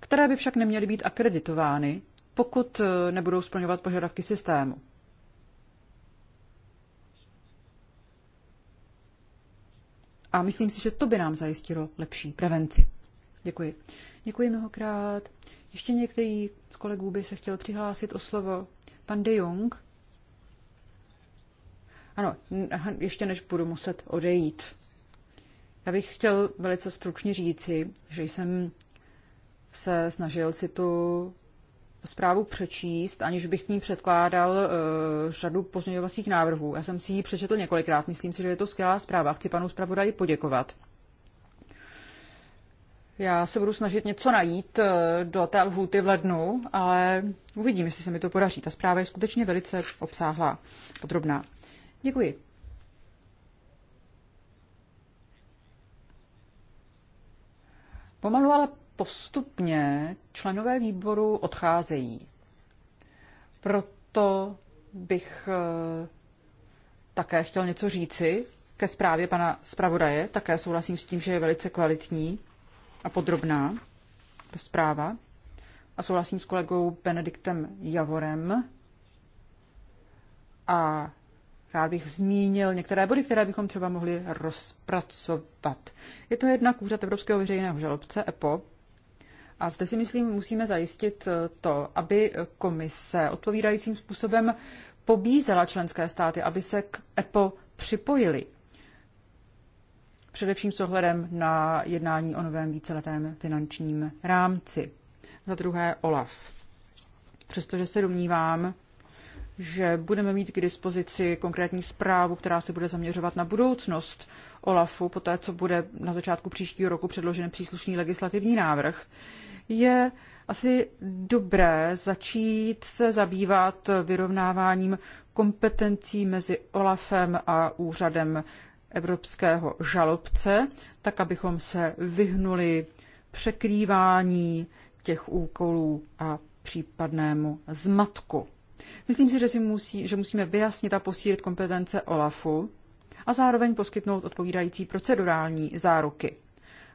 které by však neměly být akreditovány, pokud nebudou splňovat požadavky systému. A myslím si, že to by nám zajistilo lepší prevenci. Děkuji. Děkuji mnohokrát. Ještě některý z kolegů by se chtěl přihlásit o slovo. Pan De Jong. Ano, ještě než budu muset odejít. Já bych chtěl velice stručně říci, že jsem se snažil si tu zprávu přečíst, aniž bych k ní předkládal uh, řadu pozměňovacích návrhů. Já jsem si ji přečetl několikrát, myslím si, že je to skvělá zpráva. Chci panu zpravodaji poděkovat. Já se budu snažit něco najít uh, do té lhůty v lednu, ale uvidím, jestli se mi to podaří. Ta zpráva je skutečně velice obsáhlá, podrobná. Děkuji. Pomalu, ale postupně členové výboru odcházejí. Proto bych eh, také chtěl něco říci ke zprávě pana zpravodaje. Také souhlasím s tím, že je velice kvalitní a podrobná ta zpráva. A souhlasím s kolegou Benediktem Javorem. A rád bych zmínil některé body, které bychom třeba mohli rozpracovat. Je to jednak úřad Evropského veřejného žalobce EPO, a zde si myslím, musíme zajistit eh, to, aby komise odpovídajícím způsobem pobízela členské státy, aby se k EPO připojili. Především s ohledem na jednání o novém víceletém finančním rámci. Za druhé OLAF. Přestože se domnívám, že budeme mít k dispozici konkrétní zprávu, která se bude zaměřovat na budoucnost OLAFu, poté co bude na začátku příštího roku předložen příslušný legislativní návrh je asi dobré začít se zabývat vyrovnáváním kompetencí mezi OLAFem a úřadem evropského žalobce, tak abychom se vyhnuli překrývání těch úkolů a případnému zmatku. Myslím si, že, si musí, že musíme vyjasnit a posílit kompetence OLAFu a zároveň poskytnout odpovídající procedurální záruky.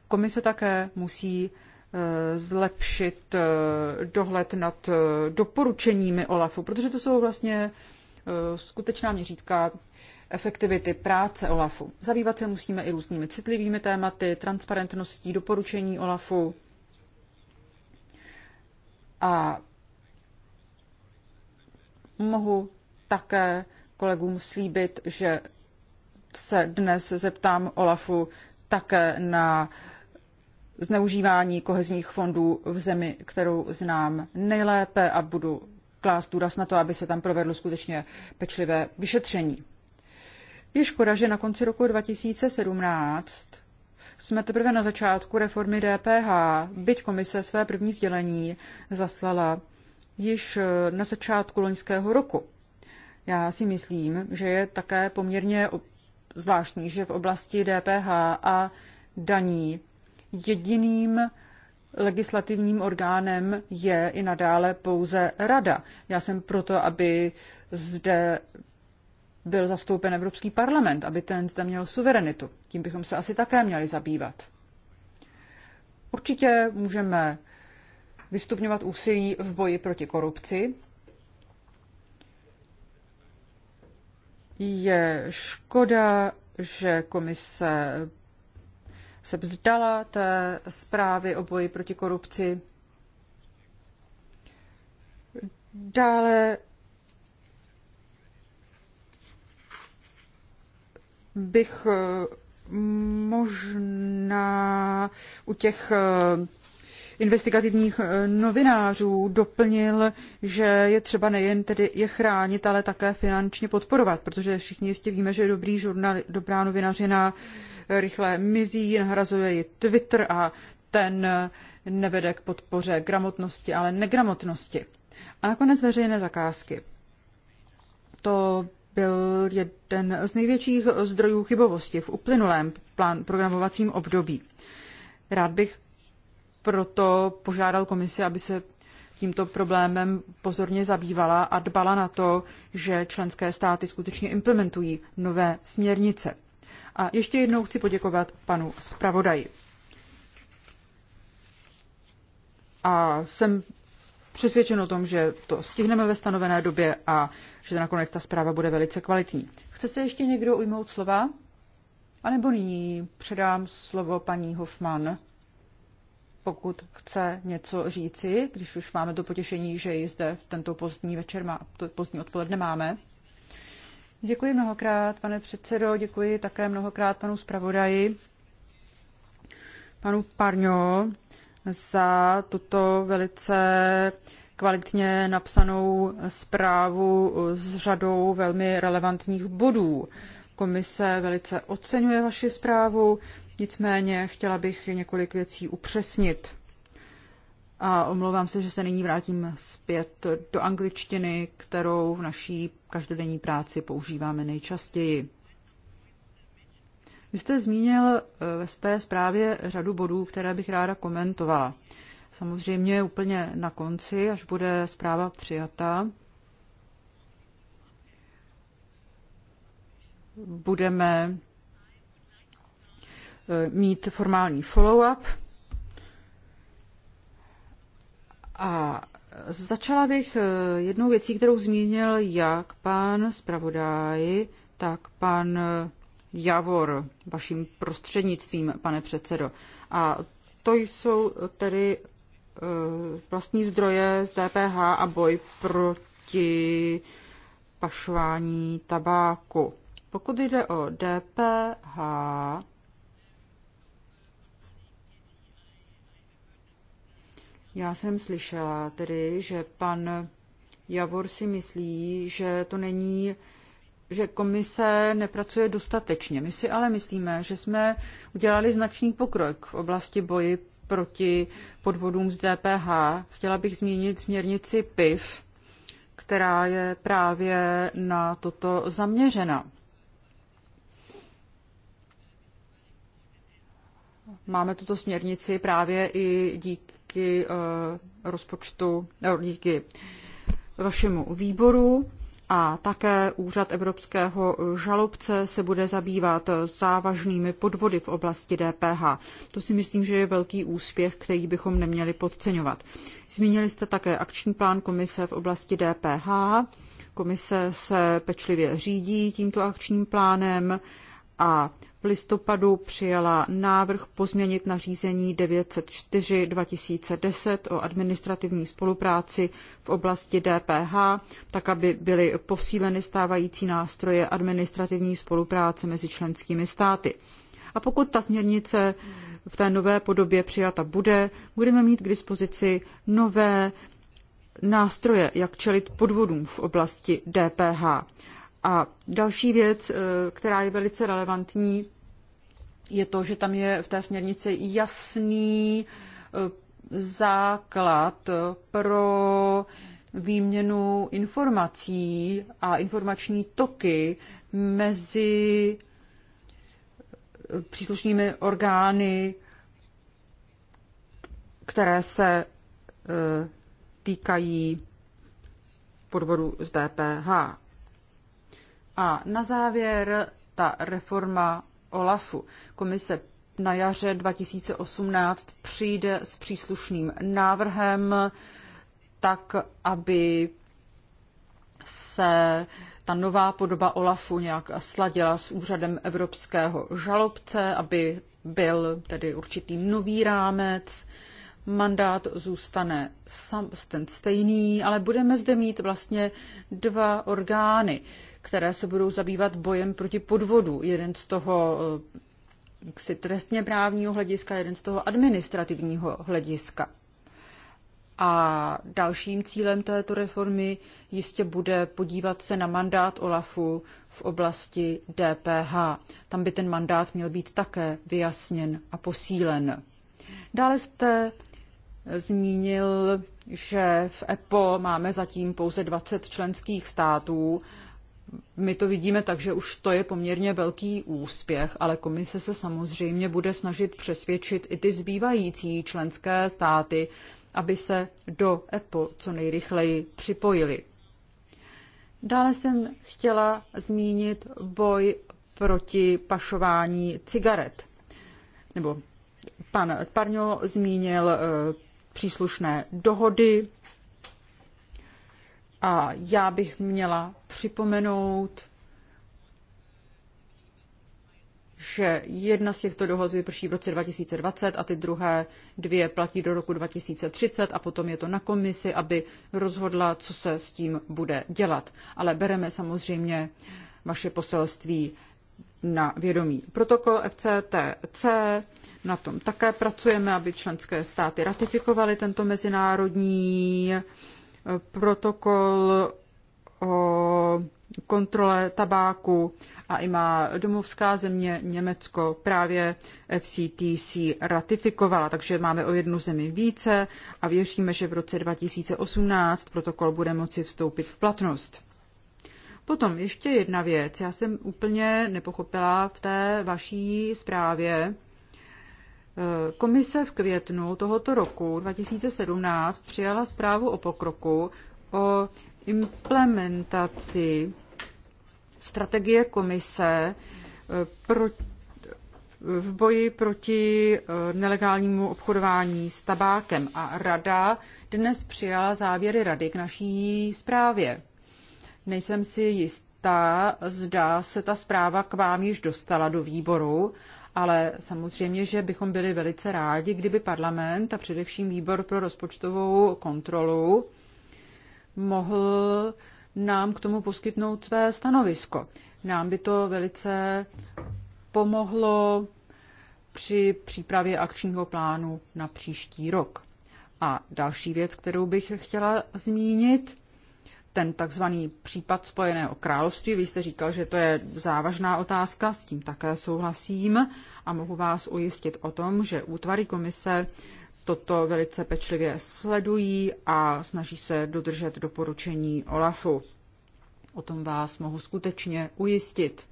Komise také musí Eh, zlepšit eh, dohled nad eh, doporučeními OLAFu, protože to jsou vlastně skutečná měřítka efektivity práce OLAFu. Zabývat se musíme i různými citlivými tématy, transparentností, doporučení OLAFu. A mohu také kolegům slíbit, že se dnes zeptám OLAFu také na uh, zneužívání kohezních fondů v zemi, kterou znám nejlépe a budu klást důraz na to, aby se tam provedlo skutečně pečlivé vyšetření. Je škoda, že na konci roku 2017 jsme teprve na začátku reformy DPH, byť komise své první sdělení zaslala již eh, na začátku loňského roku. Já si myslím, že je také poměrně zvláštní, že v oblasti DPH a daní jediným legislativním orgánem je i nadále pouze rada. Já jsem proto, aby zde byl zastoupen Evropský parlament, aby ten zde měl suverenitu. Tím bychom se asi také měli zabývat. Určitě můžeme vystupňovat úsilí v boji proti korupci. Je škoda, že komise se vzdala té zprávy o boji proti korupci. Dále bych eh, možná u těch eh, investigativních eh, novinářů doplnil, že je třeba nejen tedy je chránit, ale také finančně podporovat, protože všichni jistě víme, že dobrý žurnal, dobrá novinařina eh, rychle mizí, nahrazuje ji Twitter a ten eh, nevede k podpoře gramotnosti, ale negramotnosti. A nakonec veřejné zakázky. To byl jeden z největších zdrojů chybovosti v uplynulém plán programovacím období. Rád bych proto požádal komisi, aby se tímto problémem pozorně zabývala a dbala na to, že členské státy skutečně implementují nové směrnice. A ještě jednou chci poděkovat panu zpravodaji. A jsem přesvědčen o tom, že to stihneme ve stanovené době a že nakonec ta zpráva bude velice kvalitní. Chce se ještě někdo ujmout slova? A nebo nyní předám slovo paní Hoffman pokud chce něco říci, když už máme to potěšení, že ji zde v tento pozdní večer, má, pozdní odpoledne máme. Děkuji mnohokrát, pane předsedo, děkuji také mnohokrát panu zpravodaji, panu Parňo, za tuto velice kvalitně napsanou zprávu s řadou velmi relevantních bodů. Komise velice oceňuje vaši zprávu. Nicméně chtěla bych několik věcí upřesnit. A omlouvám se, že se nyní vrátím zpět do angličtiny, kterou v naší každodenní práci používáme nejčastěji. Vy jste zmínil eh, ve své zprávě řadu bodů, které bych ráda komentovala. Samozřejmě úplně na konci, až bude zpráva přijata, budeme Eh, mít formální follow-up. A začala bych eh, jednou věcí, kterou zmínil jak pan zpravodaj, tak pan eh, Javor, vaším prostřednictvím, pane předsedo. A to jsou tedy vlastní zdroje z DPH a boj proti pašování tabáku. Pokud jde o DPH, Já jsem slyšela tedy, že pan Javor si myslí, že to není že komise nepracuje dostatečně. My si ale myslíme, že jsme udělali značný pokrok v oblasti boji proti podvodům z DPH. Chtěla bych zmínit směrnici PIV, která je právě na toto zaměřena. Máme tuto směrnici právě i díky díky eh, rozpočtu, eh, díky vašemu výboru a také Úřad evropského žalobce se bude zabývat závažnými podvody v oblasti DPH. To si myslím, že je velký úspěch, který bychom neměli podceňovat. Zmínili jste také akční plán komise v oblasti DPH. Komise se pečlivě řídí tímto akčním plánem a v listopadu přijala návrh pozměnit nařízení 904 2010 o administrativní spolupráci v oblasti DPH, tak aby byly posíleny stávající nástroje administrativní spolupráce mezi členskými státy. A pokud ta směrnice v té nové podobě přijata bude, budeme mít k dispozici nové nástroje, jak čelit podvodům v oblasti DPH. A další věc, eh, která je velice relevantní, je to, že tam je v té směrnici jasný eh, základ eh, pro výměnu informací a informační toky mezi příslušnými orgány, které se týkají podvodu z DPH. A na závěr ta reforma OLAFu. Komise na jaře 2018 přijde s příslušným návrhem, tak aby se ta nová podoba OLAFu nějak sladila s úřadem evropského žalobce, aby byl tedy určitý nový rámec. Mandát zůstane sam, ten stejný, ale budeme zde mít vlastně dva orgány které se budou zabývat bojem proti podvodu. Jeden z toho eh, jaksi trestně právního hlediska, jeden z toho administrativního hlediska. A dalším cílem této reformy jistě bude podívat se na mandát OLAFu v oblasti DPH. Tam by ten mandát měl být také vyjasněn a posílen. Dále jste eh, zmínil, že v EPO máme zatím pouze 20 členských států my to vidíme tak, že už to je poměrně velký úspěch, ale komise se samozřejmě bude snažit přesvědčit i ty zbývající členské státy, aby se do EPO co nejrychleji připojili. Dále jsem chtěla zmínit boj proti pašování cigaret. Nebo pan Parňo zmínil eh, příslušné dohody a já bych měla připomenout, že jedna z těchto dohod vyprší v roce 2020 a ty druhé dvě platí do roku 2030 a potom je to na komisi, aby rozhodla, co se s tím bude dělat. Ale bereme samozřejmě vaše poselství na vědomí. Protokol FCTC, na tom také pracujeme, aby členské státy ratifikovaly tento mezinárodní protokol o kontrole tabáku a i má domovská země Německo právě FCTC ratifikovala, takže máme o jednu zemi více a věříme, že v roce 2018 protokol bude moci vstoupit v platnost. Potom ještě jedna věc. Já jsem úplně nepochopila v té vaší zprávě, Komise v květnu tohoto roku 2017 přijala zprávu o pokroku o implementaci strategie komise eh, pro, v boji proti eh, nelegálnímu obchodování s tabákem a rada dnes přijala závěry rady k naší zprávě. Nejsem si jistá, zda se ta zpráva k vám již dostala do výboru, ale samozřejmě, že bychom byli velice rádi, kdyby parlament a především výbor pro rozpočtovou kontrolu mohl nám k tomu poskytnout své stanovisko. Nám by to velice pomohlo při přípravě akčního plánu na příští rok. A další věc, kterou bych chtěla zmínit, ten takzvaný případ Spojeného království. Vy jste říkal, že to je závažná otázka, s tím také souhlasím a mohu vás ujistit o tom, že útvary komise toto velice pečlivě sledují a snaží se dodržet doporučení OLAFu. O tom vás mohu skutečně ujistit.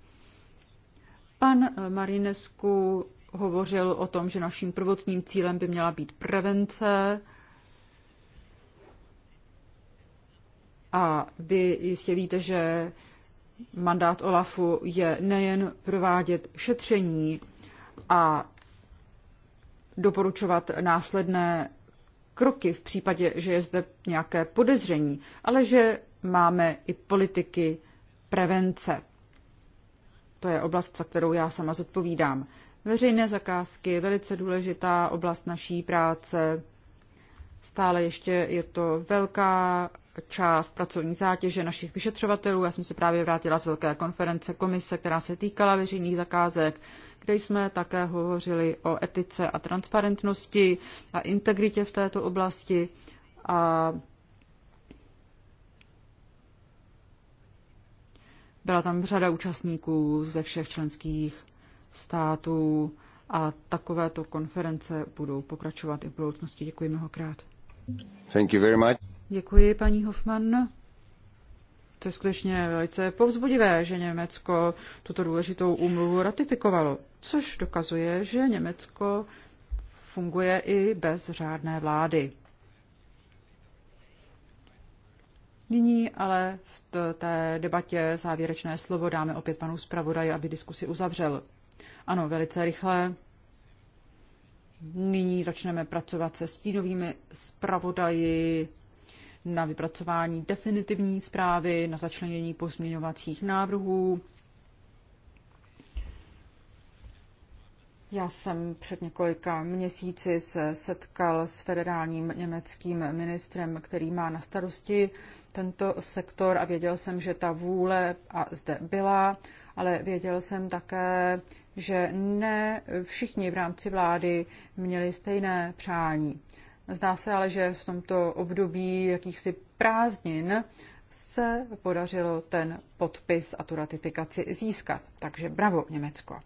Pan Marinesku hovořil o tom, že naším prvotním cílem by měla být prevence, A vy jistě víte, že mandát OLAFu je nejen provádět šetření a doporučovat následné kroky v případě, že je zde nějaké podezření, ale že máme i politiky prevence. To je oblast, za kterou já sama zodpovídám. Veřejné zakázky, velice důležitá oblast naší práce. Stále ještě je to velká část pracovní zátěže našich vyšetřovatelů. Já jsem se právě vrátila z velké konference komise, která se týkala veřejných zakázek, kde jsme také hovořili o etice a transparentnosti a integritě v této oblasti. A byla tam řada účastníků ze všech členských států a takovéto konference budou pokračovat i v budoucnosti. Děkuji mnohokrát. Thank you very much. Děkuji, paní Hoffman. To je skutečně velice povzbudivé, že Německo tuto důležitou úmluvu ratifikovalo, což dokazuje, že Německo funguje i bez řádné vlády. Nyní ale v té debatě závěrečné slovo dáme opět panu zpravodaji, aby diskusi uzavřel. Ano, velice rychle. Nyní začneme pracovat se stínovými zpravodaji na vypracování definitivní zprávy, na začlenění pozměňovacích návrhů. Já jsem před několika měsíci se setkal s federálním německým ministrem, který má na starosti tento sektor a věděl jsem, že ta vůle a zde byla, ale věděl jsem také, že ne všichni v rámci vlády měli stejné přání. Zdá se ale, že v tomto období jakýchsi prázdnin se podařilo ten podpis a tu ratifikaci získat. Takže bravo, Německo.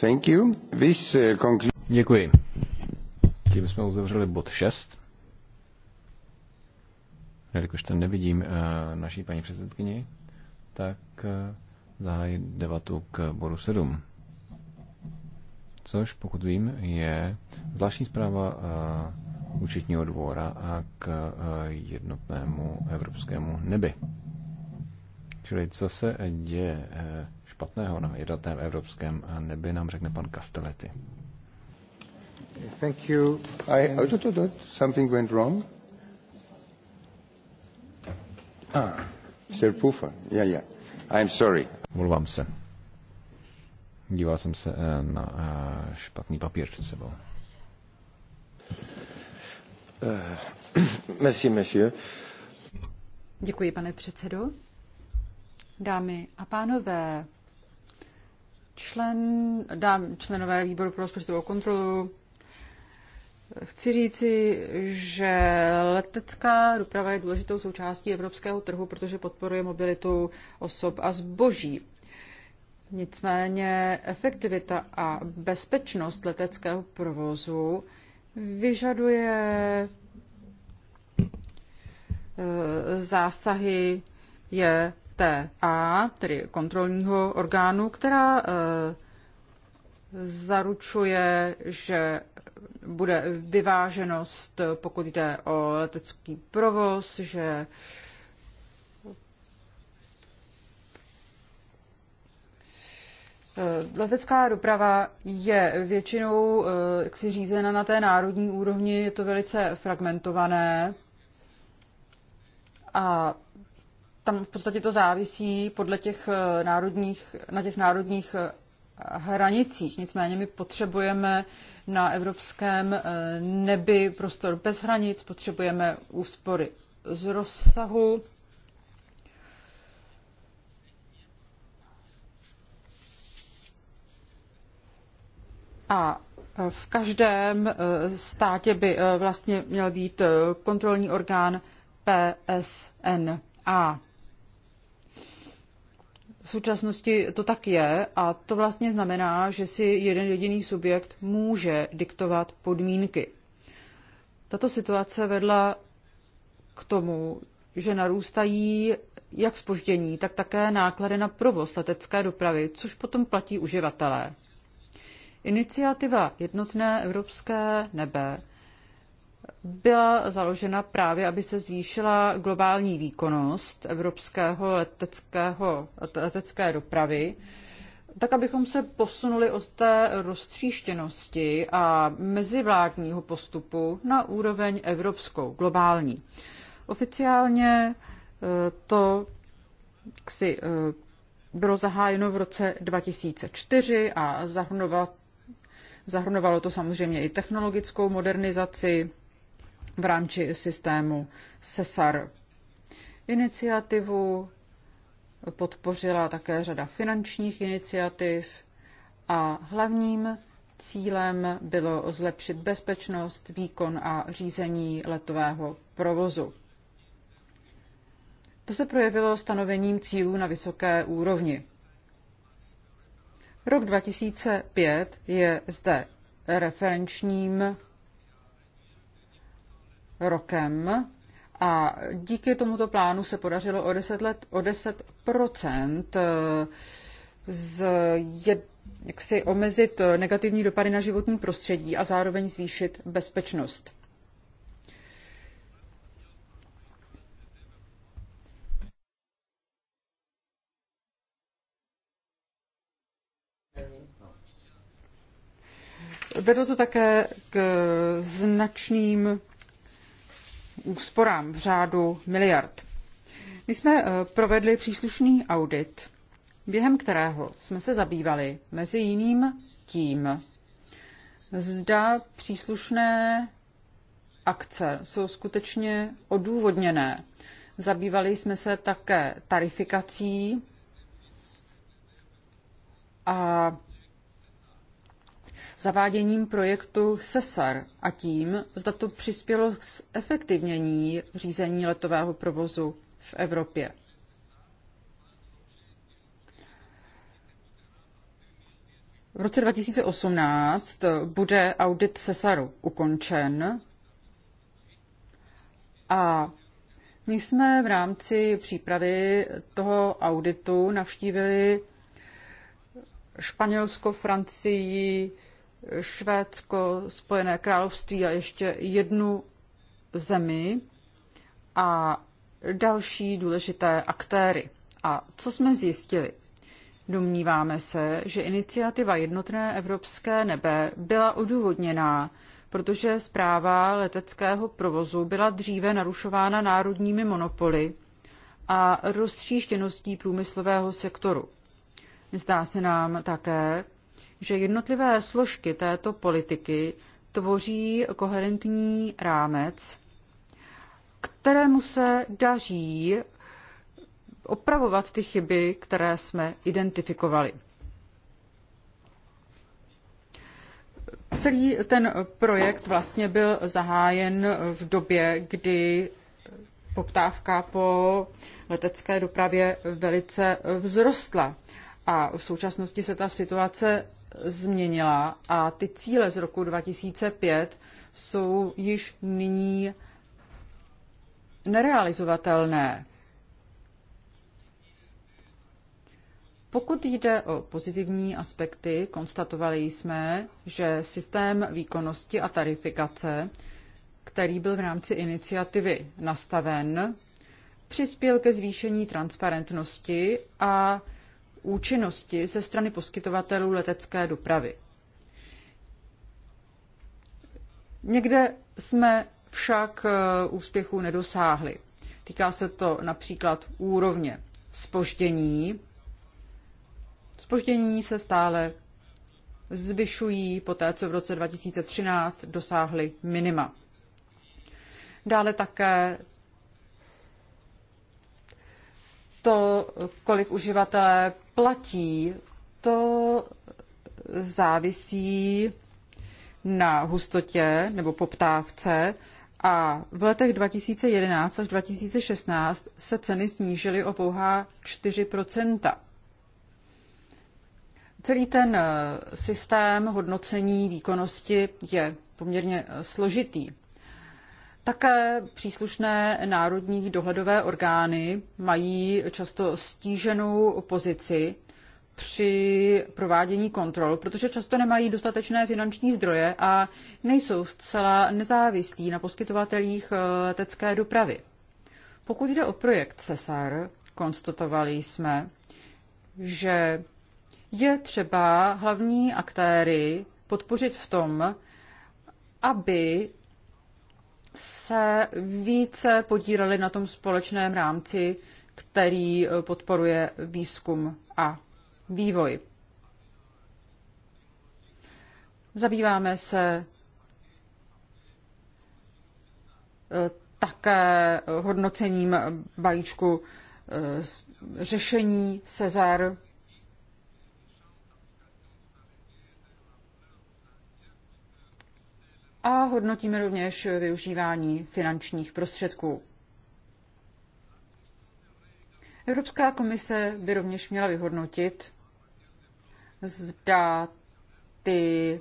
Thank you. This uh, conclu- Děkuji. Tím jsme uzavřeli bod 6. Jelikož ten nevidím uh, naší paní předsedkyni, tak uh, zahájit debatu k bodu 7 což, pokud vím, je zvláštní zpráva eh, účetního dvora a k eh, jednotnému evropskému nebi. Čili co se děje eh, špatného na jednotném evropském nebi, nám řekne pan Castelletti. Thank you. I, I thought that something went wrong. Ah, Sir Pufa. Yeah, yeah. I'm sorry. Mluvám se. Díval jsem se eh, na eh, špatný papír před sebou. Eh, merci, monsieur. Děkuji, pane předsedo. Dámy a pánové, člen, dám, členové výboru pro rozpočtovou kontrolu, Chci říci, že letecká doprava je důležitou součástí evropského trhu, protože podporuje mobilitu osob a zboží. Nicméně efektivita a bezpečnost leteckého provozu vyžaduje eh, zásahy JTA, tedy kontrolního orgánu, která eh, zaručuje, že bude vyváženost, pokud jde o letecký provoz, že Eh, letecká doprava je většinou eh, jaksi řízena na té národní úrovni, je to velice fragmentované a tam v podstatě to závisí podle těch eh, národních, na těch národních hranicích. Nicméně my potřebujeme na evropském nebi prostor bez hranic, potřebujeme úspory z rozsahu A v každém eh, státě by eh, vlastně měl být eh, kontrolní orgán PSNA. V současnosti to tak je a to vlastně znamená, že si jeden jediný subjekt může diktovat podmínky. Tato situace vedla k tomu, že narůstají jak spoždění, tak také náklady na provoz letecké dopravy, což potom platí uživatelé. Iniciativa Jednotné evropské nebe byla založena právě, aby se zvýšila globální výkonnost evropského leteckého, letecké dopravy, tak abychom se posunuli od té roztříštěnosti a mezivládního postupu na úroveň evropskou, globální. Oficiálně eh, to eh, bylo zahájeno v roce 2004 a zahrnovat Zahrnovalo to samozřejmě i technologickou modernizaci v rámci systému SESAR. Iniciativu podpořila také řada finančních iniciativ a hlavním cílem bylo zlepšit bezpečnost, výkon a řízení letového provozu. To se projevilo stanovením cílů na vysoké úrovni. Rok 2005 je zde referenčním rokem a díky tomuto plánu se podařilo o 10, let, o 10 eh, z jed, jak si omezit negativní dopady na životní prostředí a zároveň zvýšit bezpečnost. Vedlo to také k značným úsporám v řádu miliard. My jsme eh, provedli příslušný audit, během kterého jsme se zabývali mezi jiným tím, zda příslušné akce jsou skutečně odůvodněné. Zabývali jsme se také tarifikací a zaváděním projektu SESAR a tím, zda to přispělo k efektivnění řízení letového provozu v Evropě. V roce 2018 bude audit SESARu ukončen a my jsme v rámci přípravy toho auditu navštívili Španělsko, Francii, Švédsko, Spojené království a ještě jednu zemi a další důležité aktéry. A co jsme zjistili? Domníváme se, že iniciativa Jednotné evropské nebe byla odůvodněná, protože zpráva leteckého provozu byla dříve narušována národními monopoly a rozstříštěností průmyslového sektoru. Zdá se nám také, že jednotlivé složky této politiky tvoří koherentní rámec, kterému se daří opravovat ty chyby, které jsme identifikovali. Celý ten projekt vlastně byl zahájen v době, kdy poptávka po letecké dopravě velice vzrostla. A v současnosti se ta situace změnila a ty cíle z roku 2005 jsou již nyní nerealizovatelné. Pokud jde o pozitivní aspekty, konstatovali jsme, že systém výkonnosti a tarifikace, který byl v rámci iniciativy nastaven, přispěl ke zvýšení transparentnosti a účinnosti ze strany poskytovatelů letecké dopravy. Někde jsme však eh, úspěchu nedosáhli. Týká se to například úrovně spoždění. Spoždění se stále zvyšují po té, co v roce 2013 dosáhly minima. Dále také to, kolik uživatelé platí, to závisí na hustotě nebo poptávce a v letech 2011 až 2016 se ceny snížily o pouhá 4 Celý ten eh, systém hodnocení výkonnosti je poměrně eh, složitý. Také příslušné národní dohledové orgány mají často stíženou pozici při provádění kontrol, protože často nemají dostatečné finanční zdroje a nejsou zcela nezávislí na poskytovatelích eh, letecké dopravy. Pokud jde o projekt CESAR, konstatovali jsme, že je třeba hlavní aktéry podpořit v tom, aby se více podíleli na tom společném rámci, který eh, podporuje výzkum a vývoj. Zabýváme se eh, také hodnocením balíčku eh, řešení Cezar a hodnotíme rovněž využívání finančních prostředků. Evropská komise by rovněž měla vyhodnotit, zda ty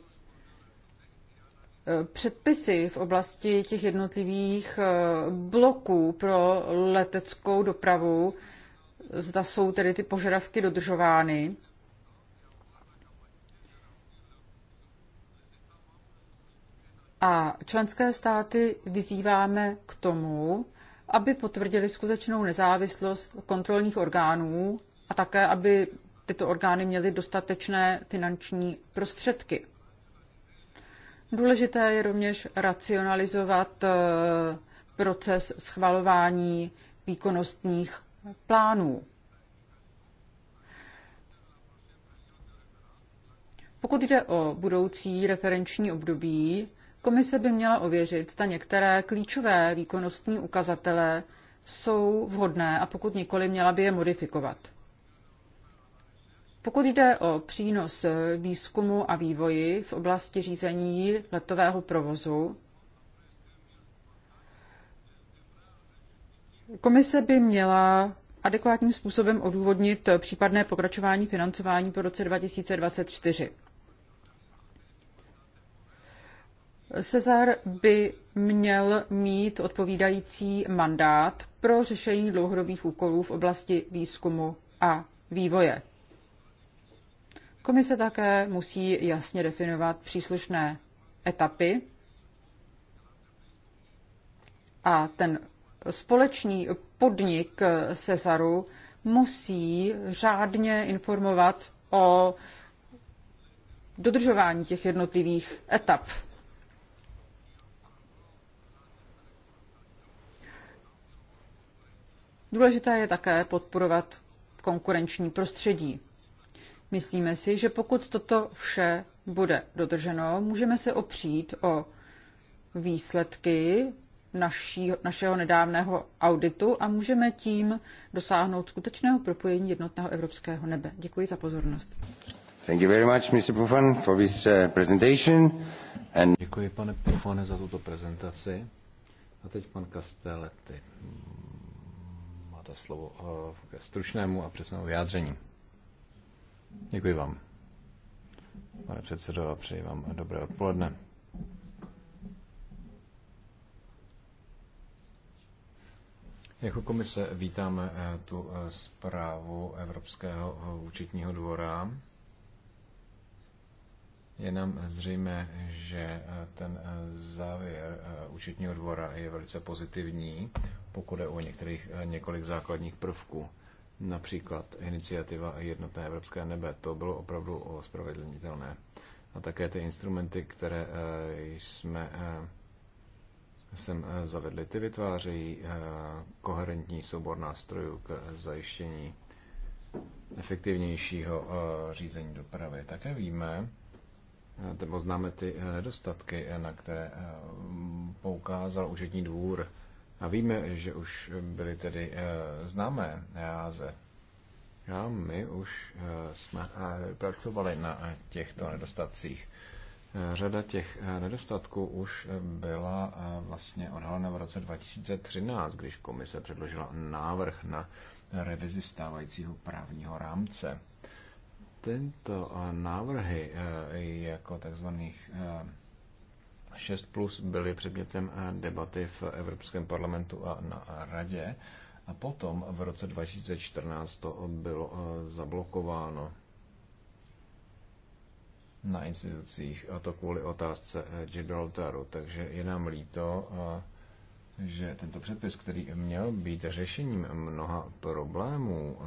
e, předpisy v oblasti těch jednotlivých e, bloků pro leteckou dopravu, zda jsou tedy ty požadavky dodržovány A členské státy vyzýváme k tomu, aby potvrdili skutečnou nezávislost kontrolních orgánů a také, aby tyto orgány měly dostatečné finanční prostředky. Důležité je rovněž racionalizovat eh, proces schvalování výkonnostních plánů. Pokud jde o budoucí referenční období, Komise by měla ověřit, zda některé klíčové výkonnostní ukazatele jsou vhodné a pokud nikoli, měla by je modifikovat. Pokud jde o přínos výzkumu a vývoji v oblasti řízení letového provozu, komise by měla adekvátním způsobem odůvodnit případné pokračování financování po roce 2024. Cezar by měl mít odpovídající mandát pro řešení dlouhodobých úkolů v oblasti výzkumu a vývoje. Komise také musí jasně definovat příslušné etapy a ten společný podnik Cezaru musí řádně informovat o dodržování těch jednotlivých etap Důležité je také podporovat konkurenční prostředí. Myslíme si, že pokud toto vše bude dodrženo, můžeme se opřít o výsledky naší, našeho nedávného auditu a můžeme tím dosáhnout skutečného propojení jednotného evropského nebe. Děkuji za pozornost. Thank you very much, Mr. Pufan, for this uh, presentation. And... Děkuji, pane Pufane, za tuto prezentaci. A teď pan Castelletti máte slovo eh, ke stručnému a přesnému vyjádření. Děkuji vám. Pane předsedo, přeji vám dobré odpoledne. Jako komise vítáme eh, tu eh, zprávu Evropského účetního dvora je nám zřejmé, že eh, ten eh, závěr eh, účetního dvora je velice pozitivní, pokud je o některých, několik základních prvků. Například iniciativa Jednotné evropské nebe, to bylo opravdu ospravedlnitelné. A také ty instrumenty, které jsme sem zavedli, ty vytvářejí koherentní soubor nástrojů k zajištění efektivnějšího řízení dopravy. Také víme, Eh, nebo známe ty nedostatky, eh, eh, na které poukázal úřední dvůr. A víme, že už byly tedy známé jáze. A my už jsme pracovali na těchto nedostatcích. Řada těch nedostatků už byla vlastně odhalena v roce 2013, když komise předložila návrh na revizi stávajícího právního rámce tento eh, návrhy eh, jako takzvaných 6 eh, plus byly předmětem debaty v Evropském parlamentu a na radě a potom v roce 2014 to bylo zablokováno na institucích a to kvůli otázce Gibraltaru. Takže je nám líto, že tento předpis, který měl být řešením mnoha problémů,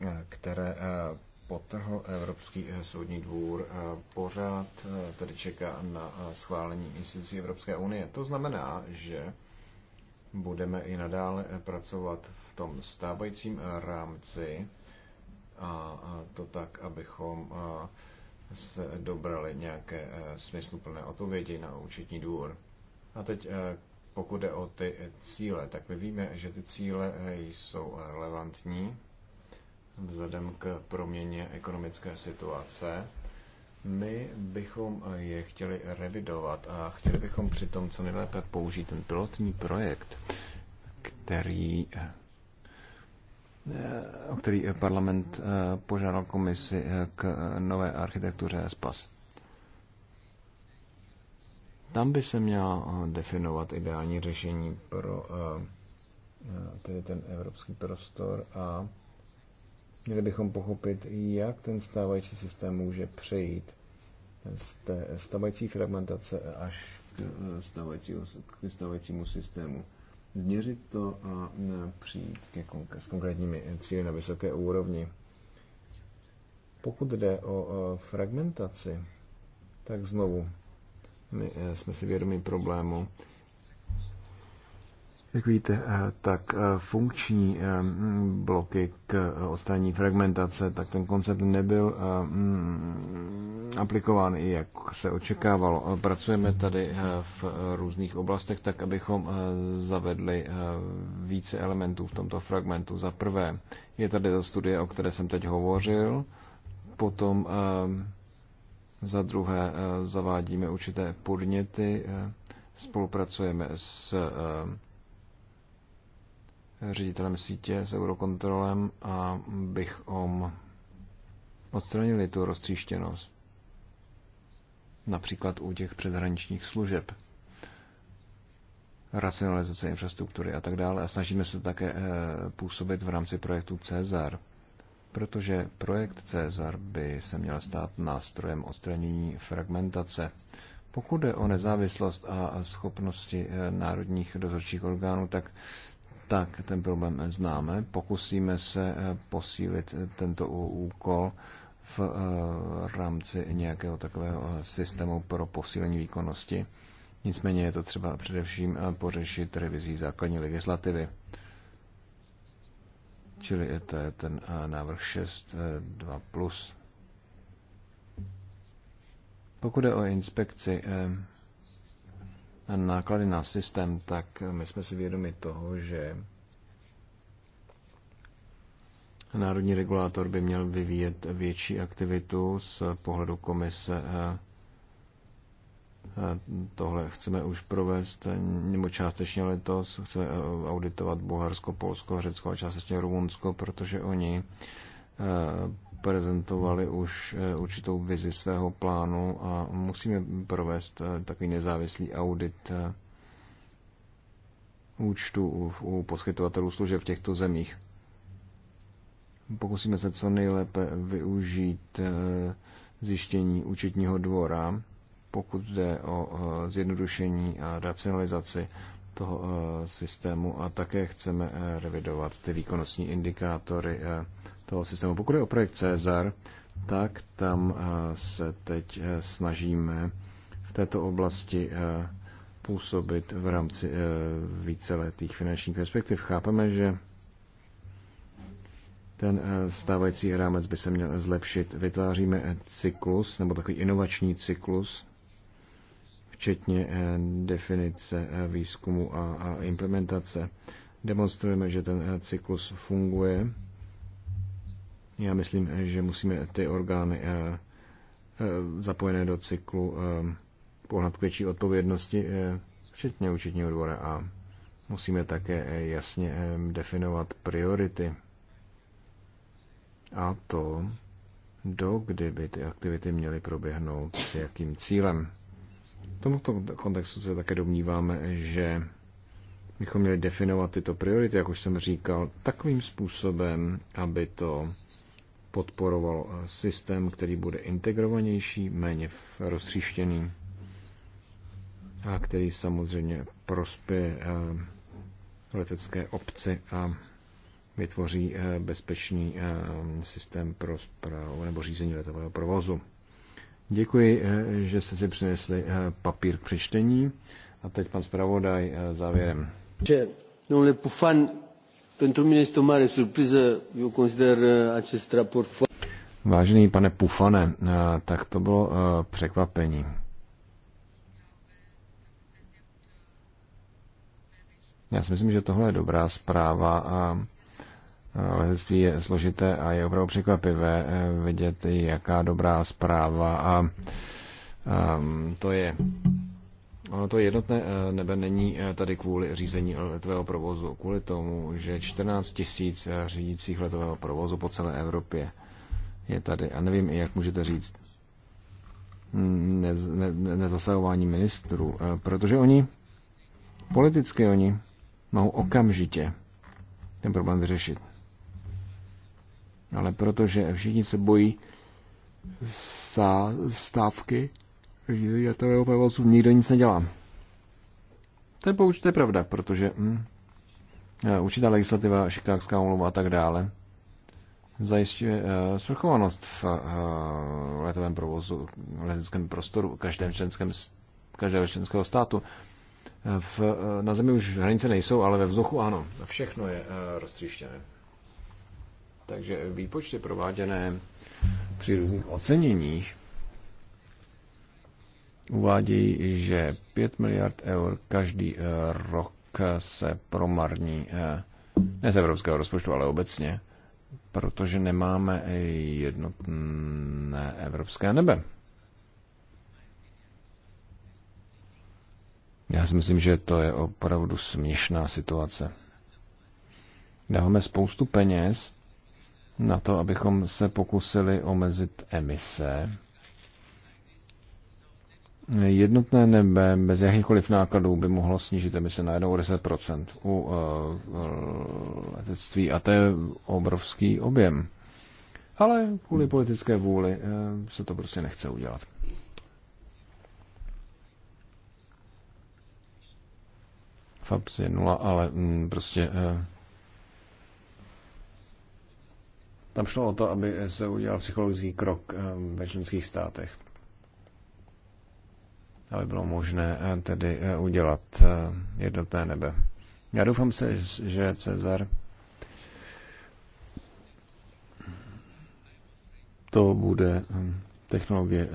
Eh, které eh, potrhl Evropský eh, soudní dvůr, pořád tedy čeká na schválení institucí Evropské unie. To znamená, že budeme i nadále pracovat v tom stávajícím rámci a to tak, abychom se dobrali nějaké smysluplné odpovědi na účetní dvůr. A teď pokud jde o ty cíle, tak my víme, že ty cíle jsou relevantní vzhledem k proměně ekonomické situace. My bychom eh, je chtěli revidovat a chtěli bychom přitom co nejlépe použít ten pilotní projekt, který eh, o který parlament eh, požádal komisi k nové architektuře SPAS. Tam by se měla definovat ideální řešení pro tedy ten evropský prostor a Měli bychom pochopit, jak ten stávající systém může přejít z té stávající fragmentace až k, eh, k stávajícímu systému. Změřit to a eh, přijít ke konk- s konkrétními eh, cíly na vysoké úrovni. Pokud jde o fragmentaci, tak znovu, my jsme si vědomi problému, jak víte, eh, tak eh, funkční eh, bloky k odstranění fragmentace, tak ten koncept nebyl mm, aplikován i jak se očekávalo. Pracujeme tady v různých oblastech tak, abychom zavedli více elementů v tomto fragmentu. Za prvé je tady ta studie, o které jsem teď hovořil, potom za druhé zavádíme určité podněty, spolupracujeme s ředitelem sítě, s eurokontrolem a bychom odstranili tu roztříštěnost. Například u těch předhraničních služeb, racionalizace infrastruktury a tak dále. A snažíme se také eh, působit v rámci projektu Cezar, protože projekt Cezar by se měl stát nástrojem odstranění fragmentace. Pokud jde o nezávislost a schopnosti eh, národních dozorčích orgánů, tak tak ten problém známe. Pokusíme se eh, posílit eh, tento úkol v eh, rámci nějakého takového systému pro posílení výkonnosti. Nicméně je to třeba především pořešit revizí základní legislativy. Čili to je ten návrh 6, 2 plus. Pokud je o inspekci, náklady na systém, tak my jsme si vědomi toho, že národní regulátor by měl vyvíjet větší aktivitu z pohledu komise. Eh, eh, tohle chceme už provést, nebo částečně letos. Chceme eh, auditovat Bulharsko, Polsko, Řecko a částečně Rumunsko, protože oni prezentovali už eh, určitou vizi svého plánu a musíme provést eh, takový nezávislý audit eh, účtu u poskytovatelů služeb v těchto zemích. Pokusíme se co nejlépe využít zjištění účetního dvora, pokud jde o zjednodušení a racionalizaci toho systému a také chceme revidovat ty výkonnostní indikátory toho systému. Pokud je o projekt Cezar, tak tam eh, se teď eh, snažíme v této oblasti eh, působit v rámci víceletých finančních perspektiv. Chápeme, že ten stávající rámec by se měl zlepšit. Vytváříme cyklus, nebo takový inovační cyklus, včetně definice výzkumu a implementace. Demonstrujeme, že ten cyklus funguje já myslím, že musíme ty orgány eh, eh, zapojené do cyklu eh, pohnat k větší odpovědnosti, včetně účetního dvora a musíme také jasně definovat priority. A to, do kdy by ty aktivity měly proběhnout, s jakým cílem. V tomto kontextu se také domníváme, že bychom měli definovat tyto priority, jak už jsem říkal, takovým způsobem, aby to podporoval eh, systém, který bude integrovanější, méně roztříštěný a který samozřejmě prospěje eh, letecké obci a vytvoří eh, bezpečný systém pro zprávu nebo řízení letového provozu. Děkuji, že jste si přinesli papír k přečtení. A teď pan zpravodaj závěrem. Že, no, Pentru mine este o mare surpriză. Eu consider uh, acest raport foarte... Vážený pane Pufane, uh, tak to bylo uh, překvapení. Já si myslím, že tohle je dobrá zpráva a lezectví je složité a je opravdu překvapivé vidět, jaká dobrá zpráva a um, to je. Ono to jednotné eh, nebe není eh, tady kvůli řízení letového provozu, kvůli tomu, že 14 tisíc eh, řídících letového provozu po celé Evropě je tady. A nevím, jak můžete říct, nezasahování mm, ne, ne ministrů, protože oni, politicky oni, mohou okamžitě ten problém vyřešit. Ale protože všichni se bojí stávky, jetového provozu nikdo nic nedělá. To je, pouč, to je pravda, protože hm, e, určitá legislativa, šikákská umluva a tak dále zajišťuje uh, e, svrchovanost v uh, letovém provozu, v leteckém prostoru každém členském, každého členského státu. V, uh, na zemi už hranice nejsou, ale ve vzduchu ano. Všechno je uh, roztříštěné. Takže výpočty prováděné při různých oceněních uvádějí, že 5 miliard eur každý eh, rok se promarní, eh, ne z evropského rozpočtu, ale obecně, protože nemáme eh, jednotné evropské nebe. Já si myslím, že to je opravdu směšná situace. Dáváme spoustu peněz na to, abychom se pokusili omezit emise jednotné nebe bez jakýchkoliv nákladů by mohlo snížit emise najednou o 10% u eh, letectví a to je obrovský objem. Ale kvůli politické vůli eh, se to prostě nechce udělat. FAPS je nula, ale mm, prostě eh, tam šlo o to, aby se udělal psychologický krok ve členských státech aby bylo možné eh, tedy eh, udělat eh, jednotné nebe. Já doufám se, že Cezar to bude technologie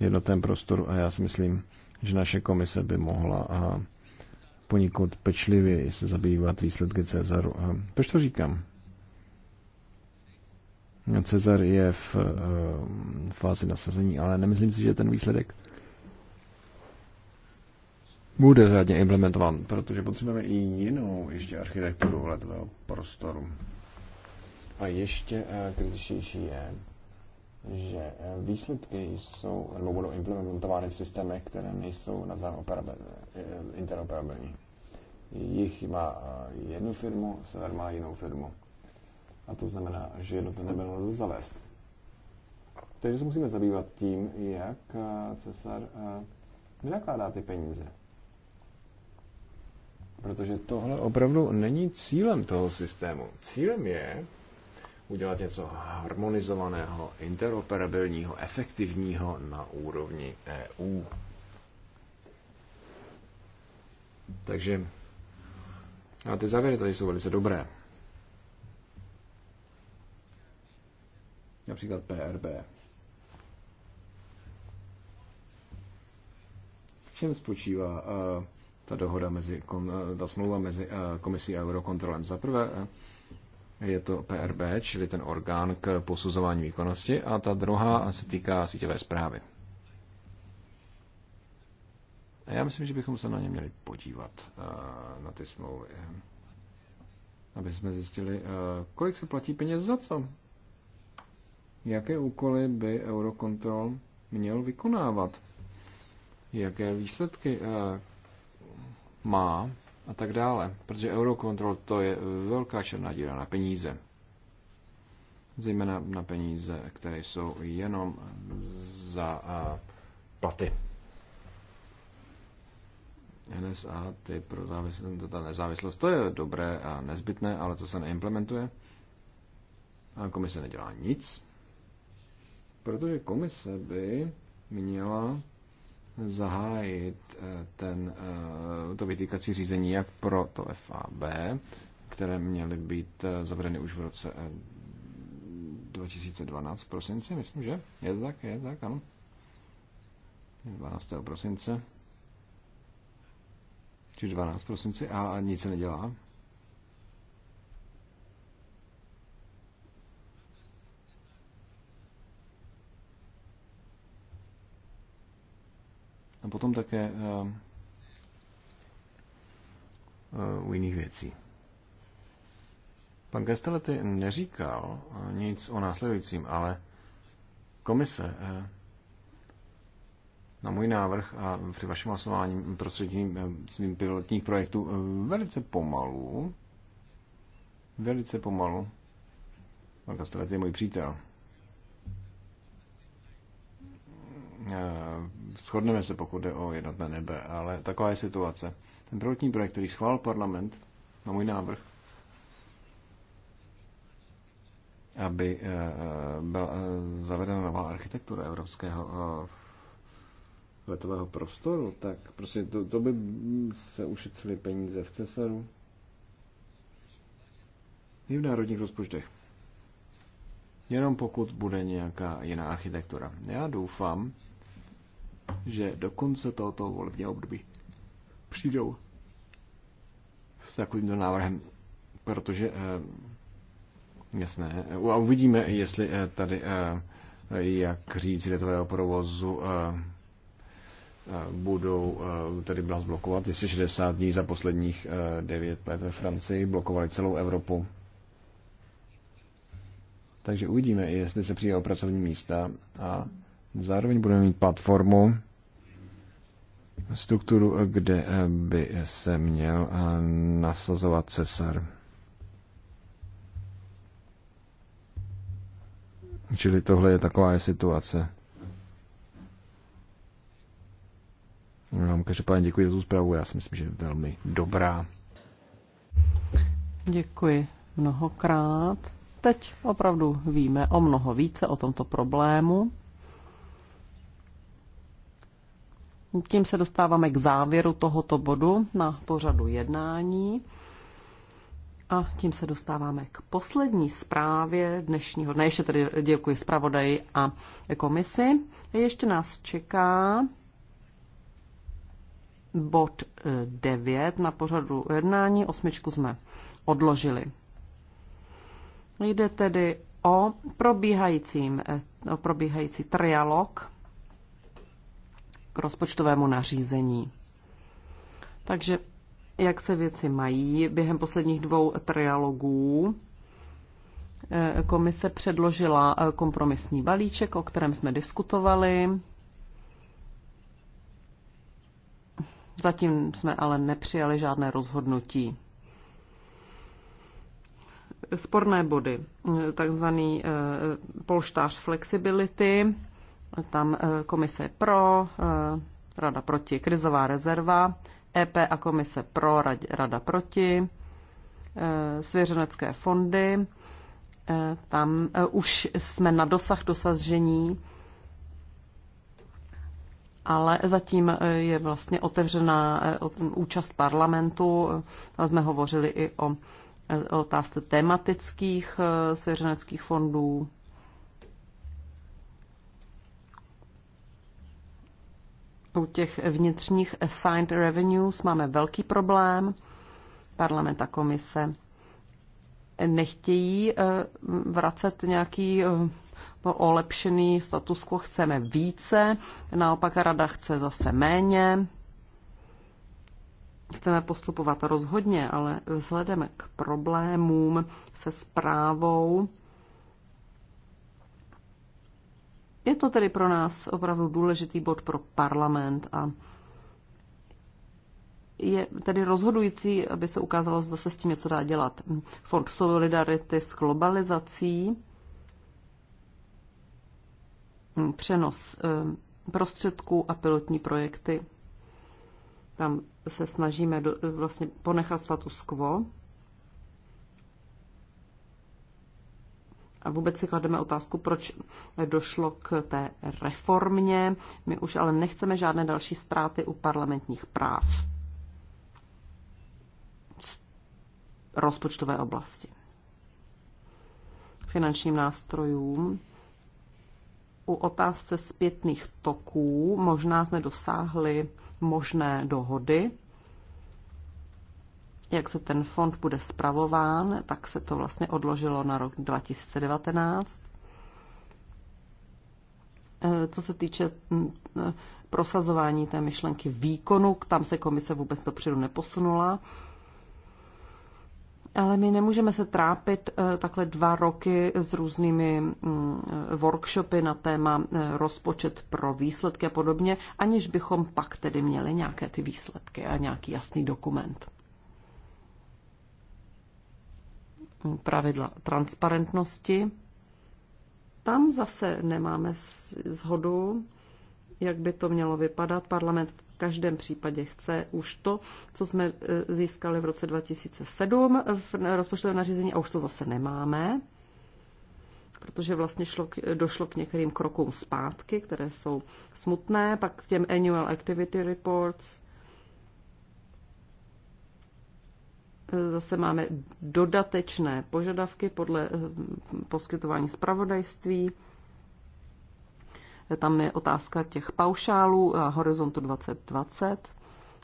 jednotném prostoru a já si myslím, že naše komise by mohla poněkud pečlivě se zabývat výsledky Cezaru. Proč to říkám? Cezar je v fázi nasazení, ale nemyslím si, že ten výsledek bude řádně implementován, protože potřebujeme i jinou ještě architekturu letového prostoru. A ještě eh, kritičtější je, že eh, výsledky jsou, nebo budou implementovány v systémech, které nejsou navzájem eh, interoperabilní. Jich má jednu firmu, sever má jinou firmu. A to znamená, že jedno to nebylo lze zavést. Takže se musíme zabývat tím, jak Cesar vynakládá ty peníze. Protože tohle opravdu není cílem toho systému. Cílem je udělat něco harmonizovaného, interoperabilního, efektivního na úrovni EU. Takže a ty závěry tady jsou velice dobré. Například PRB. V čem spočívá uh, ta dohoda mezi, eh, ta smlouva mezi eh, komisí a Eurokontrolem. Za prvé eh, je to PRB, čili ten orgán k posuzování výkonnosti, a ta druhá se týká síťové zprávy. A já myslím, že bychom se na ně měli podívat, na ty smlouvy, aby jsme zjistili, kolik se platí peněz za co. Jaké úkoly by Eurocontrol měl vykonávat? Jaké výsledky má a tak dále. Protože Eurocontrol to je velká černá díra na peníze. Zejména na peníze, které jsou jenom za platy. NSA, ty pro závislost, ta nezávislost, to je dobré a nezbytné, ale to se neimplementuje. A komise nedělá nic, protože komise by měla zahájit eh, ten, eh, to vytýkací řízení jak pro to FAB, které měly být eh, zavedeny už v roce 2012 v prosinci, myslím, že? Je to tak, je to tak, ano. 12. prosince. Či 12 prosince a nic se nedělá. a potom také eh, eh, u jiných věcí. Pan Gastelety neříkal eh, nic o následujícím, ale komise na můj návrh a při vašem hlasování prostřednictvím svým pilotních projektů velice pomalu, velice pomalu, pan Gastelety je můj přítel, shodneme se, pokud jde o jednotné nebe, ale taková je situace. Ten prvotní projekt, který schválil parlament na můj návrh, aby eh, eh, byla eh, zavedena nová architektura evropského letového prostoru, tak prostě to, to by se ušetřili peníze v Cesaru i v národních rozpočtech. Jenom pokud bude nějaká jiná architektura. Já doufám, že do konce tohoto volebního období přijdou s takovýmto návrhem, protože eh, jasné, eh, a uvidíme, jestli eh, tady, jak říct, letového provozu budou tady byla zblokovat, jestli 60 dní za posledních 9 let ve Francii blokovali celou Evropu. Takže uvidíme, jestli se přijde o pracovní místa a Zároveň budeme mít platformu, strukturu, kde eh, by se měl eh, nasazovat cesar. Čili tohle je taková je situace. No, každopádně děkuji za tu zprávu, já si myslím, že je velmi dobrá. Děkuji mnohokrát. Teď opravdu víme o mnoho více o tomto problému. Tím se dostáváme k závěru tohoto bodu na pořadu jednání. A tím se dostáváme k poslední zprávě dnešního dne. Ještě tedy děkuji zpravodaji a komisi. Ještě nás čeká bod 9 eh, na pořadu jednání. Osmičku jsme odložili. Jde tedy o, probíhajícím, eh, o probíhající trialog k rozpočtovému nařízení. Takže jak se věci mají během posledních dvou trialogů? Eh, komise předložila eh, kompromisní balíček, o kterém jsme diskutovali. Zatím jsme ale nepřijali žádné rozhodnutí. Sporné body, eh, takzvaný polštář flexibility, tam eh, komise pro, eh, rada proti, krizová rezerva, EP a komise pro, rada proti, eh, svěřenecké fondy, tam už jsme na dosah dosažení, ale zatím je vlastně otevřená účast parlamentu. Tam jsme hovořili i o otázce tematických svěřeneckých fondů. U těch vnitřních assigned revenues máme velký problém. Parlament a komise nechtějí eh, vracet nějaký eh, olepšený status quo, chceme více, naopak rada chce zase méně. Chceme postupovat rozhodně, ale vzhledem k problémům se zprávou Je to tedy pro nás opravdu důležitý bod pro parlament a je tedy rozhodující, aby se ukázalo, zda se s tím něco dá dělat. Fond solidarity s globalizací, přenos eh, prostředků a pilotní projekty. Tam se snažíme eh, vlastně ponechat status quo. A vůbec si klademe otázku, proč došlo k té reformě. My už ale nechceme žádné další ztráty u parlamentních práv v rozpočtové oblasti. Finančním nástrojům. U otázce zpětných toků možná jsme dosáhli možné dohody, jak se ten fond bude spravován, tak se to vlastně odložilo na rok 2019. E, co se týče e, prosazování té myšlenky výkonu, tam se komise vůbec dopředu neposunula. Ale my nemůžeme se trápit e, takhle dva roky s různými workshopy na téma rozpočet pro výsledky a podobně, aniž bychom pak tedy měli nějaké ty výsledky a nějaký jasný dokument. Mm, pravidla transparentnosti. Tam zase nemáme zhodu, jak by to mělo vypadat. Parlament v každém případě chce už to, co jsme e, získali v roce 2007 v rozpočtovém nařízení a už to zase nemáme, protože vlastně šlo, došlo k některým krokům zpátky, které jsou smutné, pak k těm annual activity reports, Zase máme dodatečné požadavky podle eh, poskytování zpravodajství. Tam je otázka těch paušálů a horizontu 2020.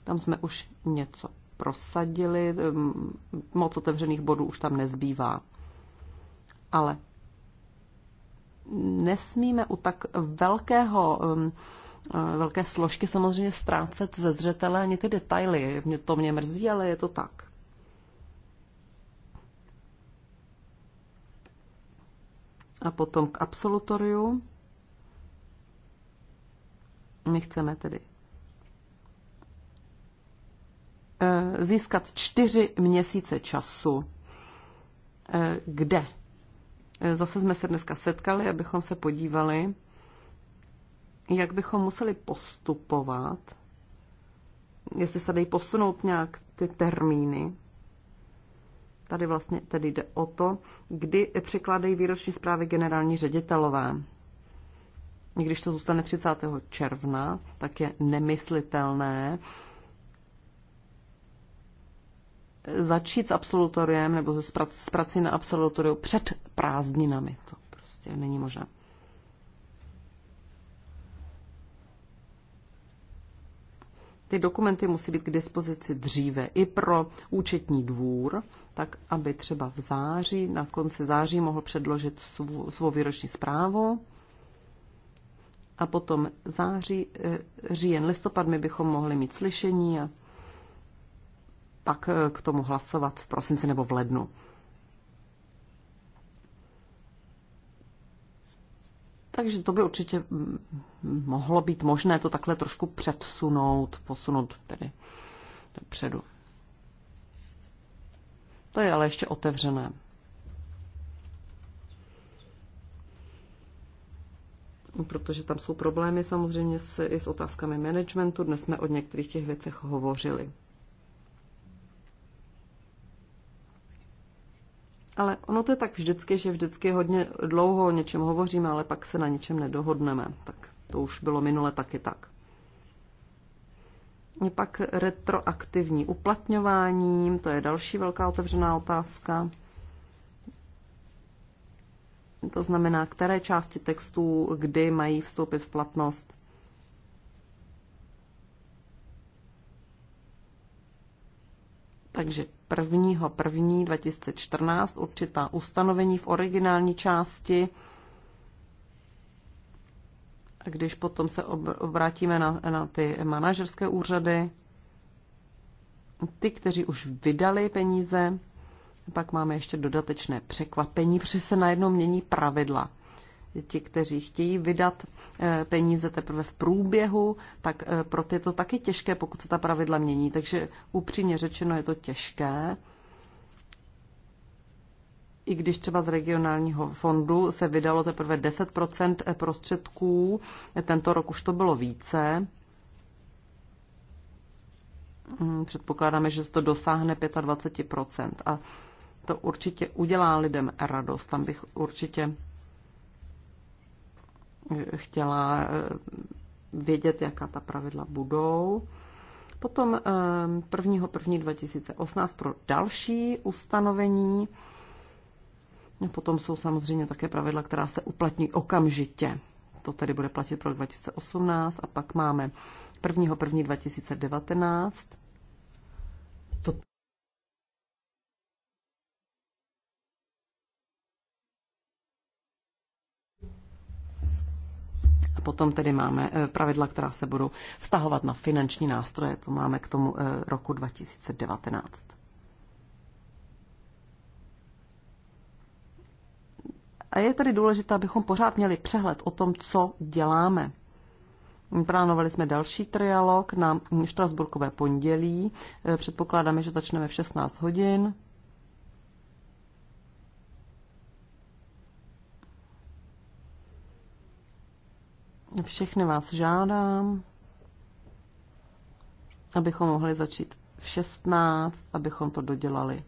Tam jsme už něco prosadili, ehm, moc otevřených bodů už tam nezbývá. Ale nesmíme u tak velkého ehm, eh, velké složky samozřejmě ztrácet ze zřetele ani ty detaily. Mě to mě mrzí, ale je to tak. a potom k absolutoriu. My chceme tedy eh, získat čtyři měsíce času. Eh, kde? Eh, zase jsme se dneska setkali, abychom se podívali, jak bychom museli postupovat, jestli se dají posunout nějak ty termíny. Tady vlastně tedy jde o to, kdy překládají výroční zprávy generální ředitelové. I když to zůstane 30. června, tak je nemyslitelné začít s absolutoriem nebo s prací na absolutoriu před prázdninami. To prostě není možné. ty dokumenty musí být k dispozici dříve i pro účetní dvůr, tak aby třeba v září, na konci září mohl předložit svou, svou výroční zprávu. A potom září, eh, říjen, listopad my bychom mohli mít slyšení a pak eh, k tomu hlasovat v prosinci nebo v lednu. Takže to by určitě mohlo být možné to takhle trošku předsunout, posunout tedy předu. To je ale ještě otevřené. Protože tam jsou problémy samozřejmě s, i s otázkami managementu. Dnes jsme o některých těch věcech hovořili. Ale ono to je tak vždycky, že vždycky hodně dlouho o něčem hovoříme, ale pak se na něčem nedohodneme. Tak to už bylo minule taky tak. Je pak retroaktivní uplatňování, to je další velká otevřená otázka. To znamená, které části textů kdy mají vstoupit v platnost. Takže 1.1.2014 2014 určitá ustanovení v originální části. A když potom se obrátíme na, na ty manažerské úřady, ty, kteří už vydali peníze, pak máme ještě dodatečné překvapení, protože se najednou mění pravidla ti, kteří chtějí vydat eh, peníze teprve v průběhu, tak eh, pro ty je to taky těžké, pokud se ta pravidla mění. Takže upřímně řečeno je to těžké. I když třeba z regionálního fondu se vydalo teprve 10 eh, prostředků, tento rok už to bylo více. Hmm, předpokládáme, že se to dosáhne 25 A to určitě udělá lidem radost. Tam bych určitě chtěla eh, vědět, jaká ta pravidla budou. Potom 1.1.2018 eh, pro další ustanovení. Potom jsou samozřejmě také pravidla, která se uplatní okamžitě. To tedy bude platit pro 2018 a pak máme 1.1.2019 A potom tedy máme eh, pravidla, která se budou vztahovat na finanční nástroje. To máme k tomu eh, roku 2019. A je tedy důležité, abychom pořád měli přehled o tom, co děláme. Plánovali jsme další trialog na Štrasburkové pondělí. Eh, předpokládáme, že začneme v 16 hodin. Všechny vás žádám, abychom mohli začít v 16, abychom to dodělali.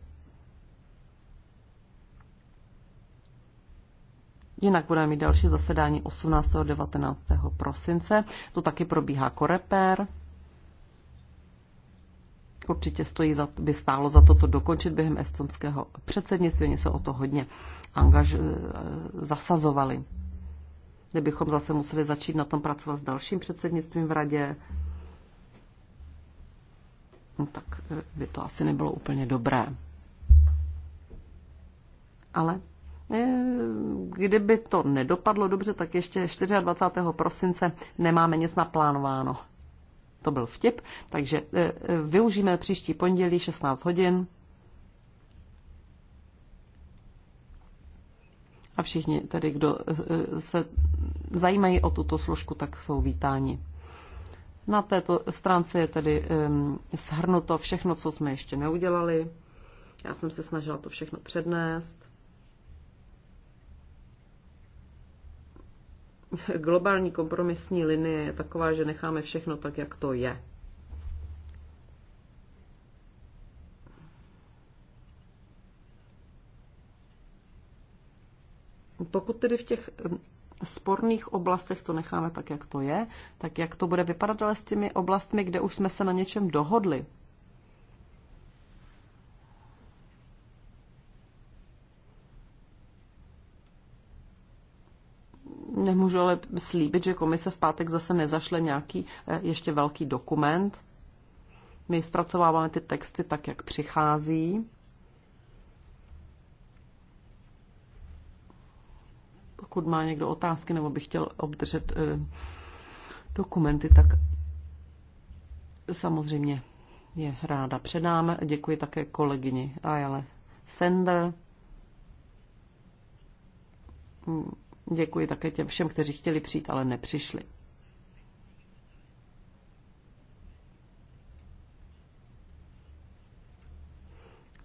Jinak budeme mít další zasedání 18. a 19. prosince. To taky probíhá korepér. Jako Určitě stojí za, by stálo za to to dokončit během estonského předsednictví. Oni se o to hodně angaž, eh, zasazovali kdybychom zase museli začít na tom pracovat s dalším předsednictvím v radě, no tak eh, by to asi nebylo úplně dobré. Ale eh, kdyby to nedopadlo dobře, tak ještě 24. prosince nemáme nic naplánováno. To byl vtip, takže eh, využijeme příští pondělí 16 hodin A všichni tedy, kdo eh, se zajímají o tuto složku, tak jsou vítáni. Na této stránce je tedy ehm, shrnuto všechno, co jsme ještě neudělali. Já jsem se snažila to všechno přednést. Globální kompromisní linie je taková, že necháme všechno tak, jak to je. Pokud tedy v těch sporných oblastech to necháme tak, jak to je, tak jak to bude vypadat ale s těmi oblastmi, kde už jsme se na něčem dohodli, Nemůžu ale slíbit, že komise v pátek zase nezašle nějaký eh, ještě velký dokument. My zpracováváme ty texty tak, jak přichází. pokud má někdo otázky nebo by chtěl obdržet eh, dokumenty, tak samozřejmě je ráda předám. Děkuji také kolegyni Ajale Sender. Mm, děkuji také těm všem, kteří chtěli přijít, ale nepřišli.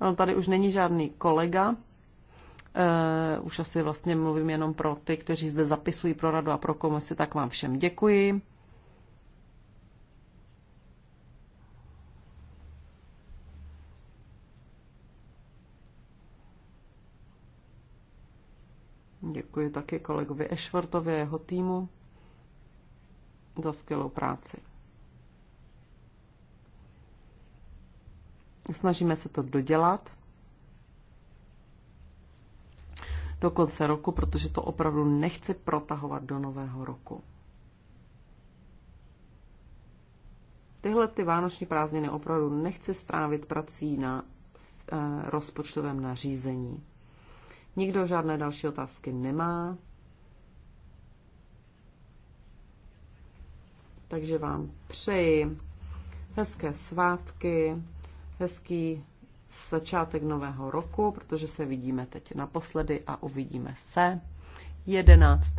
No, tady už není žádný kolega, Uh, už asi vlastně mluvím jenom pro ty, kteří zde zapisují pro radu a pro komisi, tak vám všem děkuji. Děkuji taky kolegovi Ešvartovi a jeho týmu za skvělou práci. Snažíme se to dodělat. do konce roku, protože to opravdu nechci protahovat do nového roku. Tyhle ty vánoční prázdniny opravdu nechci strávit prací na e, rozpočtovém nařízení. Nikdo žádné další otázky nemá. Takže vám přeji hezké svátky, hezký začátek nového roku, protože se vidíme teď naposledy a uvidíme se 11.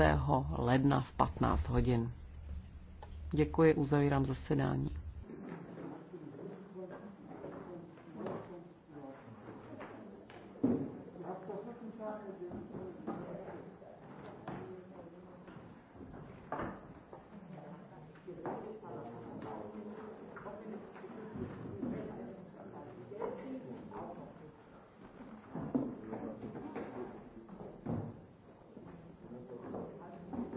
ledna v 15 hodin. Děkuji, uzavírám zasedání.